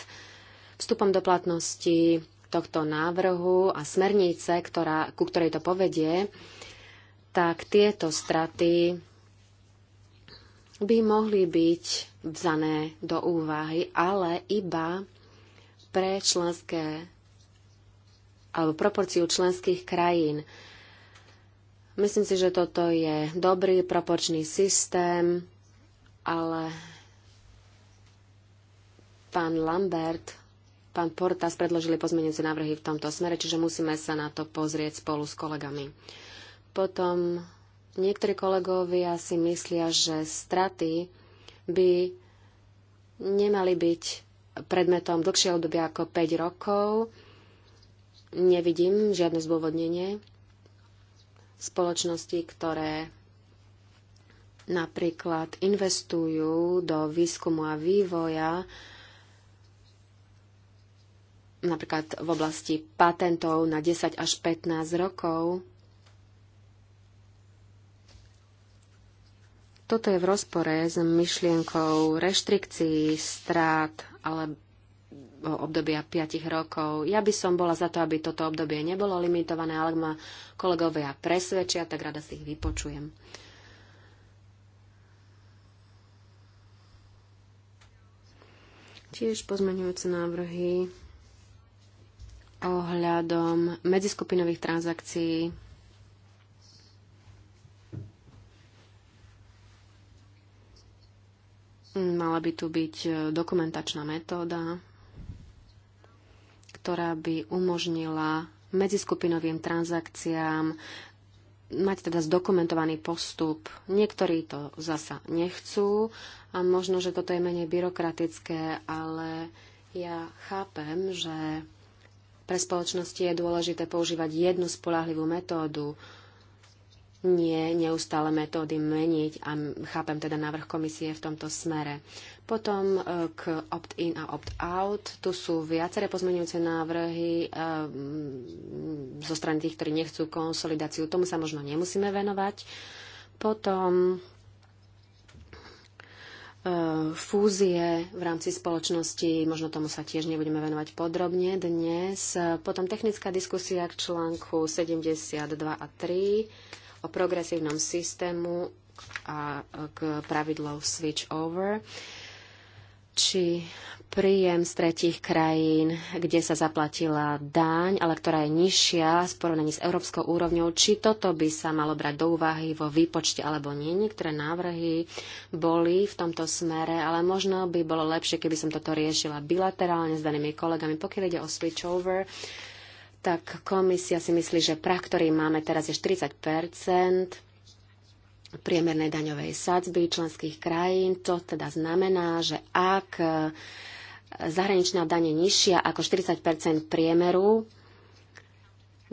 vstupom do platnosti tohto návrhu a smernice, ktorá, ku ktorej to povedie, tak tieto straty by mohli byť vzané do úvahy, ale iba pre členské alebo proporciu členských krajín. Myslím si, že toto je dobrý proporčný systém, ale pán Lambert, pán Portas predložili pozmenujúce návrhy v tomto smere, čiže musíme sa na to pozrieť spolu s kolegami. Potom niektorí kolegovia si myslia, že straty by nemali byť predmetom dlhšieho obdobia ako 5 rokov. Nevidím žiadne zdôvodnenie spoločnosti, ktoré napríklad investujú do výskumu a vývoja, napríklad v oblasti patentov na 10 až 15 rokov. Toto je v rozpore s myšlienkou reštrikcií, strát ale obdobia 5 rokov. Ja by som bola za to, aby toto obdobie nebolo limitované, ale ak ma kolegovia presvedčia, tak rada si ich vypočujem. Tiež pozmeňujúce návrhy ohľadom medziskupinových transakcií Mala by tu byť dokumentačná metóda ktorá by umožnila medziskupinovým transakciám mať teda zdokumentovaný postup. Niektorí to zasa nechcú a možno, že toto je menej byrokratické, ale ja chápem, že pre spoločnosti je dôležité používať jednu spolahlivú metódu, nie neustále metódy meniť a chápem teda návrh komisie v tomto smere. Potom e, k opt-in a opt-out. Tu sú viaceré pozmeňujúce návrhy e, zo strany tých, ktorí nechcú konsolidáciu. Tomu sa možno nemusíme venovať. Potom e, fúzie v rámci spoločnosti, možno tomu sa tiež nebudeme venovať podrobne dnes. Potom technická diskusia k článku 72 a 3 o progresívnom systému a k pravidlov switch over či príjem z tretich krajín, kde sa zaplatila daň, ale ktorá je nižšia v porovnaní s európskou úrovňou, či toto by sa malo brať do úvahy vo výpočte alebo nie. Niektoré návrhy boli v tomto smere, ale možno by bolo lepšie, keby som toto riešila bilaterálne s danými kolegami. Pokiaľ ide o switchover, tak komisia si myslí, že prach, ktorý máme teraz, je 40 priemernej daňovej sadzby členských krajín. To teda znamená, že ak e, zahraničná daň je nižšia ako 40 priemeru,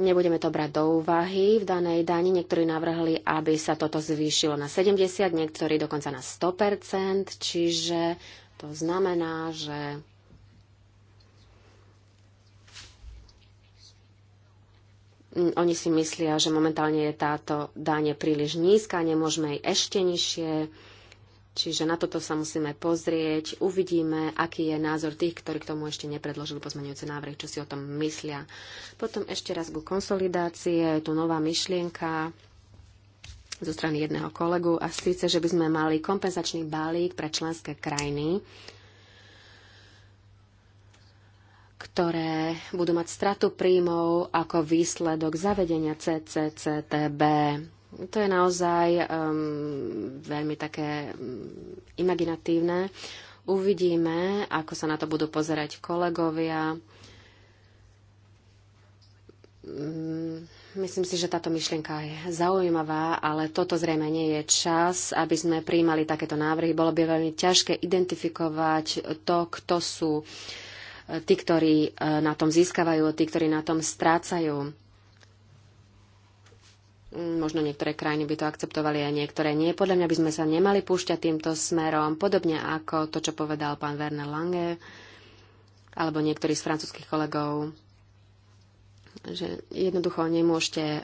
Nebudeme to brať do úvahy v danej dani. Niektorí navrhli, aby sa toto zvýšilo na 70, niektorí dokonca na 100%, čiže to znamená, že Mm, oni si myslia, že momentálne je táto dáne príliš nízka, nemôžeme jej ešte nižšie. Čiže na toto sa musíme pozrieť, uvidíme, aký je názor tých, ktorí k tomu ešte nepredložili pozmeňujúce návrhy, čo si o tom myslia. Potom ešte raz ku konsolidácie, je tu nová myšlienka zo strany jedného kolegu a síce, že by sme mali kompenzačný balík pre členské krajiny, ktoré budú mať stratu príjmov ako výsledok zavedenia CCCTB. To je naozaj um, veľmi také um, imaginatívne. Uvidíme, ako sa na to budú pozerať kolegovia. Um, myslím si, že táto myšlienka je zaujímavá, ale toto zrejme nie je čas, aby sme príjmali takéto návrhy. Bolo by veľmi ťažké identifikovať to, kto sú uh, tí, ktorí e, na tom získavajú, tí, ktorí na tom strácajú. Možno niektoré krajiny by to akceptovali a niektoré nie. Podľa mňa by sme sa nemali púšťať týmto smerom, podobne ako to, čo povedal pán Werner Lange alebo niektorí z francúzských kolegov, že jednoducho nemôžete um,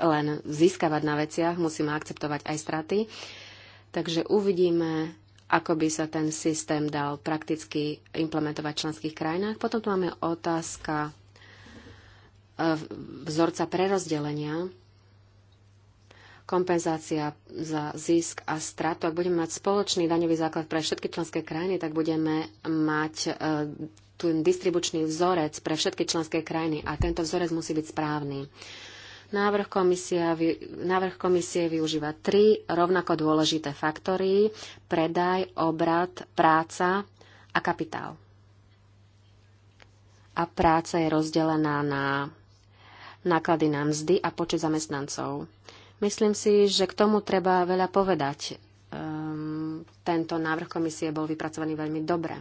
len získavať na veciach, musíme akceptovať aj straty. Uh, Takže uvidíme, ako by sa ten systém dal prakticky implementovať v členských krajinách. Potom tu máme otázka e, vzorca prerozdelenia, kompenzácia za zisk a stratu. Ak budeme mať spoločný daňový základ pre všetky členské krajiny, tak budeme mať e, ten distribučný vzorec pre všetky členské krajiny a tento vzorec musí byť správny. Návrh, návrh komisie využíva tri rovnako dôležité faktory predaj, obrad, práca a kapitál. A práca je rozdelená na náklady na mzdy a počet zamestnancov. Myslím si, že k tomu treba veľa povedať. Um, tento návrh komisie bol vypracovaný veľmi dobre.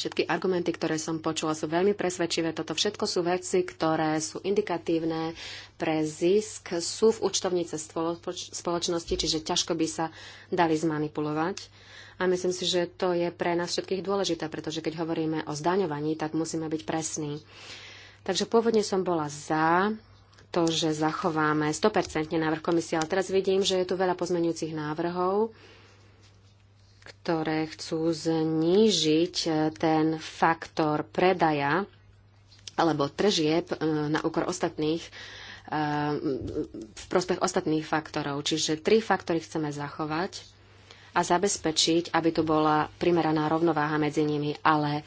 Všetky argumenty, ktoré som počula, sú veľmi presvedčivé. Toto všetko sú veci, ktoré sú indikatívne pre zisk, sú v účtovnice spoločnosti, čiže ťažko by sa dali zmanipulovať. A myslím si, že to je pre nás všetkých dôležité, pretože keď hovoríme o zdaňovaní, tak musíme byť presní. Takže pôvodne som bola za to, že zachováme 100% návrh komisie, ale teraz vidím, že je tu veľa pozmenujúcich návrhov, ktoré chcú znížiť eh, ten faktor predaja alebo tržieb eh, na úkor ostatných eh, v prospech ostatných faktorov. Čiže tri faktory chceme zachovať a zabezpečiť, aby tu bola primeraná rovnováha medzi nimi, ale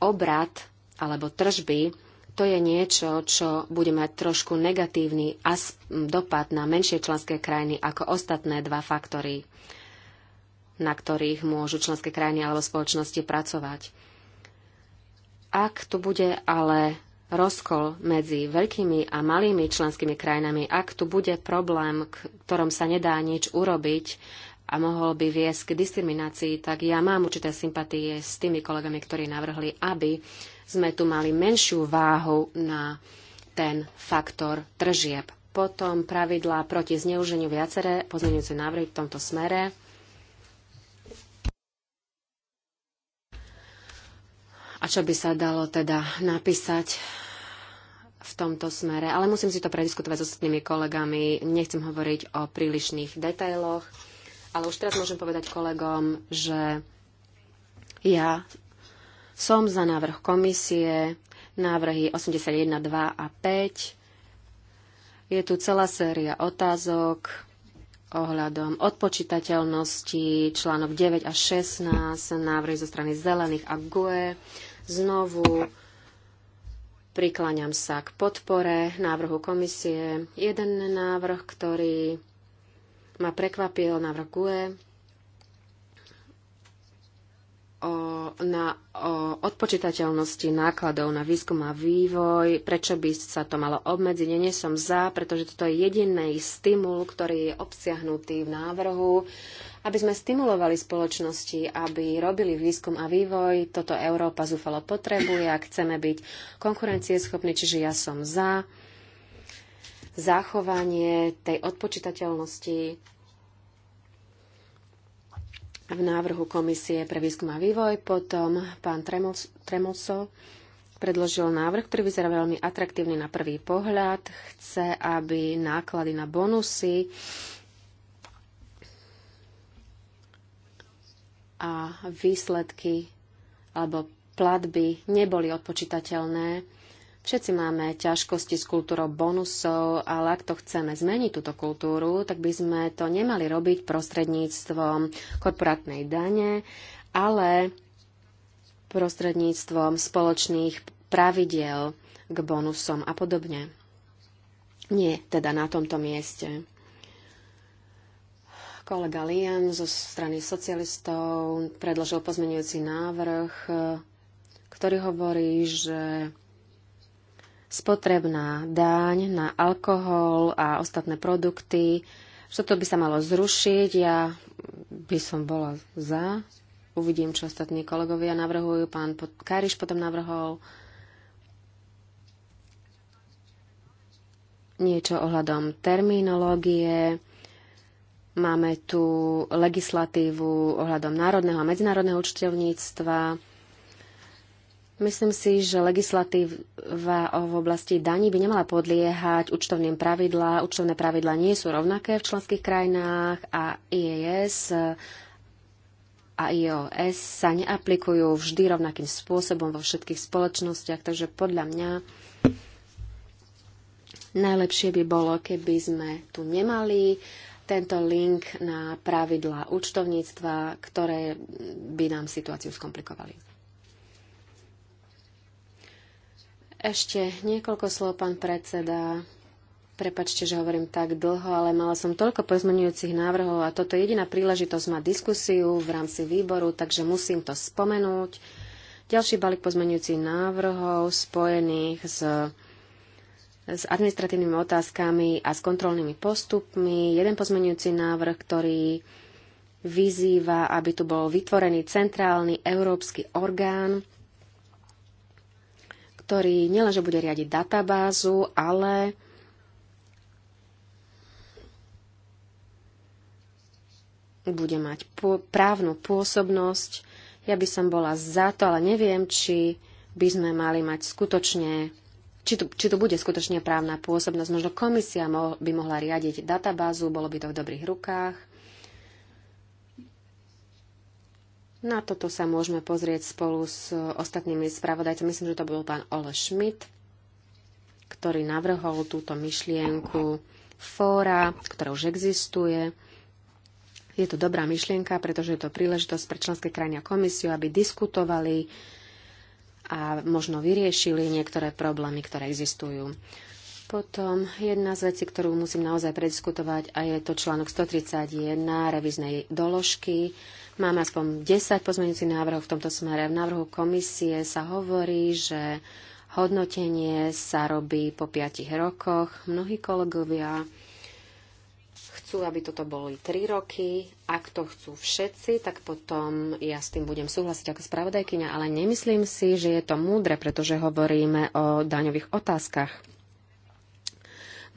obrad alebo tržby to je niečo, čo bude mať trošku negatívny dopad na menšie členské krajiny ako ostatné dva faktory na ktorých môžu členské krajiny alebo spoločnosti pracovať. Ak tu bude ale rozkol medzi veľkými a malými členskými krajinami, ak tu bude problém, k ktorom sa nedá nič urobiť a mohol by viesť k diskriminácii, tak ja mám určité sympatie s tými kolegami, ktorí navrhli, aby sme tu mali menšiu váhu na ten faktor tržieb. Potom pravidlá proti zneuženiu viaceré pozmeňujúce návrhy v tomto smere. a čo by sa dalo teda napísať v tomto smere. Ale musím si to prediskutovať s so ostatnými kolegami. Nechcem hovoriť o prílišných detailoch, ale už teraz môžem povedať kolegom, že ja som za návrh komisie, návrhy 81, 2 a 5. Je tu celá séria otázok ohľadom odpočítateľnosti, článok 9 a 16, návrhy zo strany zelených a GUE Znovu prikláňam sa k podpore návrhu komisie. Jeden návrh, ktorý ma prekvapil, návrh GUE, o, na, o odpočítateľnosti nákladov na výskum a vývoj, prečo by sa to malo obmedziť. Nie som za, pretože toto je jediný stimul, ktorý je obsiahnutý v návrhu. Uh, aby sme stimulovali spoločnosti, aby robili výskum a vývoj. Toto Európa zúfalo potrebuje a chceme byť konkurencieschopní, čiže ja som za zachovanie tej odpočítateľnosti v návrhu Komisie pre výskum a vývoj. Potom pán Tremoso predložil návrh, ktorý vyzerá veľmi atraktívny na prvý pohľad. Chce, aby náklady na bonusy a výsledky alebo platby neboli odpočítateľné. Všetci máme ťažkosti s kultúrou bonusov, ale ak to chceme zmeniť túto kultúru, tak by sme to nemali robiť prostredníctvom korporátnej dane, ale prostredníctvom spoločných pravidiel k bonusom a podobne. Nie teda na tomto mieste. Kolega Liam zo strany socialistov predložil pozmenujúci návrh, ktorý hovorí, že spotrebná daň na alkohol a ostatné produkty, že to by sa malo zrušiť. Ja by som bola za. Uvidím, čo ostatní kolegovia navrhujú. Pán Kariš potom navrhol niečo ohľadom terminológie Máme tu legislatívu ohľadom národného a medzinárodného učiteľníctva. Myslím si, že legislatíva v oblasti daní by nemala podliehať účtovným pravidlá. Účtovné pravidlá nie sú rovnaké v členských krajinách a IES a IOS sa neaplikujú vždy rovnakým spôsobom vo všetkých spoločnostiach, takže podľa mňa najlepšie by bolo, keby sme tu nemali uh, tento link na pravidlá účtovníctva, ktoré by nám situáciu skomplikovali. Ešte niekoľko slov, pán predseda. Prepačte, že hovorím tak dlho, ale mala som toľko pozmenujúcich návrhov a toto je jediná príležitosť mať diskusiu v rámci výboru, takže musím to spomenúť. Ďalší balík pozmenujúcich návrhov spojených s s administratívnymi otázkami a s kontrolnými postupmi. Jeden pozmenujúci návrh, ktorý vyzýva, aby tu bol vytvorený centrálny európsky orgán, ktorý nielenže bude riadiť databázu, ale bude mať právnu pôsobnosť. Ja by som bola za to, ale neviem, či by sme mali mať skutočne či tu, či to bude skutočne právna pôsobnosť. Možno komisia mo- by mohla riadiť databázu, bolo by to v dobrých rukách. Na toto sa môžeme pozrieť spolu s ostatnými spravodajcami. Myslím, že to bol pán Ole Schmidt, ktorý navrhol túto myšlienku fóra, ktorá už existuje. Je to dobrá myšlienka, pretože je to príležitosť pre členské krajiny a komisiu, aby diskutovali a možno vyriešili niektoré problémy, ktoré existujú. Potom jedna z vecí, ktorú musím naozaj prediskutovať, a je to článok 131 reviznej doložky. Mám aspoň 10 pozmeňujúcich návrhov v tomto smere. V návrhu komisie sa hovorí, že hodnotenie sa robí po 5 rokoch. Mnohí kolegovia chcú, aby toto boli 3 roky. Ak to chcú všetci, tak potom ja s tým budem súhlasiť ako spravodajkyňa, ale nemyslím si, že je to múdre, pretože hovoríme o daňových otázkach.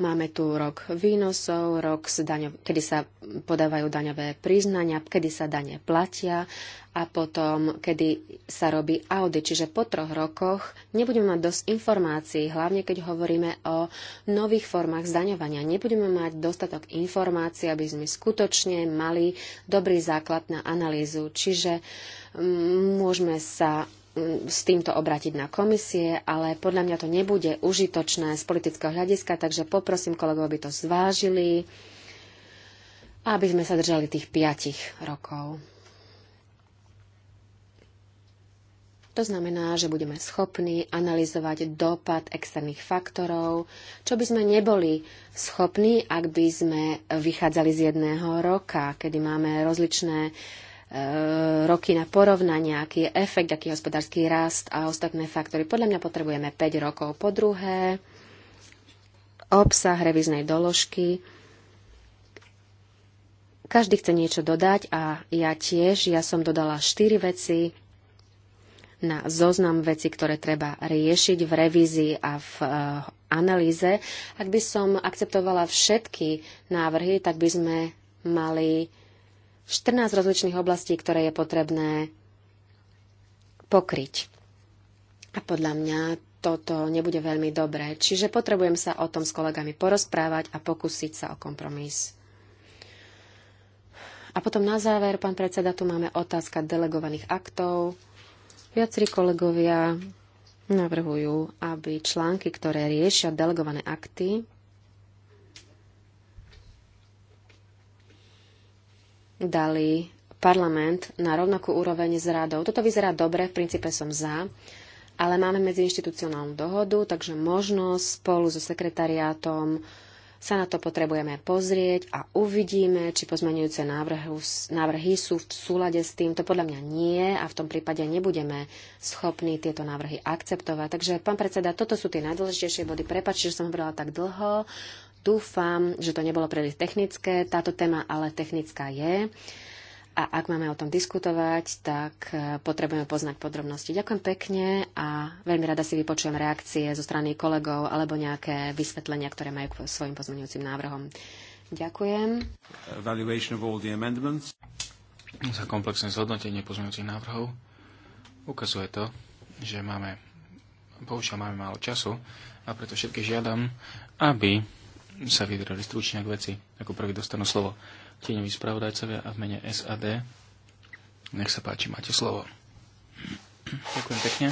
Máme tu rok výnosov, rok, daňov, kedy sa podávajú daňové priznania, kedy sa dane platia a potom, kedy sa robí audit. Čiže po troch rokoch nebudeme mať dosť informácií, hlavne keď hovoríme o nových formách zdaňovania. Nebudeme mať dostatok informácií, aby sme skutočne mali dobrý základ na analýzu. Čiže mm, môžeme sa mm, s týmto obrátiť na komisie, ale podľa mňa to nebude užitočné z politického hľadiska, takže poprosím kolegov, aby to zvážili, aby sme sa držali tých piatich rokov. To znamená, že budeme schopní analyzovať dopad externých faktorov, čo by sme neboli schopní, ak by sme vychádzali z jedného roka, kedy máme rozličné e, roky na porovnanie, aký je efekt, aký je hospodársky rast a ostatné faktory. Podľa mňa potrebujeme 5 rokov. Po druhé, obsah reviznej doložky. Každý chce niečo dodať a ja tiež, ja som dodala 4 veci na zoznam veci, ktoré treba riešiť v revízii a v e, analýze. Ak by som akceptovala všetky návrhy, tak by sme mali 14 rozličných oblastí, ktoré je potrebné pokryť. A podľa mňa toto nebude veľmi dobré, čiže potrebujem sa o tom s kolegami porozprávať a pokúsiť sa o kompromis. A potom na záver, pán predseda, tu máme otázka delegovaných aktov. Viacerí kolegovia navrhujú, aby články, ktoré riešia delegované akty, dali parlament na rovnakú úroveň s radou. Toto vyzerá dobre, v princípe som za, ale máme medziinstitucionálnu dohodu, takže možno spolu so sekretariátom uh, sa na to potrebujeme pozrieť a uvidíme, či pozmenujúce návrhu, návrhy sú v súlade s tým. To Podľa mňa nie a v tom prípade nebudeme schopní tieto návrhy akceptovať. Takže, pán predseda, toto sú tie najdôležitejšie body. Prepačte, že som hovorila tak dlho. Dúfam, že to nebolo príliš technické. Táto téma ale technická je. A ak máme o tom diskutovať, tak e, potrebujeme poznať podrobnosti. Ďakujem pekne a veľmi rada si vypočujem reakcie zo strany kolegov alebo nejaké vysvetlenia, ktoré majú k svojim pozmeňujúcim návrhom. Ďakujem. Za komplexné zhodnotenie pozmeňujúcich návrhov ukazuje to, že máme, bohužiaľ máme málo času a preto všetky žiadam, aby sa vydrali stručne k veci. Ako prvý dostanú slovo tieňoví spravodajcovia a v mene SAD. Nech sa páči, máte slovo. Ďakujem pekne.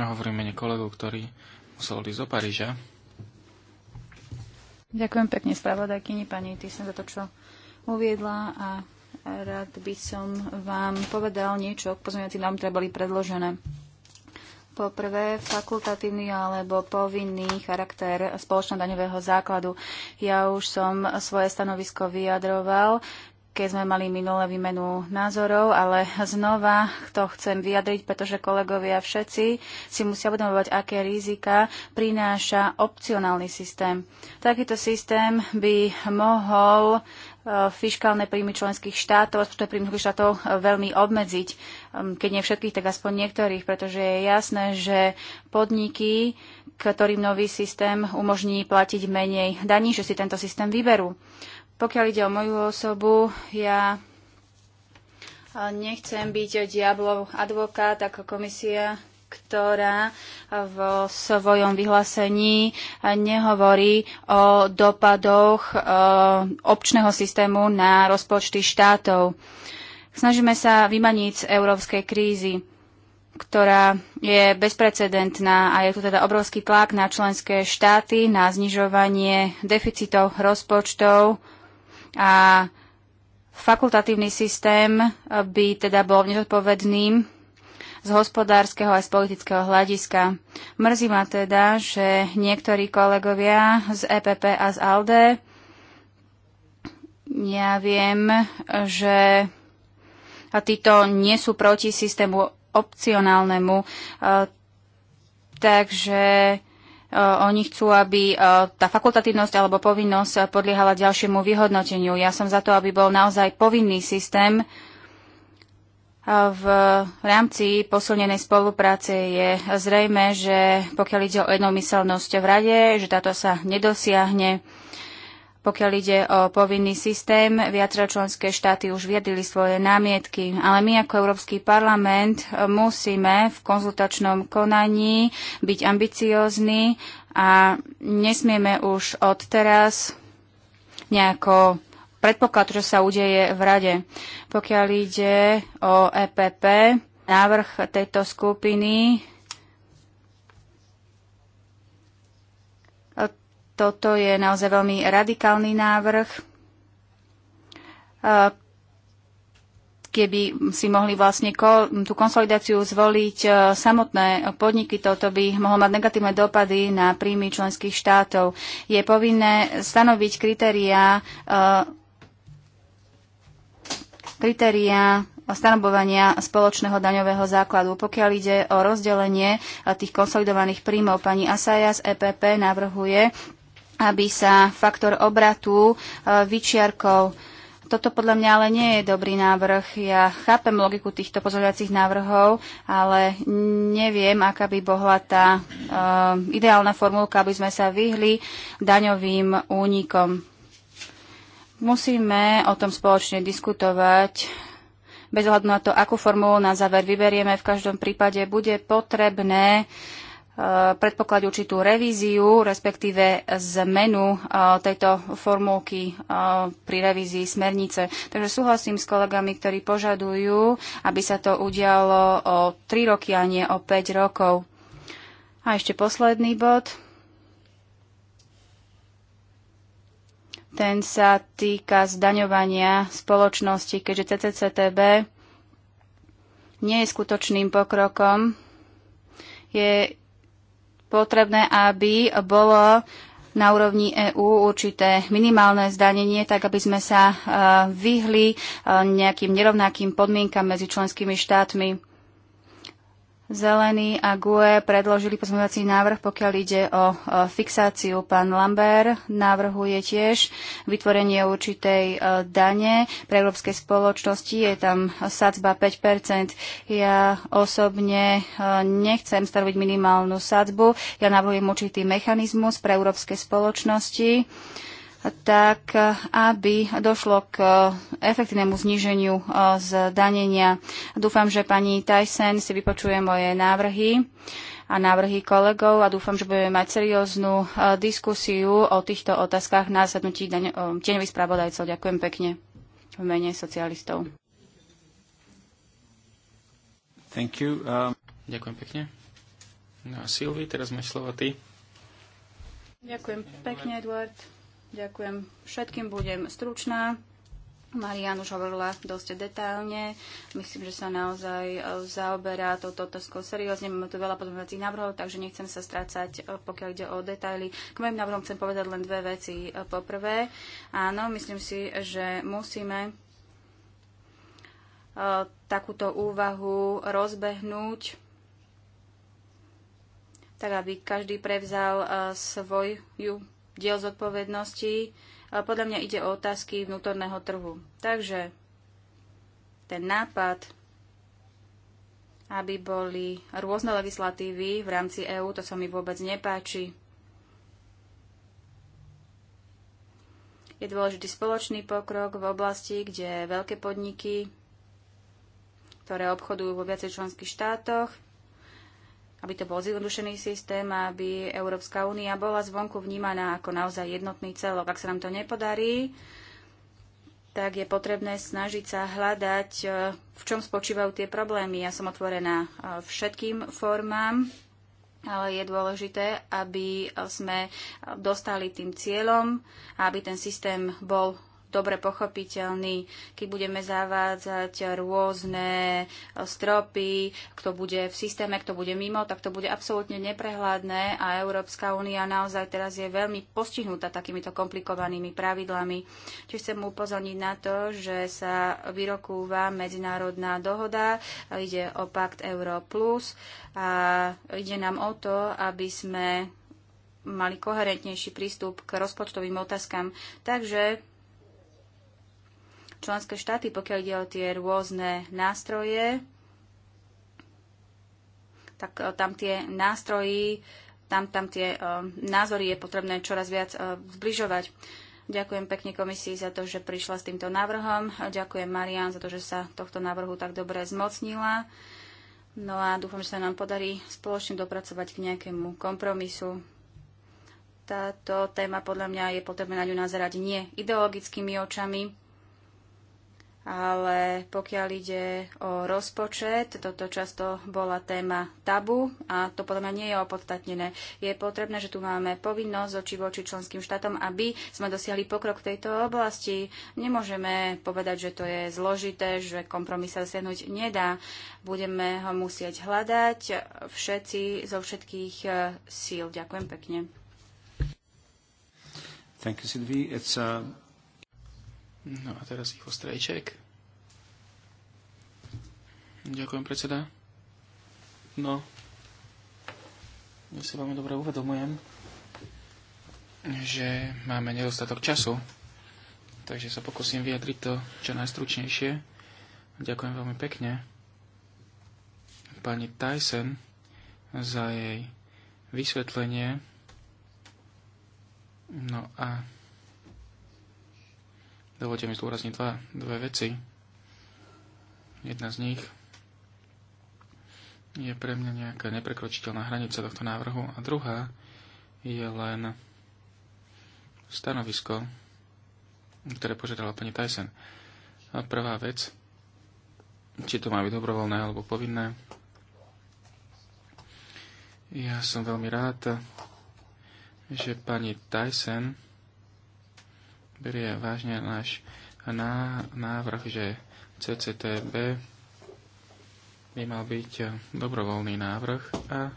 A hovorím mene kolegov, ktorý musel odísť do Paríža. Ďakujem pekne spravodajkyni pani som za to, čo uviedla a rád by som vám povedal niečo k pozmeňovacím návrhom, ktoré boli predložené. Po prvé, fakultatívny alebo povinný charakter spoločného daňového základu. Ja už som svoje stanovisko vyjadroval, keď sme mali minulé výmenu názorov, ale znova to chcem vyjadriť, pretože kolegovia všetci si musia uvedomovať, aké rizika prináša opcionálny systém. Takýto systém by mohol fiškálne príjmy členských štátov, rozpočtové príjmy členských štátov eh, veľmi obmedziť. Hm, keď nie všetkých, tak aspoň niektorých, pretože je jasné, že podniky, ktorým nový systém umožní platiť menej daní, že si tento systém vyberú. Pokiaľ ide o moju osobu, ja eh, nechcem byť diablov advokát ako komisia ktorá vo svojom vyhlásení nehovorí o dopadoch e, občného systému na rozpočty štátov. Snažíme sa vymaniť z európskej krízy, ktorá je bezprecedentná a je tu teda obrovský tlak na členské štáty, na znižovanie deficitov rozpočtov a fakultatívny systém by teda bol nezodpovedným z hospodárskeho aj z politického hľadiska. Mrzí ma teda, že niektorí kolegovia z EPP a z ALDE, ja viem, že títo nie sú proti systému opcionálnemu, e, takže e, oni chcú, aby e, tá fakultatívnosť alebo povinnosť podliehala ďalšiemu vyhodnoteniu. Ja som za to, aby bol naozaj povinný systém, v rámci posilnenej spolupráce je zrejme, že pokiaľ ide o jednomyselnosť v rade, že táto sa nedosiahne. Pokiaľ ide o povinný systém, viaceré členské štáty už viedli svoje námietky, ale my ako Európsky parlament musíme v konzultačnom konaní byť ambiciózni a nesmieme už odteraz nejako predpoklad, čo sa udeje v Rade. Pokiaľ ide o EPP, návrh tejto skupiny Toto je naozaj veľmi radikálny návrh. Keby si mohli vlastne tú konsolidáciu zvoliť e, samotné podniky, toto by mohlo mať negatívne dopady na príjmy členských štátov. Je povinné stanoviť kritériá e, kritériá stanovovania spoločného daňového základu. Pokiaľ ide o rozdelenie eh, tých konsolidovaných príjmov, pani Asaja z EPP navrhuje, aby sa faktor obratu eh, vyčiarkol toto podľa mňa ale nie je dobrý návrh. Ja chápem logiku týchto pozorovacích návrhov, ale neviem, aká by bola tá uh, ideálna formulka, aby sme sa vyhli daňovým únikom. Musíme o tom spoločne diskutovať. Bez ohľadu na to, akú formulu na záver vyberieme, v každom prípade bude potrebné e, predpoklad určitú revíziu, respektíve zmenu e, tejto formulky e, pri revízii smernice. Takže súhlasím s kolegami, ktorí požadujú, aby sa to udialo o 3 roky a nie o 5 rokov. A ešte posledný bod. Ten sa týka zdaňovania spoločnosti, keďže CCCTB nie je skutočným pokrokom. Je potrebné, aby bolo na úrovni EÚ určité minimálne zdanenie, tak aby sme sa e, vyhli e, nejakým nerovnakým podmienkam medzi členskými štátmi. Zelení a GUE predložili pozmeňovací návrh, pokiaľ ide o fixáciu. Pán Lambert navrhuje tiež vytvorenie určitej e, dane pre európske spoločnosti. Je tam sadzba 5 Ja osobne e, nechcem stanoviť minimálnu sadzbu. Ja navrhujem určitý mechanizmus pre európske spoločnosti tak eh, aby došlo k eh, efektívnemu zníženiu eh, zdanenia. Dúfam, že pani Tyson si vypočuje moje návrhy a návrhy kolegov a dúfam, že budeme mať serióznu diskusiu o týchto otázkach na zasadnutí tieňových spravodajcov. Ďakujem pekne v mene socialistov. Thank you. Um... Ďakujem pekne. No a Silvi, teraz máš slovo ty. Ďakujem pekne, Eduard. Ďakujem všetkým, budem stručná. Marian už hovorila dosť detailne. Myslím, že sa naozaj e, zaoberá touto otázkou seriózne. Máme tu veľa pozmeňovacích návrhov, takže nechcem sa strácať, e, pokiaľ ide o detaily. K mojim návrhom chcem povedať len dve veci. E, poprvé, áno, myslím si, že musíme takúto úvahu rozbehnúť, tak aby každý prevzal svoju diel zodpovednosti. Podľa mňa ide o otázky vnútorného trhu. Takže ten nápad, aby boli rôzne legislatívy v rámci EÚ, to sa mi vôbec nepáči. Je dôležitý spoločný pokrok v oblasti, kde veľké podniky, ktoré obchodujú vo viacej členských štátoch, aby to bol zjednodušený systém, aby Európska únia bola zvonku vnímaná ako naozaj jednotný celok. Ak sa nám to nepodarí, tak je potrebné snažiť sa hľadať, e, v čom spočívajú tie problémy. Ja som otvorená e, všetkým formám, ale je dôležité, aby sme dostali tým cieľom a aby ten systém bol dobre pochopiteľný, keď budeme zavádzať rôzne eh, stropy, kto bude v systéme, kto bude mimo, tak to bude absolútne neprehľadné a Európska únia naozaj teraz je veľmi postihnutá takýmito komplikovanými pravidlami. Čiže chcem upozorniť na to, že sa vyrokúva medzinárodná dohoda, ide o pakt Euro plus a ide nám o to, aby sme mali koherentnejší prístup k rozpočtovým otázkam. Takže členské štáty, pokiaľ ide o tie rôzne nástroje, tak e, tam tie nástroji, tam, tam tie e, názory je potrebné čoraz viac e, zbližovať. Ďakujem pekne komisii za to, že prišla s týmto návrhom. Ďakujem Marian za to, že sa tohto návrhu tak dobre zmocnila. No a dúfam, že sa nám podarí spoločne dopracovať k nejakému kompromisu. Táto téma podľa mňa je potrebné na ňu nazerať nie ideologickými očami, ale pokiaľ ide o rozpočet, toto často bola téma tabu a to podľa mňa nie je opodstatnené. Je potrebné, že tu máme povinnosť oči voči členským štátom, aby sme dosiahli pokrok v tejto oblasti. Nemôžeme povedať, že to je zložité, že kompromis sa dosiahnuť nedá. Budeme ho musieť hľadať všetci zo všetkých e, síl. Ďakujem pekne. Thank you, Sylvie. It's, uh... No a teraz ich ostrejček. Ďakujem, predseda. No, ja si veľmi dobre uvedomujem, že máme nedostatok času, takže sa pokúsim vyjadriť to čo najstručnejšie. Ďakujem veľmi pekne pani Tyson za jej vysvetlenie. No a Dovolte mi zdôrazniť dva, dve veci. Jedna z nich je pre mňa nejaká neprekročiteľná hranica tohto návrhu a druhá je len stanovisko, ktoré požiadala pani Tyson. A prvá vec, či to má byť dobrovoľné alebo povinné, ja som veľmi rád, že pani Tyson berie vážne náš návrh, že CCTB by mal byť eh, dobrovoľný návrh a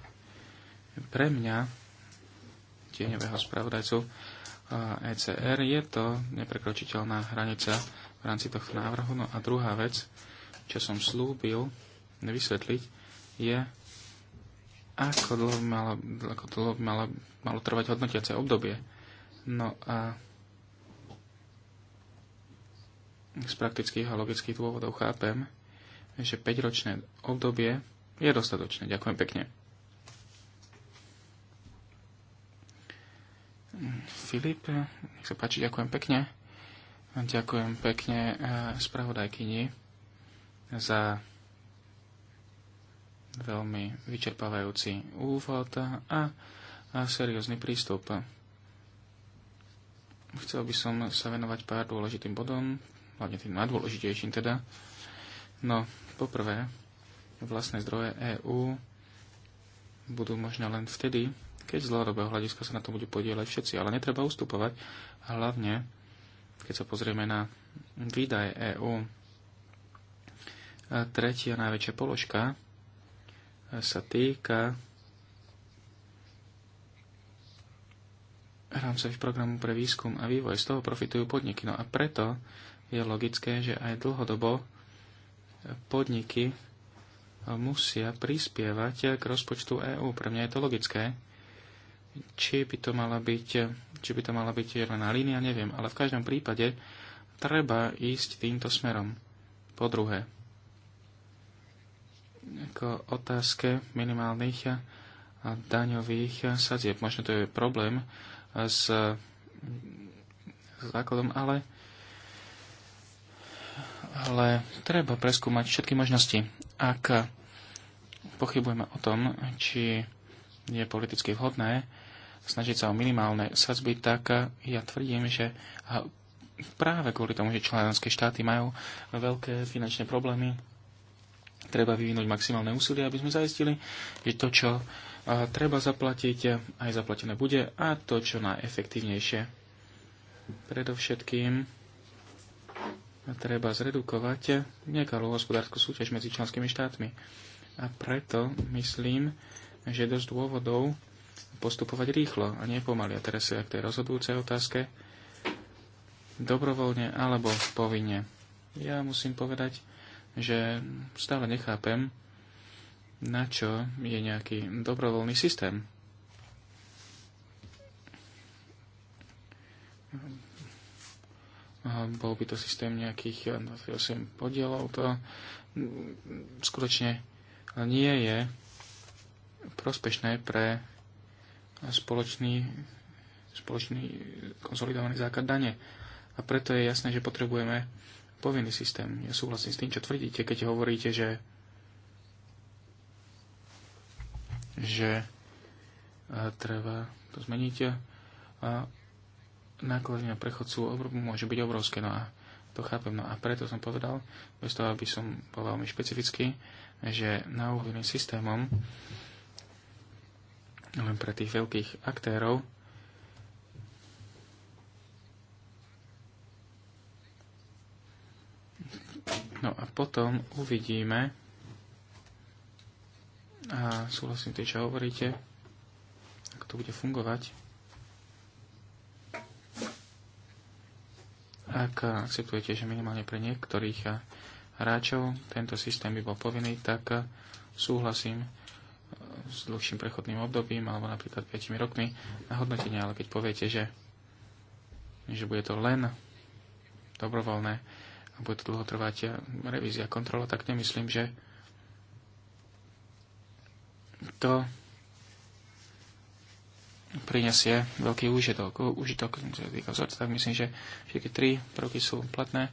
pre mňa, tieňového spravodajcu ECR, eh, e je to neprekročiteľná hranica v rámci tohto návrhu. No a druhá vec, čo som slúbil vysvetliť, je, ako dlho, malo, ako dlho malo, malo trvať hodnotiace obdobie. No a z praktických a logických dôvodov chápem, že 5-ročné obdobie je dostatočné. Ďakujem pekne. Filip, nech sa páči, ďakujem pekne. Ďakujem pekne eh, spravodajkyni za veľmi vyčerpávajúci úvod a, a seriózny prístup. Chcel by som sa venovať pár dôležitým bodom, hlavne tým najdôležitejším teda. No, poprvé, vlastné zdroje EÚ budú možno len vtedy, keď z dlhodobého hľadiska sa na to budú podielať všetci, ale netreba ustupovať, hlavne keď sa pozrieme na výdaje EÚ. Tretia najväčšia položka sa týka rámcových programu pre výskum a vývoj. Z toho profitujú podniky. No a preto je logické, že aj dlhodobo podniky musia prispievať k rozpočtu EÚ. Pre mňa je to logické. Či by to mala byť, či by to mala byť červená línia, neviem, ale v každom prípade treba ísť týmto smerom. Po druhé, Ako otázke minimálnych a daňových sadzieb. Možno to je problém s základom, ale ale treba preskúmať všetky možnosti. Ak pochybujeme o tom, či je politicky vhodné snažiť sa o minimálne sadzby, tak ja tvrdím, že práve kvôli tomu, že členské štáty majú veľké finančné problémy, treba vyvinúť maximálne úsilie, aby sme zaistili, že to, čo treba zaplatiť, aj zaplatené bude a to, čo najefektívnejšie. Predovšetkým treba zredukovať nekalú hospodárskú súťaž medzi členskými štátmi. A preto myslím, že je dosť dôvodov postupovať rýchlo a nepomaly. A teraz sa k tej rozhodujúcej otázke dobrovoľne alebo povinne. Ja musím povedať, že stále nechápem, na čo je nejaký dobrovoľný systém bol by to systém nejakých 28 eh, podielov, to skutočne nie je prospešné pre spoločný, spoločný konsolidovaný základ dane. A preto je jasné, že potrebujeme povinný systém. Ja súhlasím s tým, čo tvrdíte, keď hovoríte, že že eh, treba to zmeniť. A náklady na prechodcu môže byť obrovské. No a to chápem. No a preto som povedal, bez toho, aby som bol veľmi špecifický, že náuhovým systémom len pre tých veľkých aktérov No a potom uvidíme, a súhlasím tým, čo hovoríte, ako to bude fungovať. Ak akceptujete, že minimálne pre niektorých hráčov tento systém by bol povinný, tak súhlasím s dlhším prechodným obdobím alebo napríklad 5 rokmi na hodnotenie, ale keď poviete, že, že bude to len dobrovoľné a bude to dlho trvať revízia kontrola, tak nemyslím, že to prinesie veľký úžitok. úžitok čo týka vzorca, tak myslím, že všetky tri prvky sú platné.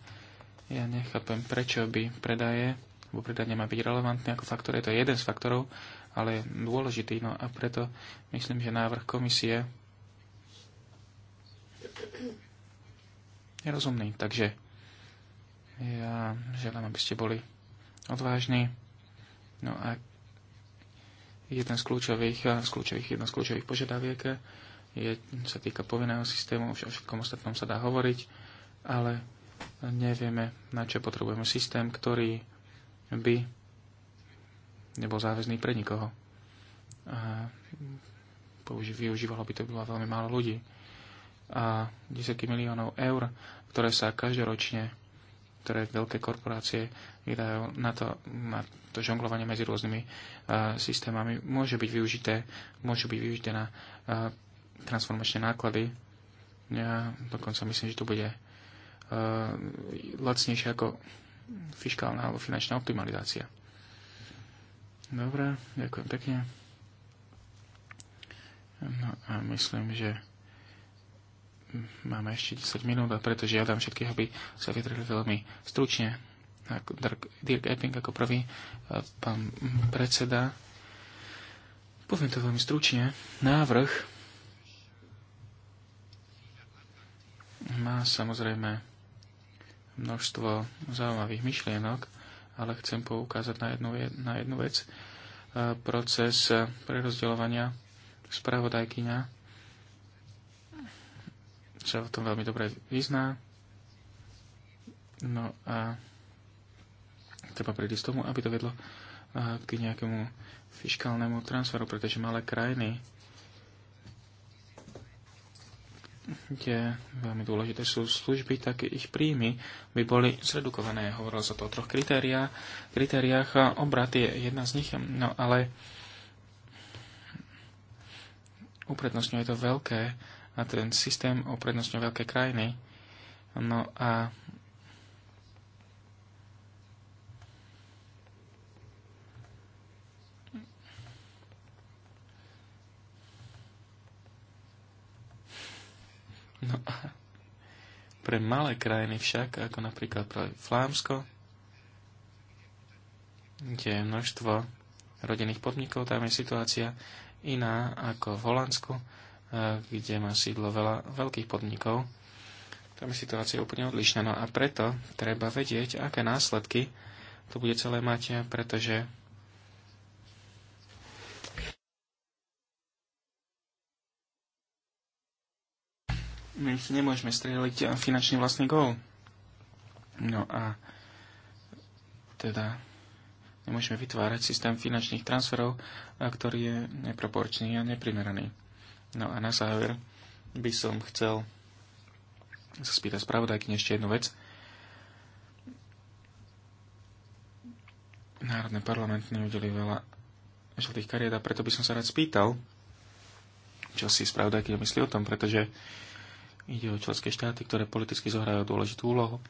Ja nechápem, prečo by predaje, lebo predaj nemá byť relevantný ako faktor, je to jeden z faktorov, ale je dôležitý. No a preto myslím, že návrh komisie je rozumný. Takže ja želám, aby ste boli odvážni. No a Jeden z kľúčových, eh, z kľúčových, jedna z kľúčových požiadaviek eh, je, sa týka povinného systému, o všetkom ostatnom sa dá hovoriť, ale nevieme, na čo potrebujeme systém, ktorý by nebol záväzný pre nikoho. A použi- využívalo by to bola veľmi málo ľudí. A desiatky miliónov eur, ktoré sa každoročne ktoré veľké korporácie vydajú na to, na to žonglovanie medzi rôznymi uh, systémami, môže byť využité, môžu byť využité na uh, transformačné náklady. Ja dokonca myslím, že to bude uh, lacnejšie ako fiskálna alebo finančná optimalizácia. Dobre, ďakujem pekne. No a myslím, že máme ešte 10 minút a preto žiadam všetkých, aby sa vytrhli veľmi stručne. Dirk Epping ako prvý, e, pán predseda. Poviem to veľmi stručne. Návrh má samozrejme množstvo zaujímavých myšlienok, ale chcem poukázať na jednu, na jednu vec. E, proces e, prerozdeľovania spravodajkyňa sa v tom veľmi dobre vyzná. No a treba predísť tomu, aby to vedlo k nejakému fiskálnemu transferu, pretože malé krajiny, kde veľmi dôležité sú služby, tak ich príjmy by boli zredukované. Hovorilo sa to o troch kritériách. kritériách obrat je jedna z nich, no ale uprednostňuje to veľké a ten systém oprednostňuje veľké krajiny. No a No a pre malé krajiny však, ako napríklad pre Flámsko, kde je množstvo rodinných podnikov, tam je situácia iná ako v Holandsku, kde má sídlo veľa veľkých podnikov, tam je situácia úplne odlišná. No a preto treba vedieť, aké následky to bude celé mať, pretože my si nemôžeme strieľať finančný vlastný gól. No a teda nemôžeme vytvárať systém finančných transferov, ktorý je neproporčný a neprimeraný. No a na záver by som chcel sa spýtať spravodajky ešte jednu vec. Národné parlament neudeli veľa žltých kariet a preto by som sa rád spýtal, čo si spravodajky myslí o tom, pretože ide o členské štáty, ktoré politicky zohrajú dôležitú úlohu.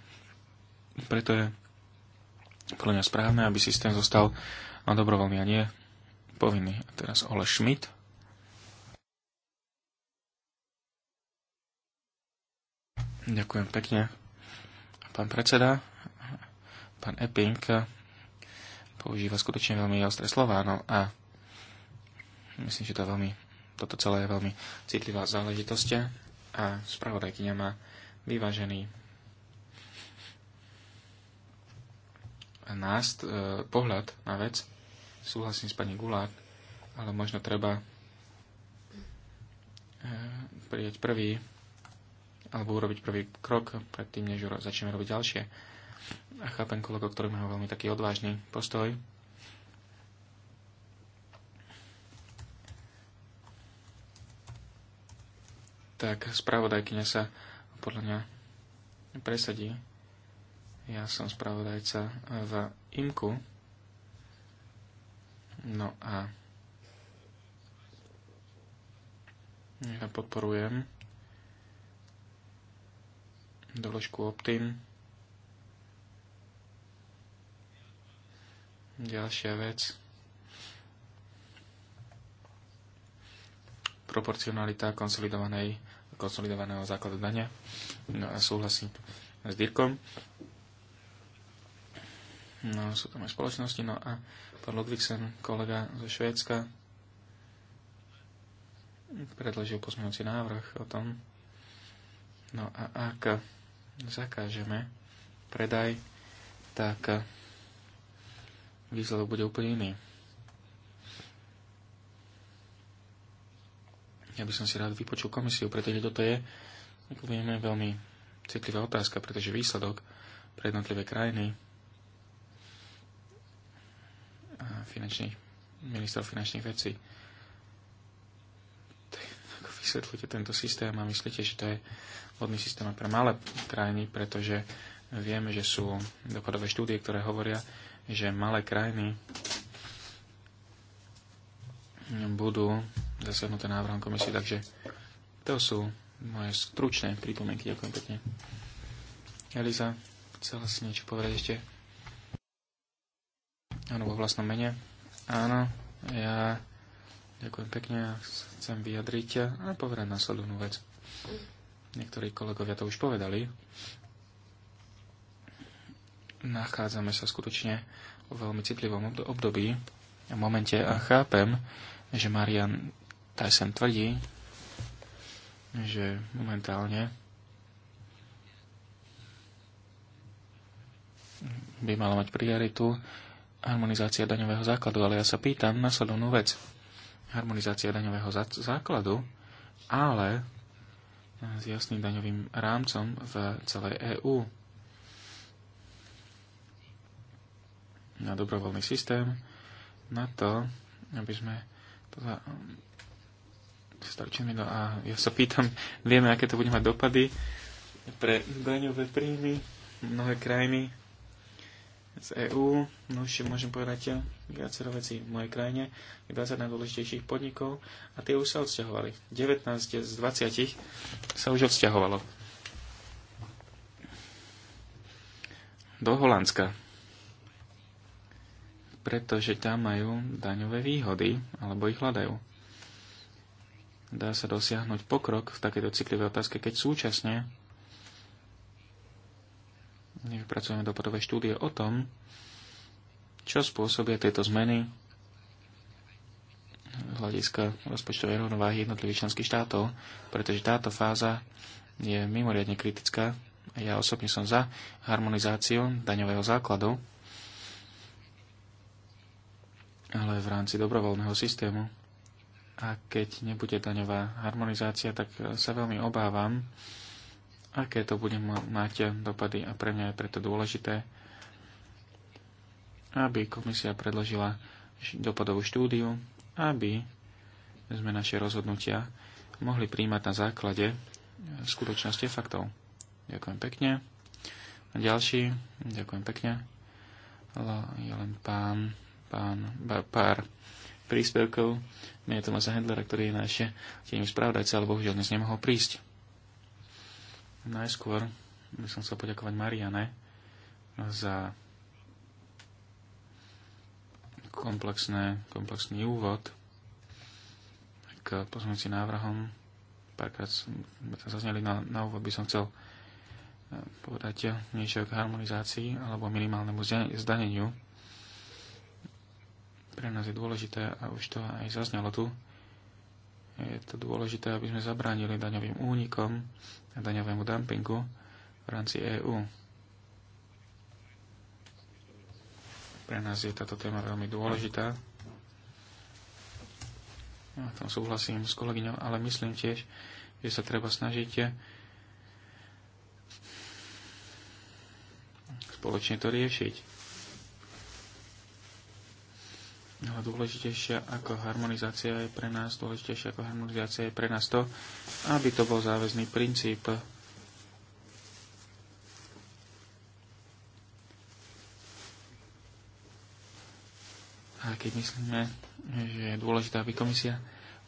Preto je podľa mňa správne, aby systém zostal dobrovoľný a nie povinný. A teraz Ole Schmidt. Ďakujem pekne. Pán predseda, pán Epping používa skutočne veľmi ostré slova. no a myslím, že to veľmi, toto celé je veľmi citlivá záležitosť a spravodajkyňa má vyvážený nást, e, pohľad na vec. Súhlasím s pani Gulák, ale možno treba e, prijať prvý alebo urobiť prvý krok predtým, než začneme robiť ďalšie. A chápem kolego, ktorý má veľmi taký odvážny postoj. Tak spravodajkyňa sa podľa mňa presadí. Ja som spravodajca v IMKU. No a ja podporujem doložku Optim. Ďalšia vec. Proporcionalita konsolidovanej, konsolidovaného základu dania. No a súhlasím s Dirkom. No, sú tam aj spoločnosti. No a pán Ludvigsen, kolega zo Švédska, predložil pozmeňujúci návrh o tom. No a ak zakážeme predaj, tak výsledok bude úplne iný. Ja by som si rád vypočul komisiu, pretože toto je, ako vieme, veľmi citlivá otázka, pretože výsledok pre jednotlivé krajiny a finančný, ministrov finančných vecí vysvetľujete tento systém a myslíte, že to je vodný systém pre malé krajiny, pretože vieme, že sú dopadové štúdie, ktoré hovoria, že malé krajiny budú zasiahnuté návrhom komisie, takže to sú moje stručné pripomienky. Ďakujem pekne. Eliza, chcela si niečo povedať ešte? Áno, vo vlastnom mene. Áno, ja Ďakujem pekne, ja chcem vyjadriť a povedať následovnú vec. Niektorí kolegovia to už povedali. Nachádzame sa skutočne vo veľmi citlivom období a momente a chápem, že Marian Tyson tvrdí, že momentálne by mala mať prioritu harmonizácia daňového základu, ale ja sa pýtam nasledovnú vec harmonizácia daňového základu, ale s jasným daňovým rámcom v celej EÚ. Na dobrovoľný systém, na to, aby sme to za, starčili. No a ja sa pýtam, vieme, aké to bude mať dopady pre daňové príjmy mnohé krajiny z EÚ. No už môžem povedať viacero vecí v mojej krajine. Je 20 najdôležitejších podnikov a tie už sa odsťahovali. 19 z 20 sa už odsťahovalo. Do Holandska. Pretože tam majú daňové výhody, alebo ich hľadajú. Dá sa dosiahnuť pokrok v takejto citlivej otázke, keď súčasne vypracujeme dopadové štúdie o tom, čo spôsobia tieto zmeny z hľadiska rozpočtovej rovnováhy jednotlivých členských štátov, pretože táto fáza je mimoriadne kritická. Ja osobne som za harmonizáciu daňového základu, ale v rámci dobrovoľného systému. A keď nebude daňová harmonizácia, tak sa veľmi obávam, aké to bude mať dopady a pre mňa je preto dôležité, aby komisia predložila dopadovú štúdiu, aby sme naše rozhodnutia mohli príjmať na základe skutočnosti faktov. Ďakujem pekne. A ďalší, ďakujem pekne. Je len pán, pán, pár príspevkov. Nie je Tomasa Hendlera, ktorý je naše tým spravodajca, ale bohužiaľ dnes nemohol prísť. Najskôr by som chcel poďakovať Mariane za komplexné, komplexný úvod k pozmeňujúcim návrhom. Párkrát sme to zazneli na, no, na úvod, by som chcel e, povedať niečo k harmonizácii alebo minimálnemu zdaneniu. Pre nás je dôležité, a už to aj zaznelo tu, je to dôležité, aby sme zabránili daňovým únikom a daňovému dumpingu v rámci EÚ. Pre nás je táto téma veľmi dôležitá. Ja v tom súhlasím s kolegyňou, ale myslím tiež, že sa treba snažiť spoločne to riešiť a dôležitejšia ako harmonizácia je pre nás, dôležitejšia ako harmonizácia je pre nás to, aby to bol záväzný princíp. A keď myslíme, že je dôležité, aby komisia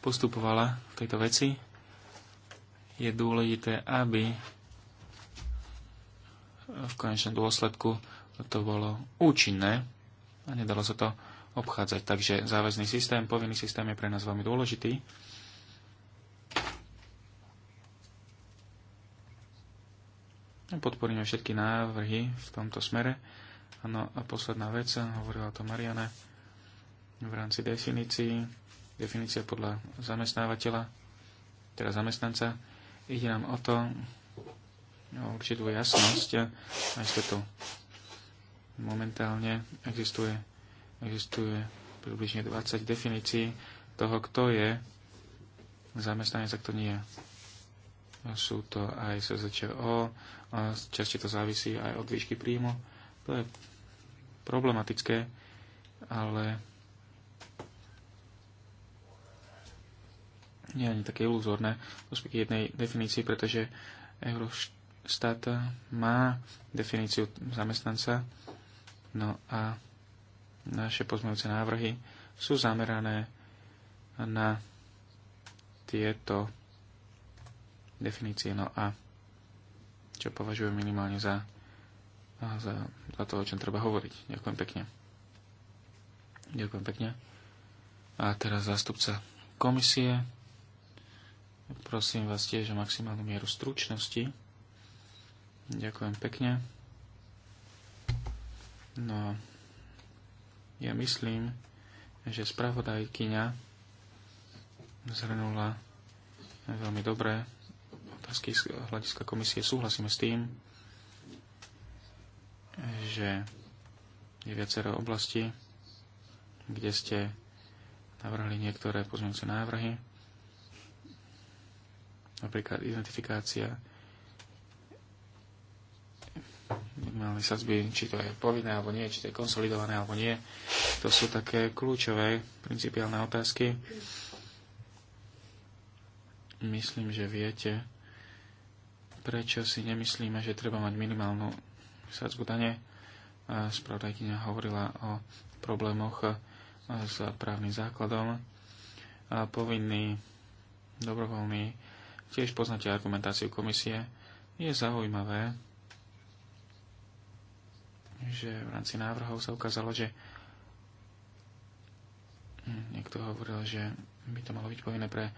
postupovala v tejto veci, je dôležité, aby v konečnom dôsledku to bolo účinné a nedalo sa to obchádzať. Takže záväzný systém, povinný systém je pre nás veľmi dôležitý. Podporíme všetky návrhy v tomto smere. Áno, a posledná vec, hovorila to Mariana, v rámci definícií, definícia podľa zamestnávateľa, teda zamestnanca, ide nám o to, o určitú jasnosť a tu Momentálne existuje Existuje približne 20 definícií toho, kto je zamestnanec a kto nie. Sú to aj SZČO, časte to závisí aj od výšky príjmu. To je problematické, ale nie je ani také iluzórne k jednej definícii, pretože Eurostat má definíciu zamestnanca. No a naše pozmeňujúce návrhy sú zamerané na tieto definície. No a čo považujem minimálne za, za, za to, o čom treba hovoriť. Ďakujem pekne. Ďakujem pekne. A teraz zástupca komisie. Prosím vás tiež o maximálnu mieru stručnosti. Ďakujem pekne. No, ja myslím, že spravodajkyňa zhrnula veľmi dobré otázky z hľadiska komisie. Súhlasíme s tým, že je viacero oblasti, kde ste navrhli niektoré pozmeňujúce návrhy, napríklad identifikácia sa zbyť, či to je povinné alebo nie, či to je konsolidované alebo nie. To sú také kľúčové principiálne otázky. Myslím, že viete, prečo si nemyslíme, že treba mať minimálnu sadzbu dane. Spravodajkynia hovorila o problémoch s právnym základom. A povinný, dobrovoľný, tiež poznáte argumentáciu komisie. Je zaujímavé, že v rámci návrhov sa ukázalo, že niekto hovoril, že by to malo byť povinné pre uh,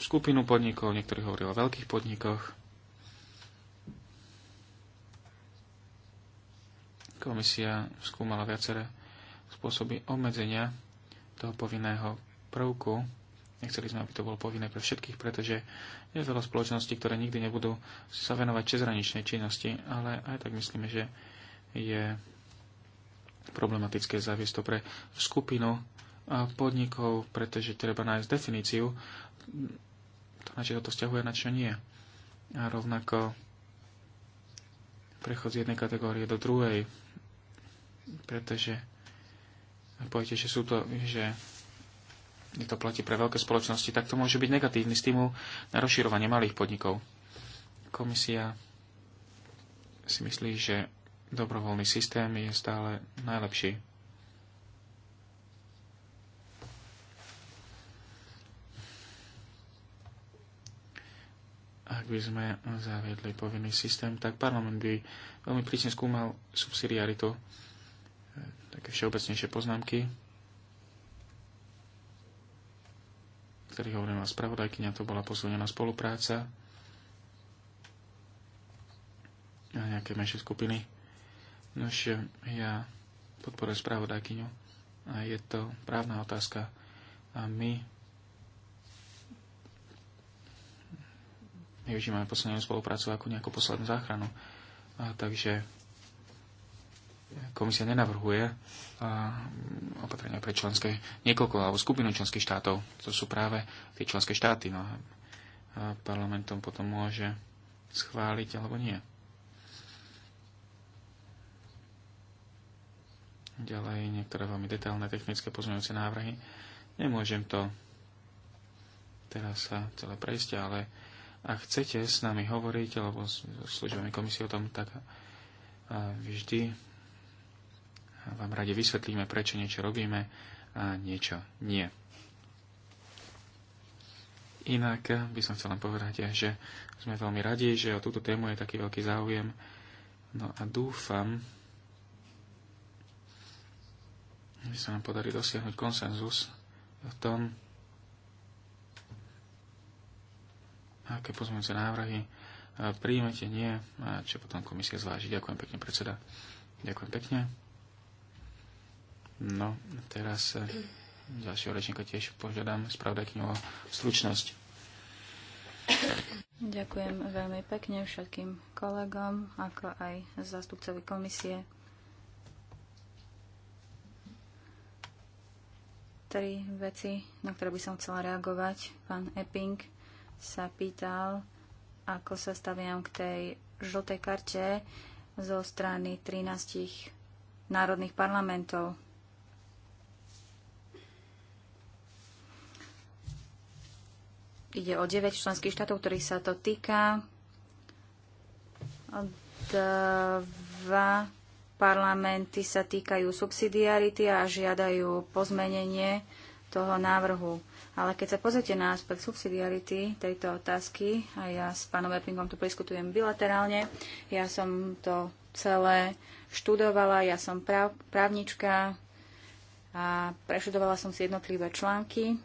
skupinu podnikov, niektorí hovorili o veľkých podnikoch. Komisia skúmala viaceré spôsoby obmedzenia toho povinného prvku. Nechceli sme, aby to bolo povinné pre všetkých, pretože je veľa spoločností, ktoré nikdy nebudú sa venovať čezraničnej činnosti, ale aj tak myslíme, že je problematické zaviesť to pre skupinu podnikov, pretože treba nájsť definíciu, to na čo to vzťahuje, na čo nie. A rovnako prechod z jednej kategórie do druhej, pretože poviete, že sú to, že to platí pre veľké spoločnosti, tak to môže byť negatívny stimul na rozširovanie malých podnikov. Komisia si myslí, že dobrovoľný systém je stále najlepší. Ak by sme zaviedli povinný systém, tak parlament by veľmi prísne skúmal subsidiaritu. Také všeobecnejšie poznámky, ktorých hovorila spravodajkyňa, to bola posunená spolupráca a nejaké menšie skupiny Nož ja podporujem spravodajkyňu a je to právna otázka a my nevyužívame poslednú spoluprácu ako nejakú poslednú záchranu. A, takže komisia nenavrhuje a, opatrenia pre členské, niekoľko alebo skupinu členských štátov. To sú práve tie členské štáty. No a, a parlamentom potom môže schváliť alebo nie. Ďalej niektoré veľmi detailné technické pozmeňujúce návrhy. Nemôžem to teraz sa celé prejsť, ale ak chcete s nami hovoriť alebo s službami komisie o tom, tak vždy vám radi vysvetlíme, prečo niečo robíme a niečo nie. Inak by som chcel len povedať, že sme veľmi radi, že o túto tému je taký veľký záujem. No a dúfam, že sa nám podarí dosiahnuť konsenzus v tom, aké pozmeňujúce návrhy e, príjmete, nie, a čo potom komisia zváži. Ďakujem pekne, predseda. Ďakujem pekne. No, teraz e, ďalšieho rečníka tiež požiadam spravodajkňu o stručnosť. Ďakujem veľmi pekne všetkým kolegom, ako aj zástupcovi komisie. Tri veci, na ktoré by som chcela reagovať. Pán Epping sa pýtal, ako sa staviam k tej žltej karte zo strany 13 národných parlamentov. Ide o 9 členských štátov, ktorých sa to týka. Dva parlamenty sa týkajú subsidiarity a žiadajú pozmenenie toho návrhu. Ale keď sa pozrite na aspekt subsidiarity tejto otázky, a ja s pánom Eppingom tu priskutujem bilaterálne, ja som to celé študovala, ja som prav, právnička a preštudovala som si jednotlivé články.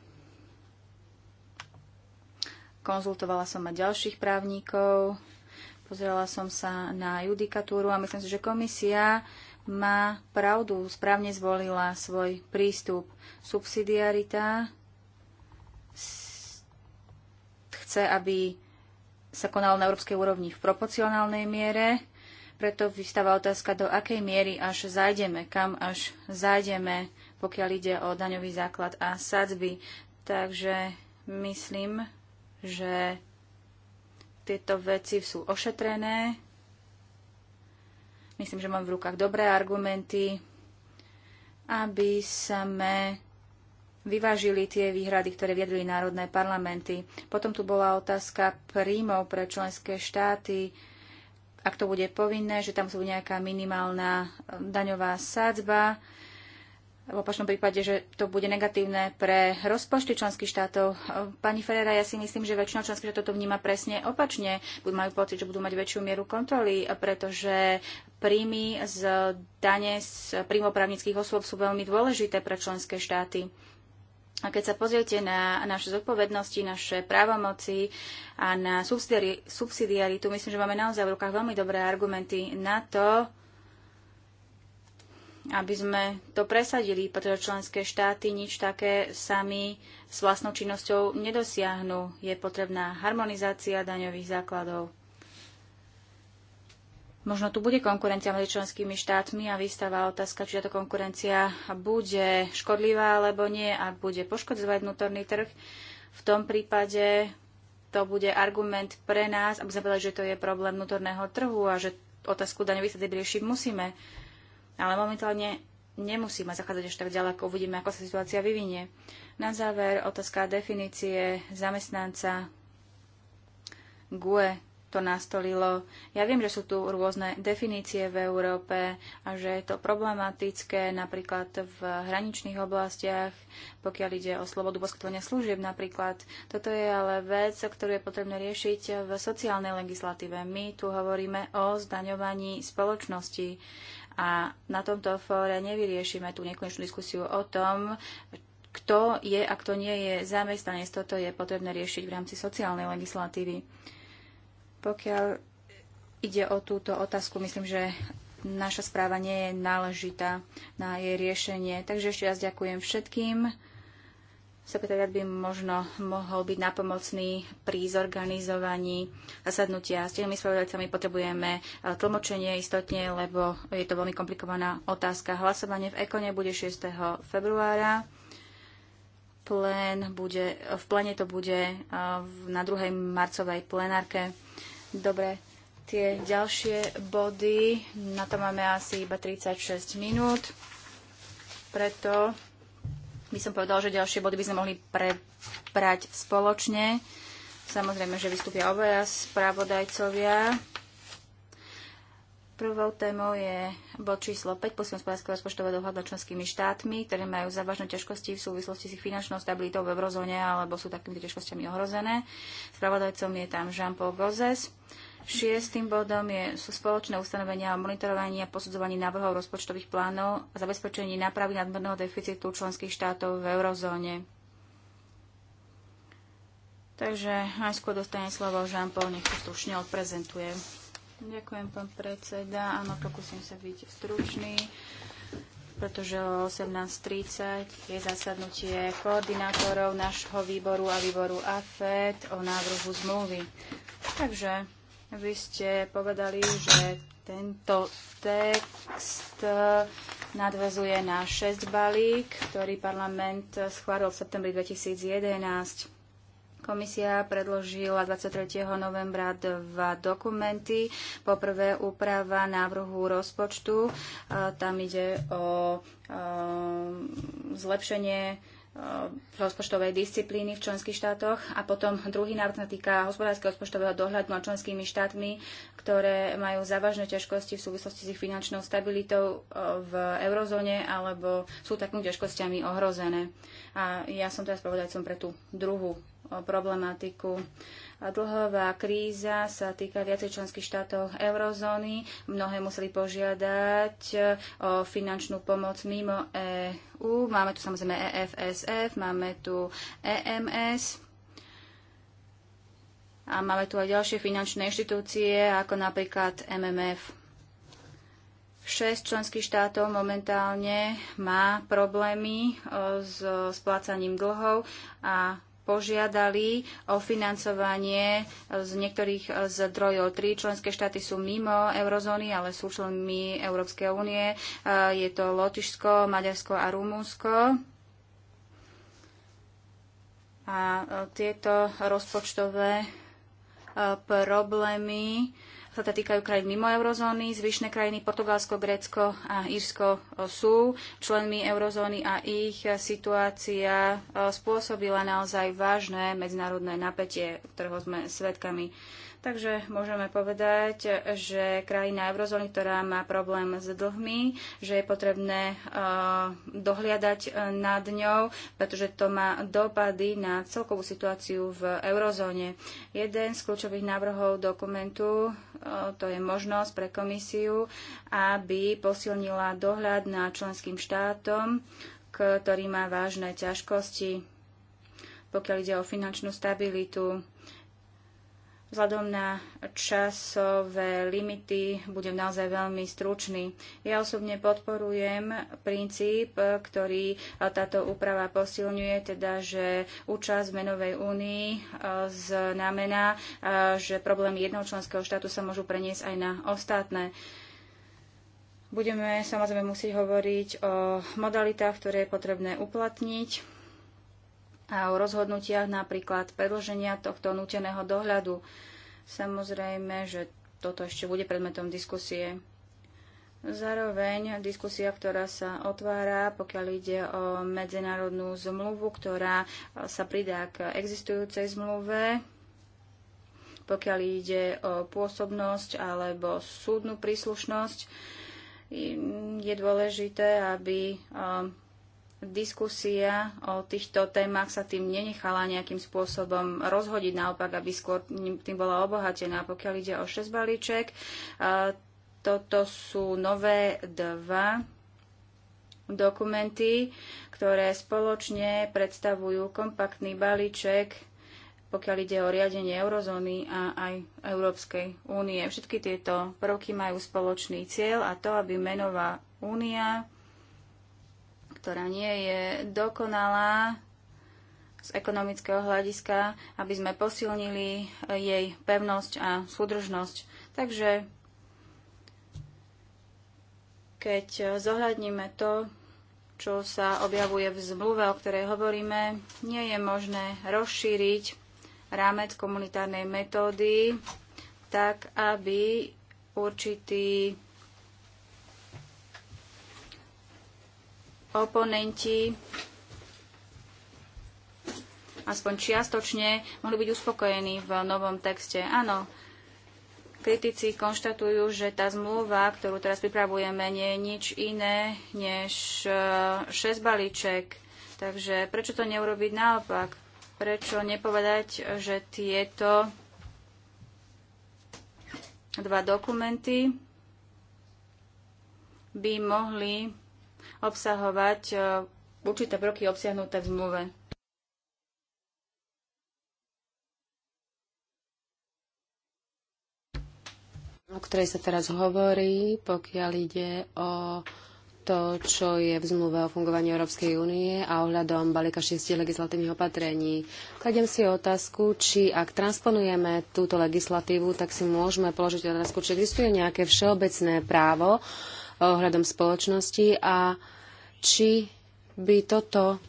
Konzultovala som aj ďalších právnikov, Pozerala som sa na judikatúru a myslím si, že komisia má pravdu, správne zvolila svoj prístup. Subsidiarita chce, aby sa konalo na európskej úrovni v proporcionálnej miere, preto vystáva otázka, do akej miery až zájdeme, kam až zájdeme, pokiaľ ide o daňový základ a sadzby. Takže myslím, že tieto veci sú ošetrené. Myslím, že mám v rukách dobré argumenty, aby sme vyvážili tie výhrady, ktoré viedli národné parlamenty. Potom tu bola otázka príjmov pre členské štáty ak to bude povinné, že tam sú nejaká minimálna daňová sádzba, v opačnom prípade, že to bude negatívne pre rozpočty členských štátov. Pani Ferrera, ja si myslím, že väčšina členských štátov to vníma presne opačne. Budú majú pocit, že budú mať väčšiu mieru kontroly, pretože príjmy z dane z príjmov právnických osôb sú veľmi dôležité pre členské štáty. A keď sa pozriete na naše zodpovednosti, naše právomoci a na subsidiaritu, myslím, že máme naozaj v rukách veľmi dobré argumenty na to, aby sme to presadili, pretože členské štáty nič také sami s vlastnou činnosťou nedosiahnu. Je potrebná harmonizácia daňových základov. Možno tu bude konkurencia medzi členskými štátmi a vystáva otázka, či táto konkurencia bude škodlivá alebo nie, ak bude poškodzovať vnútorný trh. V tom prípade to bude argument pre nás, aby sme povedali, že to je problém vnútorného trhu a že otázku daňových sadzieb riešiť musíme. Ale momentálne nemusíme zachádzať až tak ďaleko. Uvidíme, ako sa situácia vyvinie. Na záver otázka definície zamestnanca. GUE to nastolilo. Ja viem, že sú tu rôzne definície v Európe a že je to problematické napríklad v hraničných oblastiach, pokiaľ ide o slobodu poskytovania služieb napríklad. Toto je ale vec, ktorú je potrebné riešiť v sociálnej legislatíve. My tu hovoríme o zdaňovaní spoločnosti a na tomto fóre nevyriešime tú nekonečnú diskusiu o tom, kto je a kto nie je zamestnanec. Toto je potrebné riešiť v rámci sociálnej legislatívy. Pokiaľ ide o túto otázku, myslím, že naša správa nie je náležitá na jej riešenie. Takže ešte raz ďakujem všetkým Sekretariat by možno mohol byť napomocný pri zorganizovaní zasadnutia. S tými spravodajcami potrebujeme eh, tlmočenie istotne, lebo je to veľmi komplikovaná otázka. Hlasovanie v Ekone bude 6. februára. Plén bude, v plene to bude eh, na druhej marcovej plenárke. Dobre, tie ďalšie body, na to máme asi iba 36 minút, preto by som povedal, že ďalšie body by sme mohli prebrať spoločne. Samozrejme, že vystúpia obaja správodajcovia. Prvou témou je bod číslo 5, posilnosť spoločenského rozpočtového dohľadu členskými štátmi, ktoré majú závažné ťažkosti v súvislosti s ich finančnou stabilitou v eurozóne alebo sú takými ťažkosťami ohrozené. Spravodajcom je tam Jean-Paul Gozes. Šiestým bodom je, sú spoločné ustanovenia o monitorovaní a posudzovaní návrhov rozpočtových plánov a zabezpečení nápravy nadmerného deficitu členských štátov v eurozóne. Takže najskôr dostane slovo Jean-Paul, nech to stručne odprezentuje. Ďakujem, pán predseda. Áno, pokúsim sa byť stručný, pretože o 18.30 je zasadnutie koordinátorov nášho výboru a výboru AFED o návrhu zmluvy. Takže vy ste povedali, že tento text nadvezuje na 6 balík, ktorý parlament schválil v septembri 2011. Komisia predložila 23. novembra dva dokumenty. Poprvé úprava návrhu rozpočtu. Tam ide o zlepšenie E, rozpočtovej disciplíny v členských štátoch a potom druhý návrh sa týka hospodárskeho rozpočtového dohľadu nad členskými štátmi, ktoré majú závažné ťažkosti v súvislosti s ich finančnou stabilitou e, v eurozóne alebo sú takými ťažkosťami ohrozené. A ja som teraz som pre tú druhú e, problematiku. A dlhová kríza sa týka viacej členských štátov eurozóny. Mnohé museli požiadať e, o finančnú pomoc mimo EÚ. Máme tu samozrejme EFSF, máme tu EMS. A máme tu aj ďalšie finančné inštitúcie, ako napríklad MMF. Šesť členských štátov momentálne má problémy e, s splácaním dlhov a požiadali o financovanie z niektorých eh, zdrojov. Tri členské štáty sú mimo eurozóny, ale sú členmi Európskej únie. Eh, je to Lotyšsko, Maďarsko a Rumúnsko. A eh, tieto rozpočtové problémy sa to týkajú krajín mimo eurozóny. Zvyšné krajiny Portugalsko, Grécko a Írsko e, sú členmi eurozóny a ich situácia e, spôsobila naozaj vážne medzinárodné napätie, ktorého sme svedkami. Takže môžeme povedať, že krajina eurozóny, ktorá má problém s dlhmi, že je potrebné eh, dohliadať eh, nad ňou, pretože to má dopady na celkovú situáciu v eurozóne. Jeden z kľúčových návrhov dokumentu, eh, to je možnosť pre komisiu, aby posilnila dohľad na členským štátom, ktorý má vážne ťažkosti, pokiaľ ide o finančnú stabilitu Vzhľadom na časové limity budem naozaj veľmi stručný. Ja osobne podporujem princíp, ktorý e, táto úprava posilňuje, teda, že účasť v menovej únii e, znamená, e, že problémy jednoho členského štátu sa môžu preniesť aj na ostatné. Budeme samozrejme musieť hovoriť o modalitách, ktoré je potrebné uplatniť a o rozhodnutiach napríklad predloženia tohto nuteného dohľadu. Samozrejme, že toto ešte bude predmetom diskusie. Zároveň diskusia, ktorá sa otvára, pokiaľ ide o medzinárodnú zmluvu, ktorá sa pridá k existujúcej zmluve, pokiaľ ide o pôsobnosť alebo súdnu príslušnosť, je dôležité, aby um, diskusia o týchto témach sa tým nenechala nejakým spôsobom rozhodiť, naopak, aby skôr tým bola obohatená. Pokiaľ ide o 6 balíček, toto sú nové dva dokumenty, ktoré spoločne predstavujú kompaktný balíček, pokiaľ ide o riadenie eurozóny a aj Európskej únie. Všetky tieto prvky majú spoločný cieľ a to, aby menová únia ktorá nie je dokonalá z ekonomického hľadiska, aby sme posilnili eh, jej pevnosť a súdržnosť. Takže keď eh, zohľadníme to, čo sa objavuje v zmluve, o ktorej hovoríme, nie je možné rozšíriť rámec komunitárnej metódy tak, aby určitý oponenti aspoň čiastočne mohli byť uspokojení v novom texte. Áno, kritici konštatujú, že tá zmluva, ktorú teraz pripravujeme, nie je nič iné než eh, šesť balíček. Takže prečo to neurobiť naopak? Prečo nepovedať, že tieto dva dokumenty by mohli obsahovať e, určité prvky obsiahnuté v zmluve. o ktorej sa teraz hovorí, pokiaľ ide o to, čo je v zmluve o fungovaní Európskej únie a ohľadom balíka šiestich legislatívnych opatrení. Kladiem si otázku, či ak transponujeme túto legislatívu, tak si môžeme položiť otázku, či existuje nejaké všeobecné právo, ohľadom spoločnosti a či by toto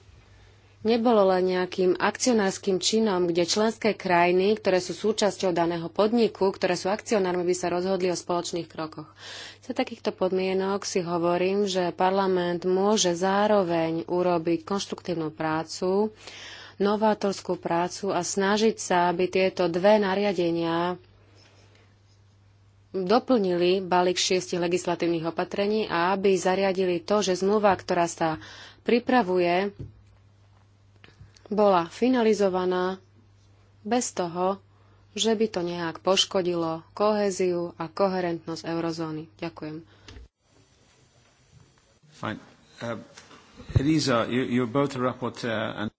nebolo len nejakým akcionárskym činom, kde členské krajiny, ktoré sú súčasťou daného podniku, ktoré sú akcionármi, by sa rozhodli o spoločných krokoch. Za takýchto podmienok si hovorím, že parlament môže zároveň urobiť konštruktívnu prácu, novátorskú prácu a snažiť sa, aby tieto dve nariadenia doplnili balík šiestich legislatívnych opatrení a aby zariadili to, že zmluva, ktorá sa pripravuje, bola finalizovaná bez toho, že by to nejak poškodilo kohéziu a koherentnosť eurozóny. Ďakujem. Uh,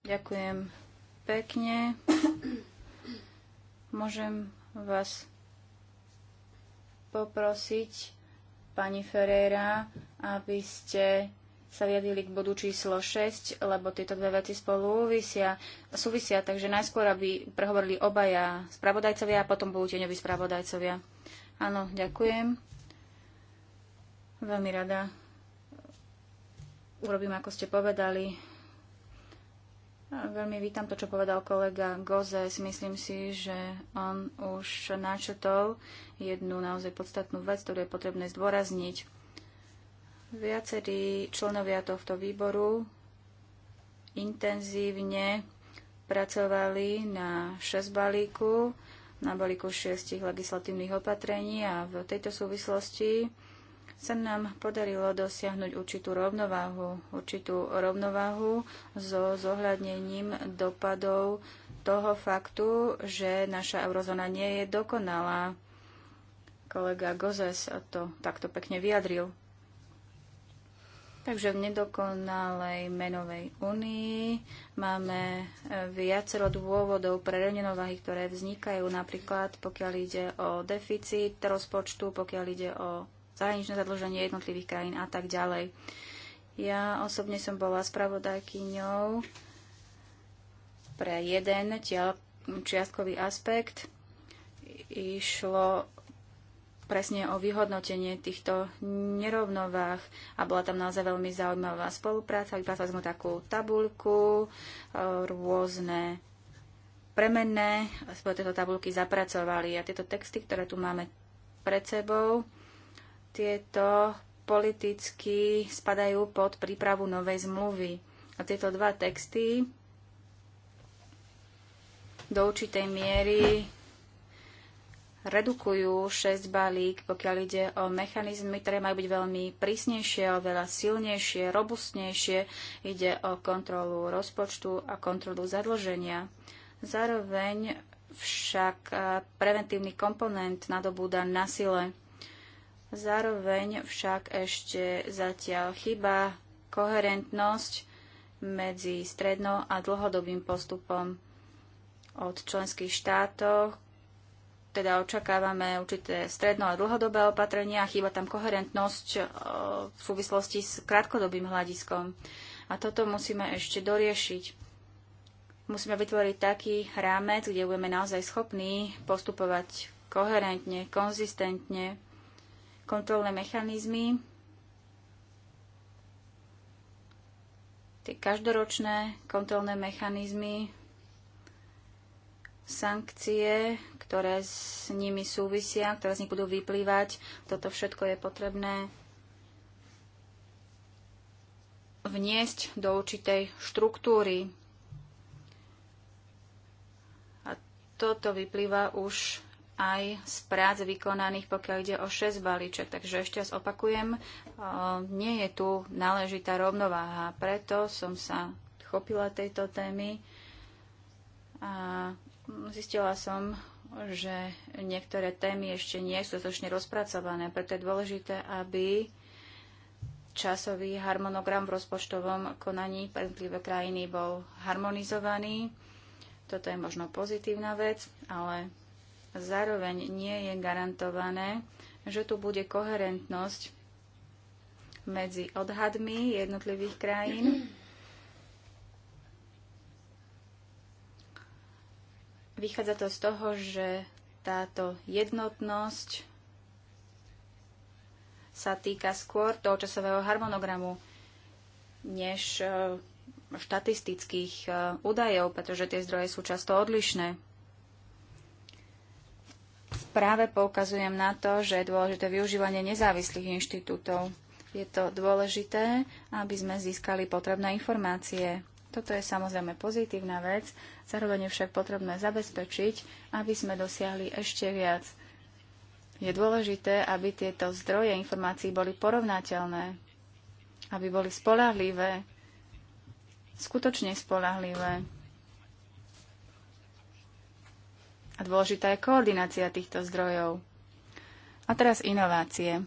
Ďakujem pekne. Môžem vás poprosiť pani Ferreira, aby ste sa vyjadili k bodu číslo 6, lebo tieto dve veci spolu súvisia, súvisia, takže najskôr, aby prehovorili obaja spravodajcovia a potom budú tieňoví spravodajcovia. Áno, ďakujem. Veľmi rada urobím, ako ste povedali. Veľmi vítam to, čo povedal kolega Gozes. Myslím si, že on už načetol jednu naozaj podstatnú vec, ktorú je potrebné zdôrazniť. Viacerí členovia tohto výboru intenzívne pracovali na 6 balíku, na balíku šiestich legislatívnych opatrení a v tejto súvislosti sa nám podarilo dosiahnuť určitú rovnováhu, určitú rovnováhu so zohľadnením dopadov toho faktu, že naša eurozóna nie je dokonalá. Kolega Gozes to takto pekne vyjadril. Takže v nedokonalej menovej únii máme eh, viacero dôvodov pre renovahy, ktoré vznikajú, napríklad pokiaľ ide o deficit rozpočtu, pokiaľ ide o zahraničné zadlženie jednotlivých krajín a tak ďalej. Ja osobne som bola spravodajkyňou pre jeden čiastkový aspekt. Išlo presne o vyhodnotenie týchto nerovnovách a bola tam naozaj veľmi zaujímavá spolupráca. Vypracovali sme takú tabuľku, e, rôzne premenné, sme tieto tabulky zapracovali a tieto texty, ktoré tu máme pred sebou, tieto politicky spadajú pod prípravu novej zmluvy. A tieto dva texty do určitej miery redukujú 6 balík, pokiaľ ide o mechanizmy, ktoré majú byť veľmi prísnejšie, oveľa silnejšie, robustnejšie. Ide o kontrolu rozpočtu a kontrolu zadlženia. Zároveň však eh, preventívny komponent nadobúda na sile. Zároveň však ešte zatiaľ chyba koherentnosť medzi stredno a dlhodobým postupom od členských štátov, teda očakávame určité stredno a dlhodobé opatrenia a chýba tam koherentnosť e, v súvislosti s krátkodobým hľadiskom. A toto musíme ešte doriešiť. Musíme vytvoriť taký rámec, kde budeme naozaj schopní postupovať koherentne, konzistentne kontrolné mechanizmy, tie každoročné kontrolné mechanizmy, sankcie, ktoré s nimi súvisia, ktoré z nich budú vyplývať. Toto všetko je potrebné vniesť do určitej štruktúry. A toto vyplýva už aj z prác vykonaných, pokiaľ ide o 6 balíček. Takže ešte raz opakujem, nie je tu náležitá rovnováha. Preto som sa chopila tejto témy a zistila som, že niektoré témy ešte nie sú dostatočne rozpracované. Preto je dôležité, aby časový harmonogram v rozpočtovom konaní pre jednotlivé krajiny bol harmonizovaný. Toto je možno pozitívna vec, ale zároveň nie je garantované, že tu bude koherentnosť medzi odhadmi jednotlivých krajín Vychádza to z toho, že táto jednotnosť sa týka skôr toho časového harmonogramu než eh, štatistických eh, údajov, pretože tie zdroje sú často odlišné práve poukazujem na to, že je dôležité využívanie nezávislých inštitútov. Je to dôležité, aby sme získali potrebné informácie. Toto je samozrejme pozitívna vec, zároveň je však potrebné zabezpečiť, aby sme dosiahli ešte viac. Je dôležité, aby tieto zdroje informácií boli porovnateľné, aby boli spolahlivé, skutočne spolahlivé A dôležitá je koordinácia týchto zdrojov. A teraz inovácie.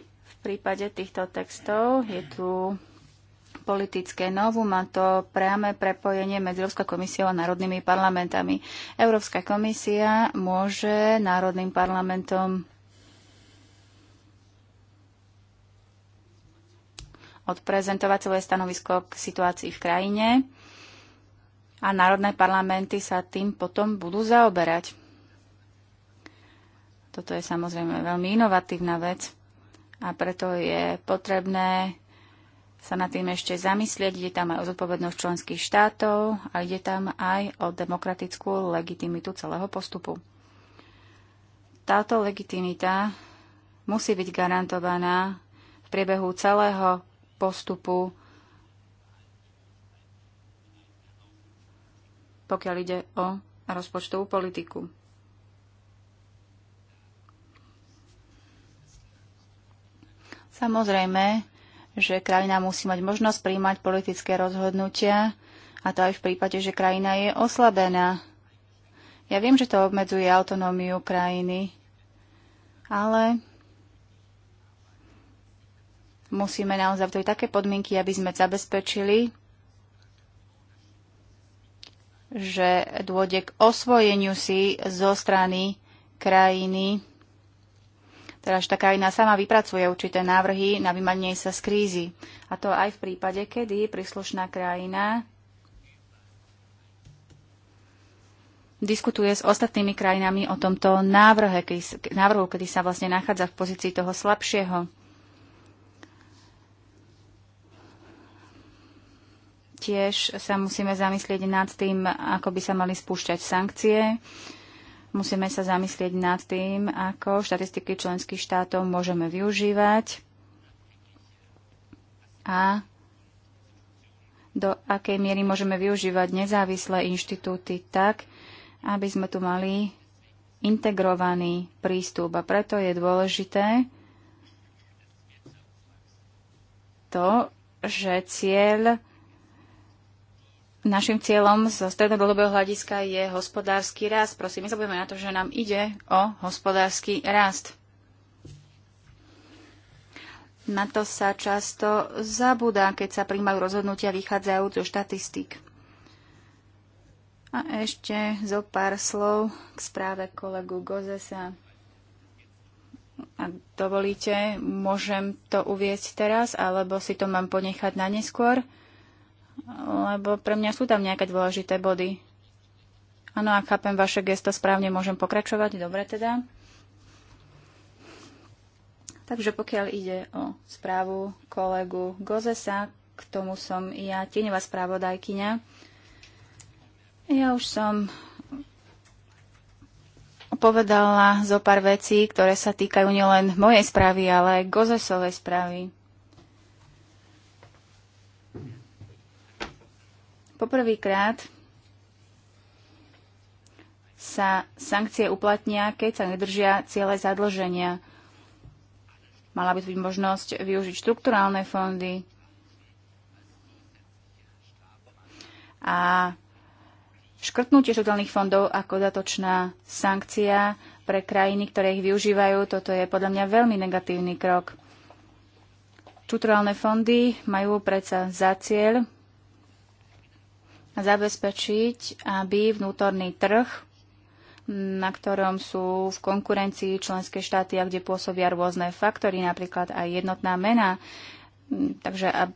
V prípade týchto textov je tu politické novú, má to priame prepojenie medzi Európskou komisiou a národnými parlamentami. Európska komisia môže národným parlamentom odprezentovať svoje stanovisko k situácii v krajine a národné parlamenty sa tým potom budú zaoberať. Toto je samozrejme veľmi inovatívna vec a preto je potrebné sa nad tým ešte zamyslieť. Ide tam aj o zodpovednosť členských štátov a ide tam aj o demokratickú legitimitu celého postupu. Táto legitimita musí byť garantovaná v priebehu celého postupu pokiaľ ide o rozpočtovú politiku. Samozrejme, že krajina musí mať možnosť príjmať politické rozhodnutia, a to aj v prípade, že krajina je oslabená. Ja viem, že to obmedzuje autonómiu krajiny, ale musíme naozaj vtedy také podmienky, aby sme zabezpečili, že dôjde k osvojeniu si zo strany krajiny, Teraz že tá krajina sama vypracuje určité návrhy na vymanenie sa z krízy. A to aj v prípade, kedy príslušná krajina diskutuje s ostatnými krajinami o tomto návrhe, kedy, návrhu, kedy sa vlastne nachádza v pozícii toho slabšieho. Tiež sa musíme zamyslieť nad tým, ako by sa mali spúšťať sankcie. Musíme sa zamyslieť nad tým, ako štatistiky členských štátov môžeme využívať a do akej miery môžeme využívať nezávislé inštitúty tak, aby sme tu mali integrovaný prístup. A preto je dôležité to, že cieľ Našim cieľom zo strednodobého hľadiska je hospodársky rast. Prosím, nezabudeme na to, že nám ide o hospodársky rast. Na to sa často zabúda, keď sa príjmajú rozhodnutia vychádzajúce zo štatistik. A ešte zo pár slov k správe kolegu Gozesa. Ak dovolíte, môžem to uvieť teraz, alebo si to mám ponechať na neskôr lebo pre mňa sú tam nejaké dôležité body. Áno, ak chápem vaše gesto správne, môžem pokračovať. Dobre teda. Takže pokiaľ ide o správu kolegu Gozesa, k tomu som ja tieňová správodajkyňa. Ja už som povedala zo pár vecí, ktoré sa týkajú nielen mojej správy, ale aj Gozesovej správy. Poprvýkrát sa sankcie uplatnia, keď sa nedržia ciele zadlženia. Mala by tu byť možnosť využiť štrukturálne fondy a škrtnutie štrukturálnych fondov ako dodatočná sankcia pre krajiny, ktoré ich využívajú, toto je podľa mňa veľmi negatívny krok. Štrukturálne fondy majú predsa za cieľ zabezpečiť, aby vnútorný trh, na ktorom sú v konkurencii členské štáty a kde pôsobia rôzne faktory, napríklad aj jednotná mena. Mm, Takže a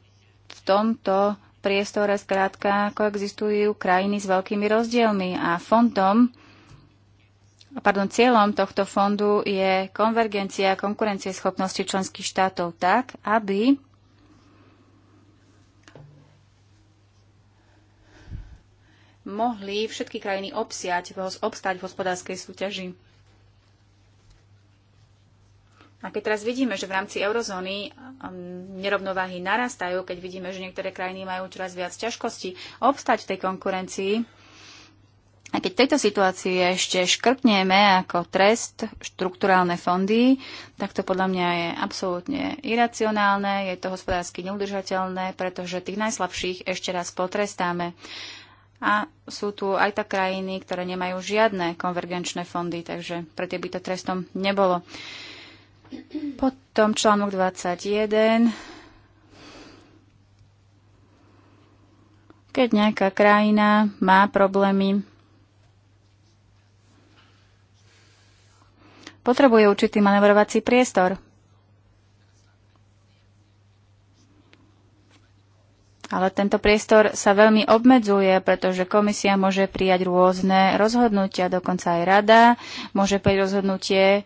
v tomto priestore skrátka koexistujú krajiny s veľkými rozdielmi a fondom, pardon, cieľom tohto fondu je konvergencia konkurencieschopnosti členských štátov tak, aby mohli všetky krajiny obsiať, obstať v hospodárskej súťaži. A keď teraz vidíme, že v rámci eurozóny um, nerovnováhy narastajú, keď vidíme, že niektoré krajiny majú čoraz viac ťažkostí obstať v tej konkurencii, a keď tejto situácii ešte škrtneme ako trest štruktúrálne fondy, tak to podľa mňa je absolútne iracionálne, je to hospodársky neudržateľné, pretože tých najslabších ešte raz potrestáme. A sú tu aj tak krajiny, ktoré nemajú žiadne konvergenčné fondy, takže pre tie by to trestom nebolo. Potom článok 21. Keď nejaká krajina má problémy, potrebuje určitý manevrovací priestor. Ale tento priestor sa veľmi obmedzuje, pretože komisia môže prijať rôzne rozhodnutia, dokonca aj rada môže pri rozhodnutie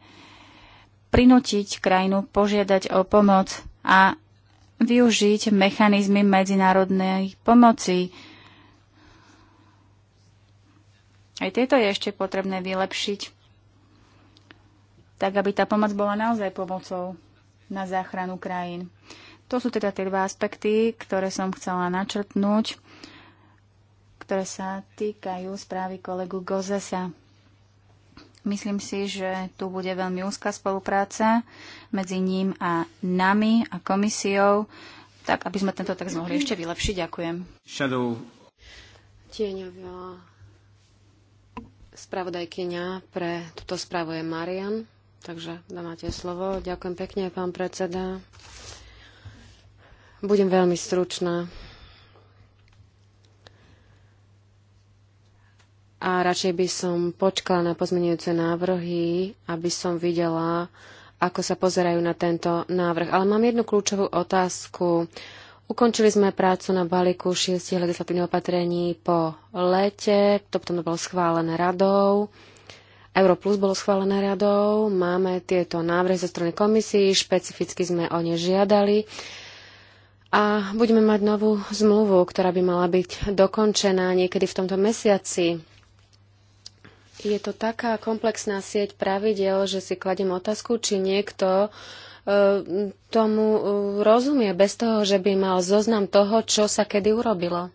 prinútiť krajinu požiadať o pomoc a využiť mechanizmy medzinárodnej pomoci. Aj tieto je ešte potrebné vylepšiť, tak aby tá pomoc bola naozaj pomocou na záchranu krajín. To sú teda tie dva aspekty, ktoré som chcela načrtnúť, ktoré sa týkajú správy kolegu Gozesa. Myslím si, že tu bude veľmi úzka spolupráca medzi ním a nami a komisiou, tak aby sme tento text mohli ešte vylepšiť. Ďakujem. Shadow. Tieňová spravodajkyňa pre túto správu je Marian, takže dáte slovo. Ďakujem pekne, pán predseda. Budem veľmi stručná. A radšej by som počkala na pozmenujúce návrhy, aby som videla, ako sa pozerajú na tento návrh. Ale mám jednu kľúčovú otázku. Ukončili sme prácu na balíku šiestich legislatívnych opatrení po lete, to potom bolo schválené radou. Europlus bolo schválené radou, máme tieto návrhy zo strany komisii, špecificky sme o ne žiadali. A budeme mať novú zmluvu, ktorá by mala byť dokončená niekedy v tomto mesiaci. Je to taká komplexná sieť pravidel, že si kladiem otázku, či niekto e, tomu e, rozumie bez toho, že by mal zoznam toho, čo sa kedy urobilo.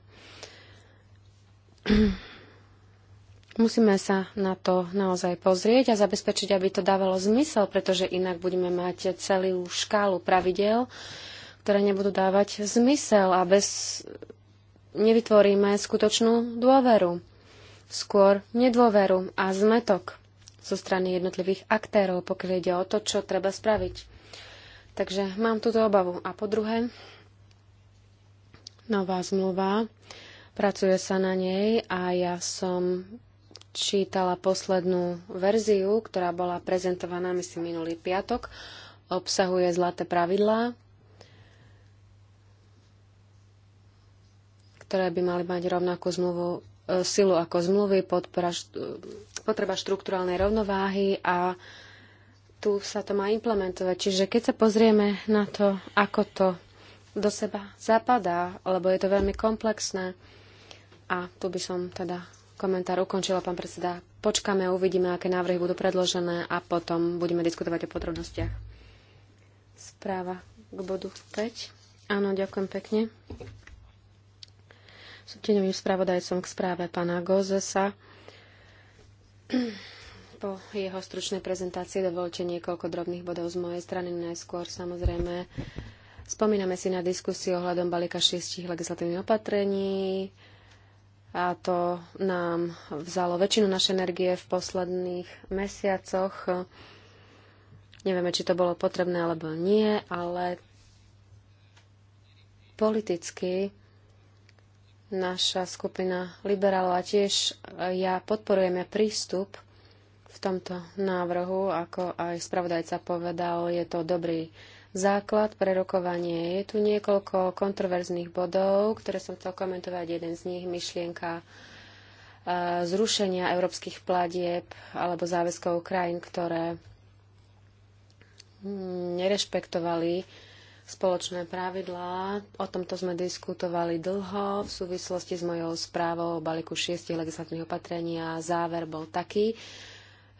Musíme sa na to naozaj pozrieť a zabezpečiť, aby to dávalo zmysel, pretože inak budeme mať celú škálu pravidel, ktoré nebudú dávať zmysel a bez nevytvoríme skutočnú dôveru, skôr nedôveru a zmetok zo strany jednotlivých aktérov, pokiaľ ide o to, čo treba spraviť. Takže mám túto obavu. A po druhé, nová zmluva, pracuje sa na nej a ja som čítala poslednú verziu, ktorá bola prezentovaná, myslím, minulý piatok. Obsahuje zlaté pravidlá, ktoré by mali mať rovnakú zmluvu, e, silu ako zmluvy, podpora, potreba štruktúralnej rovnováhy a tu sa to má implementovať. Čiže keď sa pozrieme na to, ako to do seba zapadá, lebo je to veľmi komplexné, a tu by som teda komentár ukončila, pán predseda. Počkáme, uvidíme, aké návrhy budú predložené a potom budeme diskutovať o podrobnostiach. Správa k bodu 5. Áno, ďakujem pekne. Tieňovým spravodajcom k správe pána Gozesa. Po jeho stručnej prezentácii dovolte niekoľko drobných bodov z mojej strany. Najskôr samozrejme spomíname si na diskusiu ohľadom balíka šiestich legislatívnych opatrení a to nám vzalo väčšinu našej energie v posledných mesiacoch. Nevieme, či to bolo potrebné alebo nie, ale politicky naša skupina liberálov a tiež e, ja podporujeme prístup v tomto návrhu, ako aj spravodajca povedal, je to dobrý základ pre rokovanie. Je tu niekoľko kontroverzných bodov, ktoré som chcel komentovať. Jeden z nich myšlienka e, zrušenia európskych platieb alebo záväzkov krajín, ktoré mm, nerešpektovali spoločné pravidlá. O tomto sme diskutovali dlho v súvislosti s mojou správou o balíku šiestich legislatívnych opatrení a záver bol taký,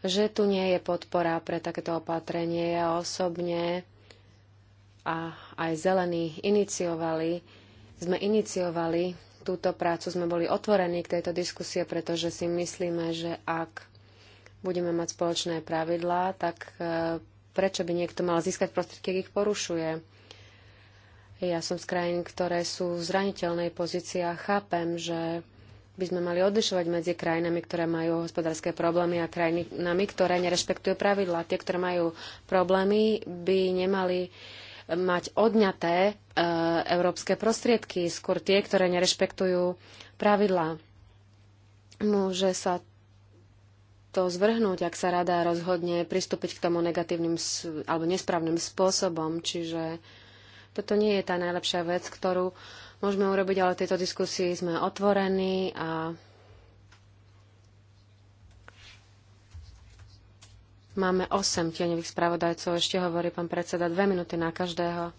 že tu nie je podpora pre takéto opatrenie. Ja osobne a aj zelení iniciovali, sme iniciovali túto prácu, sme boli otvorení k tejto diskusie, pretože si myslíme, že ak budeme mať spoločné pravidlá, tak eh, prečo by niekto mal získať prostriedky, ak ich porušuje? Ja som z krajín, ktoré sú v zraniteľnej pozícii a chápem, že by sme mali odlišovať medzi krajinami, ktoré majú hospodárske problémy a krajinami, ktoré nerešpektujú pravidlá. Tie, ktoré majú problémy, by nemali mať odňaté e, európske prostriedky, skôr tie, ktoré nerešpektujú pravidlá. Môže sa to zvrhnúť, ak sa rada rozhodne pristúpiť k tomu negatívnym alebo nesprávnym spôsobom, čiže toto nie je tá najlepšia vec, ktorú môžeme urobiť, ale tejto diskusii sme otvorení a máme 8 tieňových spravodajcov, ešte hovorí pán predseda, dve minúty na každého.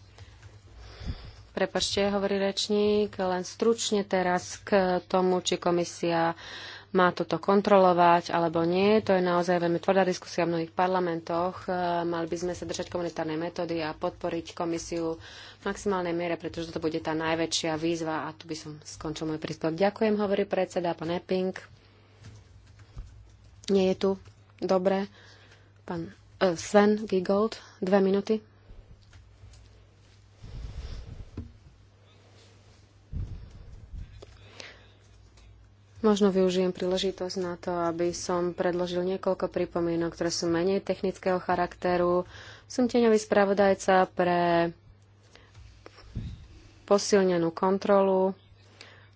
Prepačte, hovorí rečník, len stručne teraz k tomu, či komisia má toto kontrolovať alebo nie. To je naozaj veľmi tvrdá diskusia v mnohých parlamentoch. E, mali by sme sa držať komunitárnej metódy a podporiť komisiu v maximálnej miere, pretože toto bude tá najväčšia výzva a tu by som skončil môj príspevok. Ďakujem, hovorí predseda, pán Epping. Nie je tu. Dobre. Pán e, Sven Gigold, dve minúty. Možno využijem príležitosť na to, aby som predložil niekoľko pripomienok, ktoré sú menej technického charakteru. Som tieňový spravodajca pre posilnenú kontrolu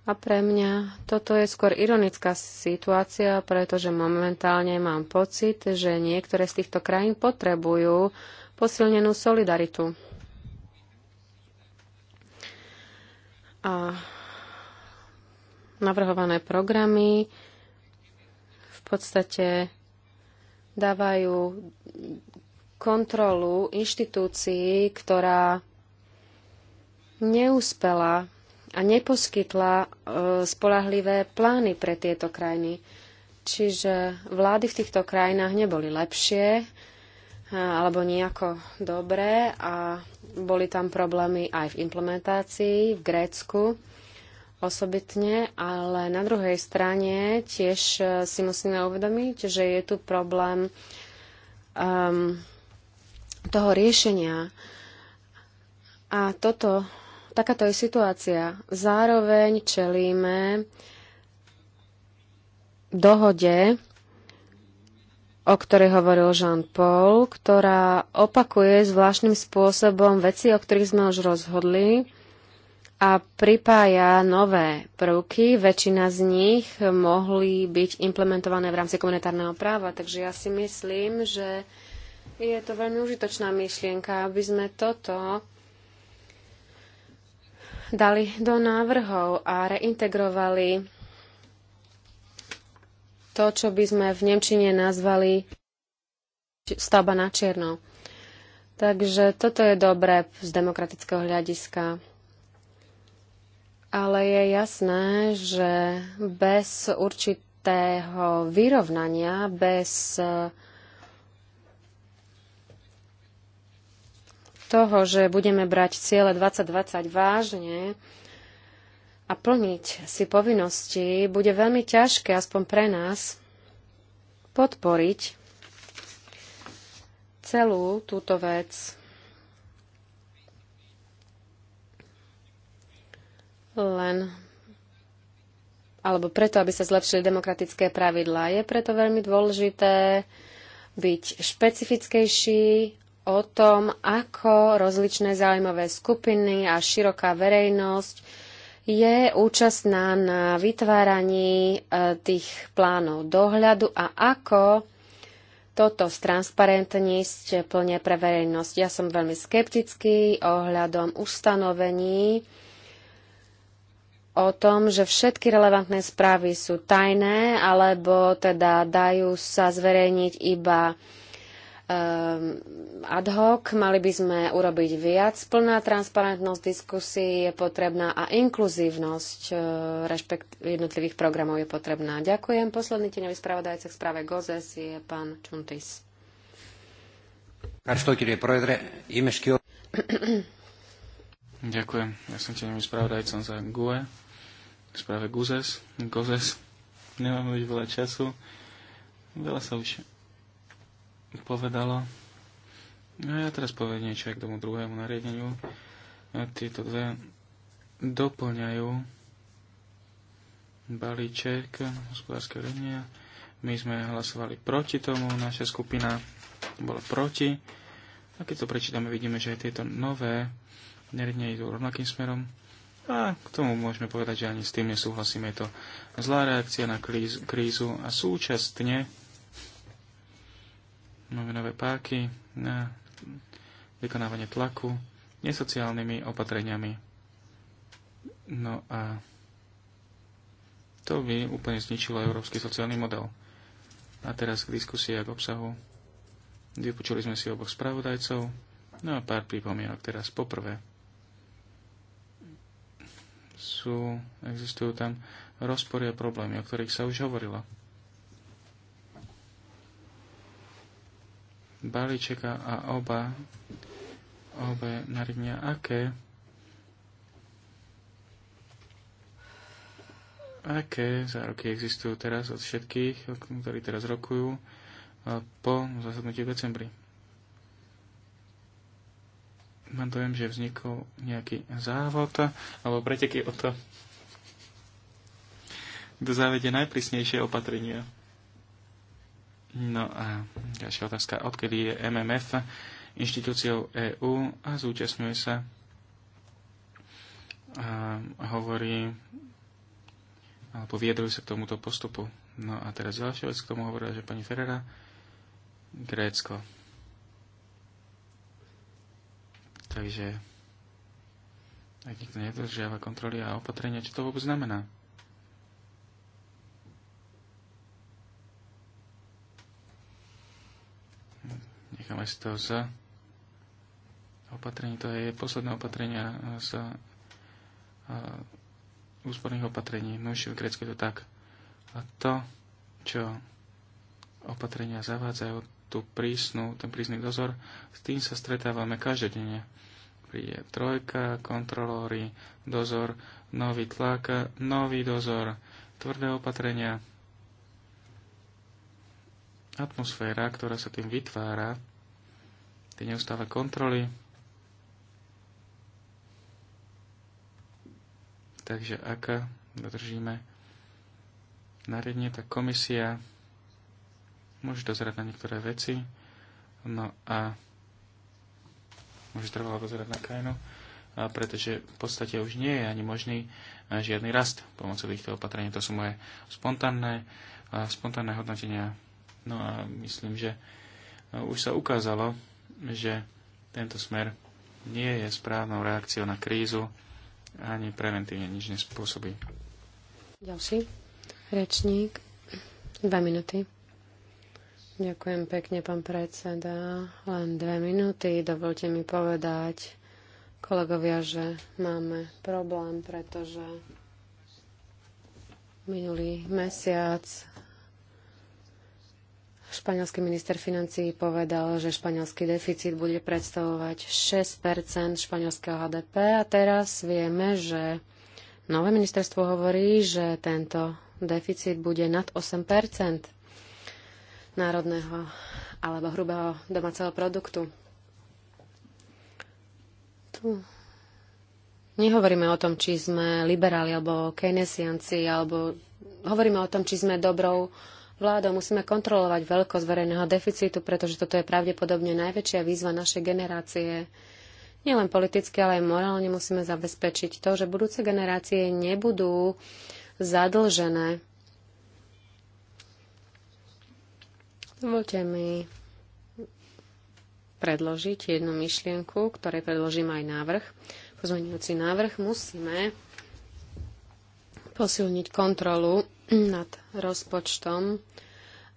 a pre mňa toto je skôr ironická situácia, pretože momentálne mám pocit, že niektoré z týchto krajín potrebujú posilnenú solidaritu. A navrhované programy v podstate dávajú kontrolu inštitúcii, ktorá neúspela a neposkytla e, spolahlivé plány pre tieto krajiny. Čiže vlády v týchto krajinách neboli lepšie e, alebo nejako dobré a boli tam problémy aj v implementácii v Grécku osobitne, ale na druhej strane tiež eh, si musíme uvedomiť, že je tu problém um, toho riešenia. A toto, takáto je situácia. Zároveň čelíme dohode, o ktorej hovoril Jean-Paul, ktorá opakuje zvláštnym spôsobom veci, o ktorých sme už rozhodli a pripája nové prvky. Väčšina z nich mohli byť implementované v rámci komunitárneho práva, takže ja si myslím, že je to veľmi užitočná myšlienka, aby sme toto dali do návrhov a reintegrovali to, čo by sme v Nemčine nazvali stavba na čierno. Takže toto je dobré z demokratického hľadiska ale je jasné, že bez určitého vyrovnania, bez eh, toho, že budeme brať ciele 2020 vážne, a plniť si povinnosti, bude veľmi ťažké, aspoň pre nás, podporiť celú túto vec. len alebo preto, aby sa zlepšili demokratické pravidlá. Je preto veľmi dôležité byť špecifickejší o tom, ako rozličné záujmové skupiny a široká verejnosť je účastná na vytváraní e, tých plánov dohľadu a ako toto stransparentnísť plne pre verejnosť. Ja som veľmi skeptický ohľadom ustanovení, o tom, že všetky relevantné správy sú tajné, alebo teda dajú sa zverejniť iba ehm, ad hoc, mali by sme urobiť viac. Plná transparentnosť diskusí je potrebná a inkluzívnosť e, rešpekt jednotlivých programov je potrebná. Ďakujem. Posledný teňový spravodajca k správe GOZES je pán Čuntis. Ďakujem. Ja som teňový spravodajcom za GUE správe Guzes. Gozes. Nemáme už veľa času. Veľa sa už povedalo. No ja teraz poviem niečo aj k tomu druhému nariadeniu. A tieto dve doplňajú balíček hospodárskej riadenia. My sme hlasovali proti tomu, naša skupina bola proti. A keď to prečítame, vidíme, že aj tieto nové nariadenia idú rovnakým smerom. A k tomu môžeme povedať, že ani s tým nesúhlasíme. Je to zlá reakcia na krízu, a súčasne máme nové páky na vykonávanie tlaku nesociálnymi opatreniami. No a to by úplne zničilo európsky sociálny model. A teraz k diskusii a k obsahu. Vypočuli sme si oboch spravodajcov. No a pár pripomienok teraz. Poprvé, sú, existujú tam rozpory a problémy, o ktorých sa už hovorilo. Balíček a oba, obe nariadenia, aké aké zároky existujú teraz od všetkých, ktorí teraz rokujú po zasadnutí v decembri. Mám dojem, že vznikol nejaký závod alebo preteky o to, kto zavede najprísnejšie opatrenia. No a ďalšia otázka. Odkedy je MMF inštitúciou EÚ a zúčastňuje sa a hovorí alebo vyjadrujú sa k tomuto postupu. No a teraz ďalšia vec k tomu hovorila, že pani Ferrera, Grécko. Takže ak nikto nedržiava kontroly a opatrenia, čo to vôbec znamená? Necháme si to z opatrení, to je posledné opatrenia z úsporných opatrení. No v Grécku je to tak. A to, čo opatrenia zavádzajú, tú prísnu, ten prísny dozor, s tým sa stretávame každodenne príde trojka, kontrolóry, dozor, nový tlak, nový dozor, tvrdé opatrenia. Atmosféra, ktorá sa tým vytvára, tie neustále kontroly. Takže ak dodržíme nariadenie, tak komisia môže dozerať na niektoré veci. No a už trvalo pozerať na krajinu, pretože v podstate už nie je ani možný žiadny rast pomocou týchto opatrení. To sú moje spontánne, spontánne hodnotenia. No a myslím, že už sa ukázalo, že tento smer nie je správnou reakciou na krízu ani preventívne nič nespôsobí. Ďalší rečník. Dva minuty. Ďakujem pekne, pán predseda. Len dve minúty. Dovolte mi povedať, kolegovia, že máme problém, pretože minulý mesiac španielský minister financí povedal, že španielský deficit bude predstavovať 6 španielského HDP a teraz vieme, že nové ministerstvo hovorí, že tento deficit bude nad 8 národného alebo hrubého domáceho produktu. Tu nehovoríme o tom, či sme liberáli alebo keynesianci, alebo hovoríme o tom, či sme dobrou vládou. Musíme kontrolovať veľkosť verejného deficitu, pretože toto je pravdepodobne najväčšia výzva našej generácie. Nielen politicky, ale aj morálne musíme zabezpečiť to, že budúce generácie nebudú zadlžené Dovolte mi predložiť jednu myšlienku, ktoré predložím aj návrh. Pozmeňujúci návrh musíme posilniť kontrolu nad rozpočtom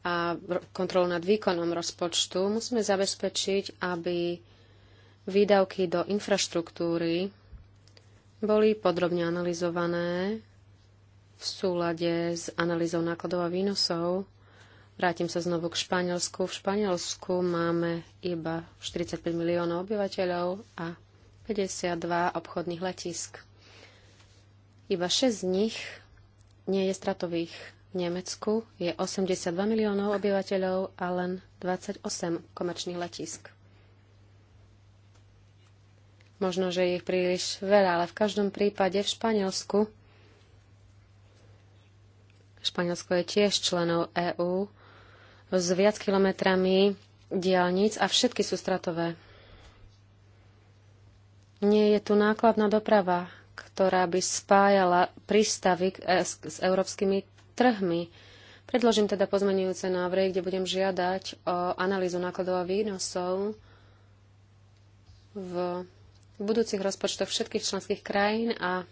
a kontrolu nad výkonom rozpočtu. Musíme zabezpečiť, aby výdavky do infraštruktúry boli podrobne analyzované v súlade s analýzou nákladov a výnosov Vrátim sa znovu k Španielsku. V Španielsku máme iba 45 miliónov obyvateľov a 52 obchodných letisk. Iba 6 z nich nie je stratových. V Nemecku je 82 miliónov obyvateľov a len 28 komerčných letisk. Možno, že je ich príliš veľa, ale v každom prípade v Španielsku Španielsko je tiež členom EÚ s viac kilometrami diálnic a všetky sú stratové. Nie je tu nákladná doprava, ktorá by spájala prístavy e, s, európskymi trhmi. Predložím teda pozmenujúce návrhy, kde budem žiadať o analýzu nákladov a výnosov v budúcich rozpočtoch všetkých členských krajín a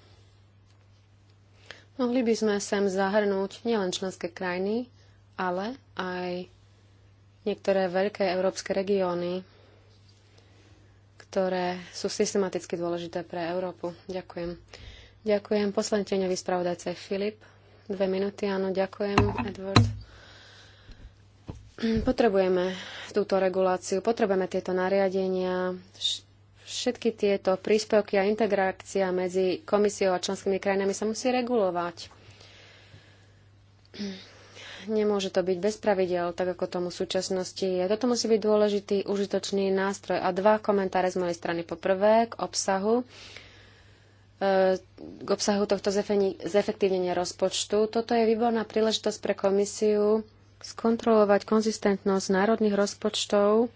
mohli by sme sem zahrnúť nielen členské krajiny, ale aj niektoré veľké európske regióny, ktoré sú systematicky dôležité pre Európu. Ďakujem. Ďakujem poslanteňovi spravodajce Filip. Dve minúty, áno, ďakujem, Edward. Potrebujeme túto reguláciu, potrebujeme tieto nariadenia, všetky tieto príspevky a integrácia medzi komisiou a členskými krajinami sa musí regulovať. Nemôže to byť bez pravidel, tak ako tomu v súčasnosti je. Toto musí byť dôležitý, užitočný nástroj. A dva komentáre z mojej strany. Poprvé, k obsahu e, k obsahu tohto zefektívnenia rozpočtu. Toto je výborná príležitosť pre komisiu skontrolovať konzistentnosť národných rozpočtov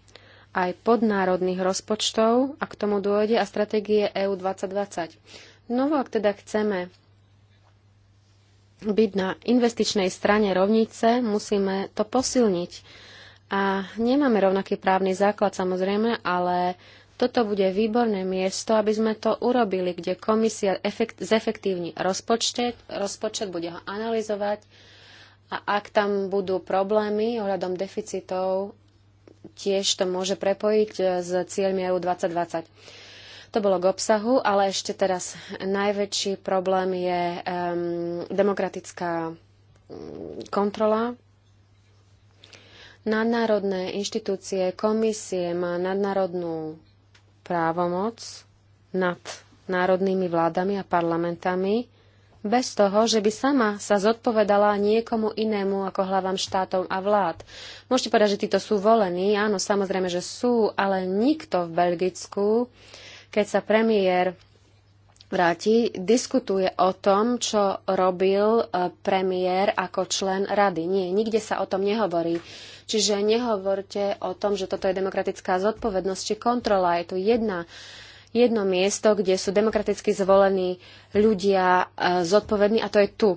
aj podnárodných rozpočtov, a k tomu dôjde, a stratégie EU 2020. No ak teda chceme byť na investičnej strane rovnice, musíme to posilniť. A nemáme rovnaký právny základ samozrejme, ale toto bude výborné miesto, aby sme to urobili, kde komisia efekt, zefektívni rozpočet, rozpočet bude ho analyzovať a ak tam budú problémy ohľadom deficitov, tiež to môže prepojiť e, s cieľmi EU 2020. To bolo k obsahu, ale ešte teraz najväčší problém je um, demokratická mm, kontrola. Nadnárodné inštitúcie, komisie má nadnárodnú právomoc nad národnými vládami a parlamentami bez toho, že by sama sa zodpovedala niekomu inému ako hlavám štátov a vlád. Môžete povedať, že títo sú volení, áno, samozrejme, že sú, ale nikto v Belgicku keď sa premiér vráti, diskutuje o tom, čo robil e, premiér ako člen rady. Nie, nikde sa o tom nehovorí. Čiže nehovorte o tom, že toto je demokratická zodpovednosť či kontrola. Je tu jedna, jedno miesto, kde sú demokraticky zvolení ľudia e, zodpovední a to je tu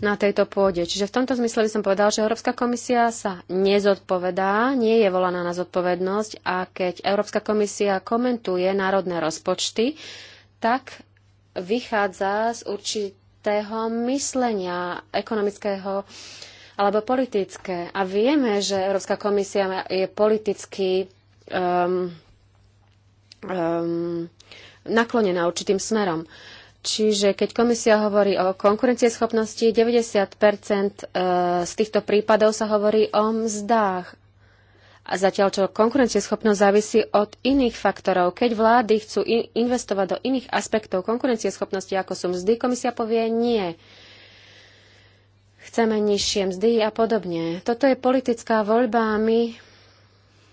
na tejto pôde. Čiže v tomto zmysle by som povedal, že Európska komisia sa nezodpovedá, nie je volaná na zodpovednosť a keď Európska komisia komentuje národné rozpočty, tak vychádza z určitého myslenia ekonomického alebo politické. A vieme, že Európska komisia je politicky um, um, naklonená určitým smerom. Uh, Čiže keď komisia hovorí o konkurencieschopnosti, 90 e, z týchto prípadov sa hovorí o mzdách. A zatiaľ, čo konkurencieschopnosť závisí od iných faktorov. Keď vlády chcú investovať do iných aspektov konkurencieschopnosti, ako sú mzdy, komisia povie nie. Chceme nižšie mzdy a podobne. Toto je politická voľba my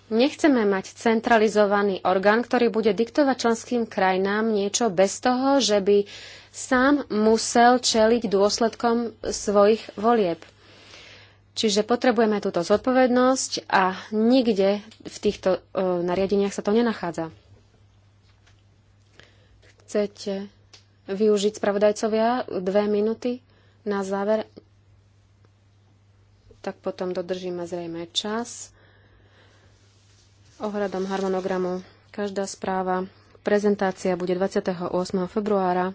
Nechceme mať centralizovaný orgán, ktorý bude diktovať členským krajinám niečo bez toho, že by sám musel čeliť dôsledkom svojich volieb. Čiže potrebujeme túto zodpovednosť a nikde v týchto e, nariadeniach sa to nenachádza. Chcete využiť spravodajcovia dve minúty na záver? Tak potom dodržíme zrejme čas ohľadom harmonogramu. Každá správa, prezentácia bude 28. februára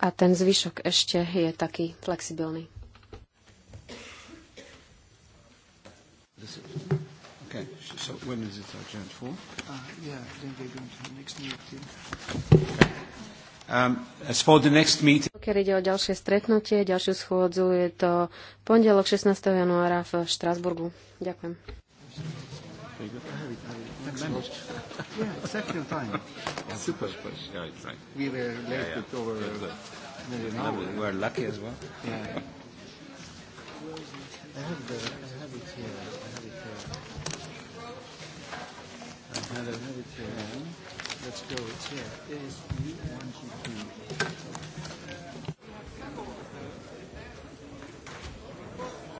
a ten zvyšok ešte je taký flexibilný. Ah, um, Pokiaľ ide o ďalšie stretnutie, ďalšiu schôdzu, je to pondelok 16. januára v Štrásburgu. Ďakujem. I have it. I yeah, exactly time. Super. Yeah, it's right. We were late over lucky as well. Yeah. I have the. I have it here. I have it here. I have, I have it here. Let's go. It's here. It is one, two,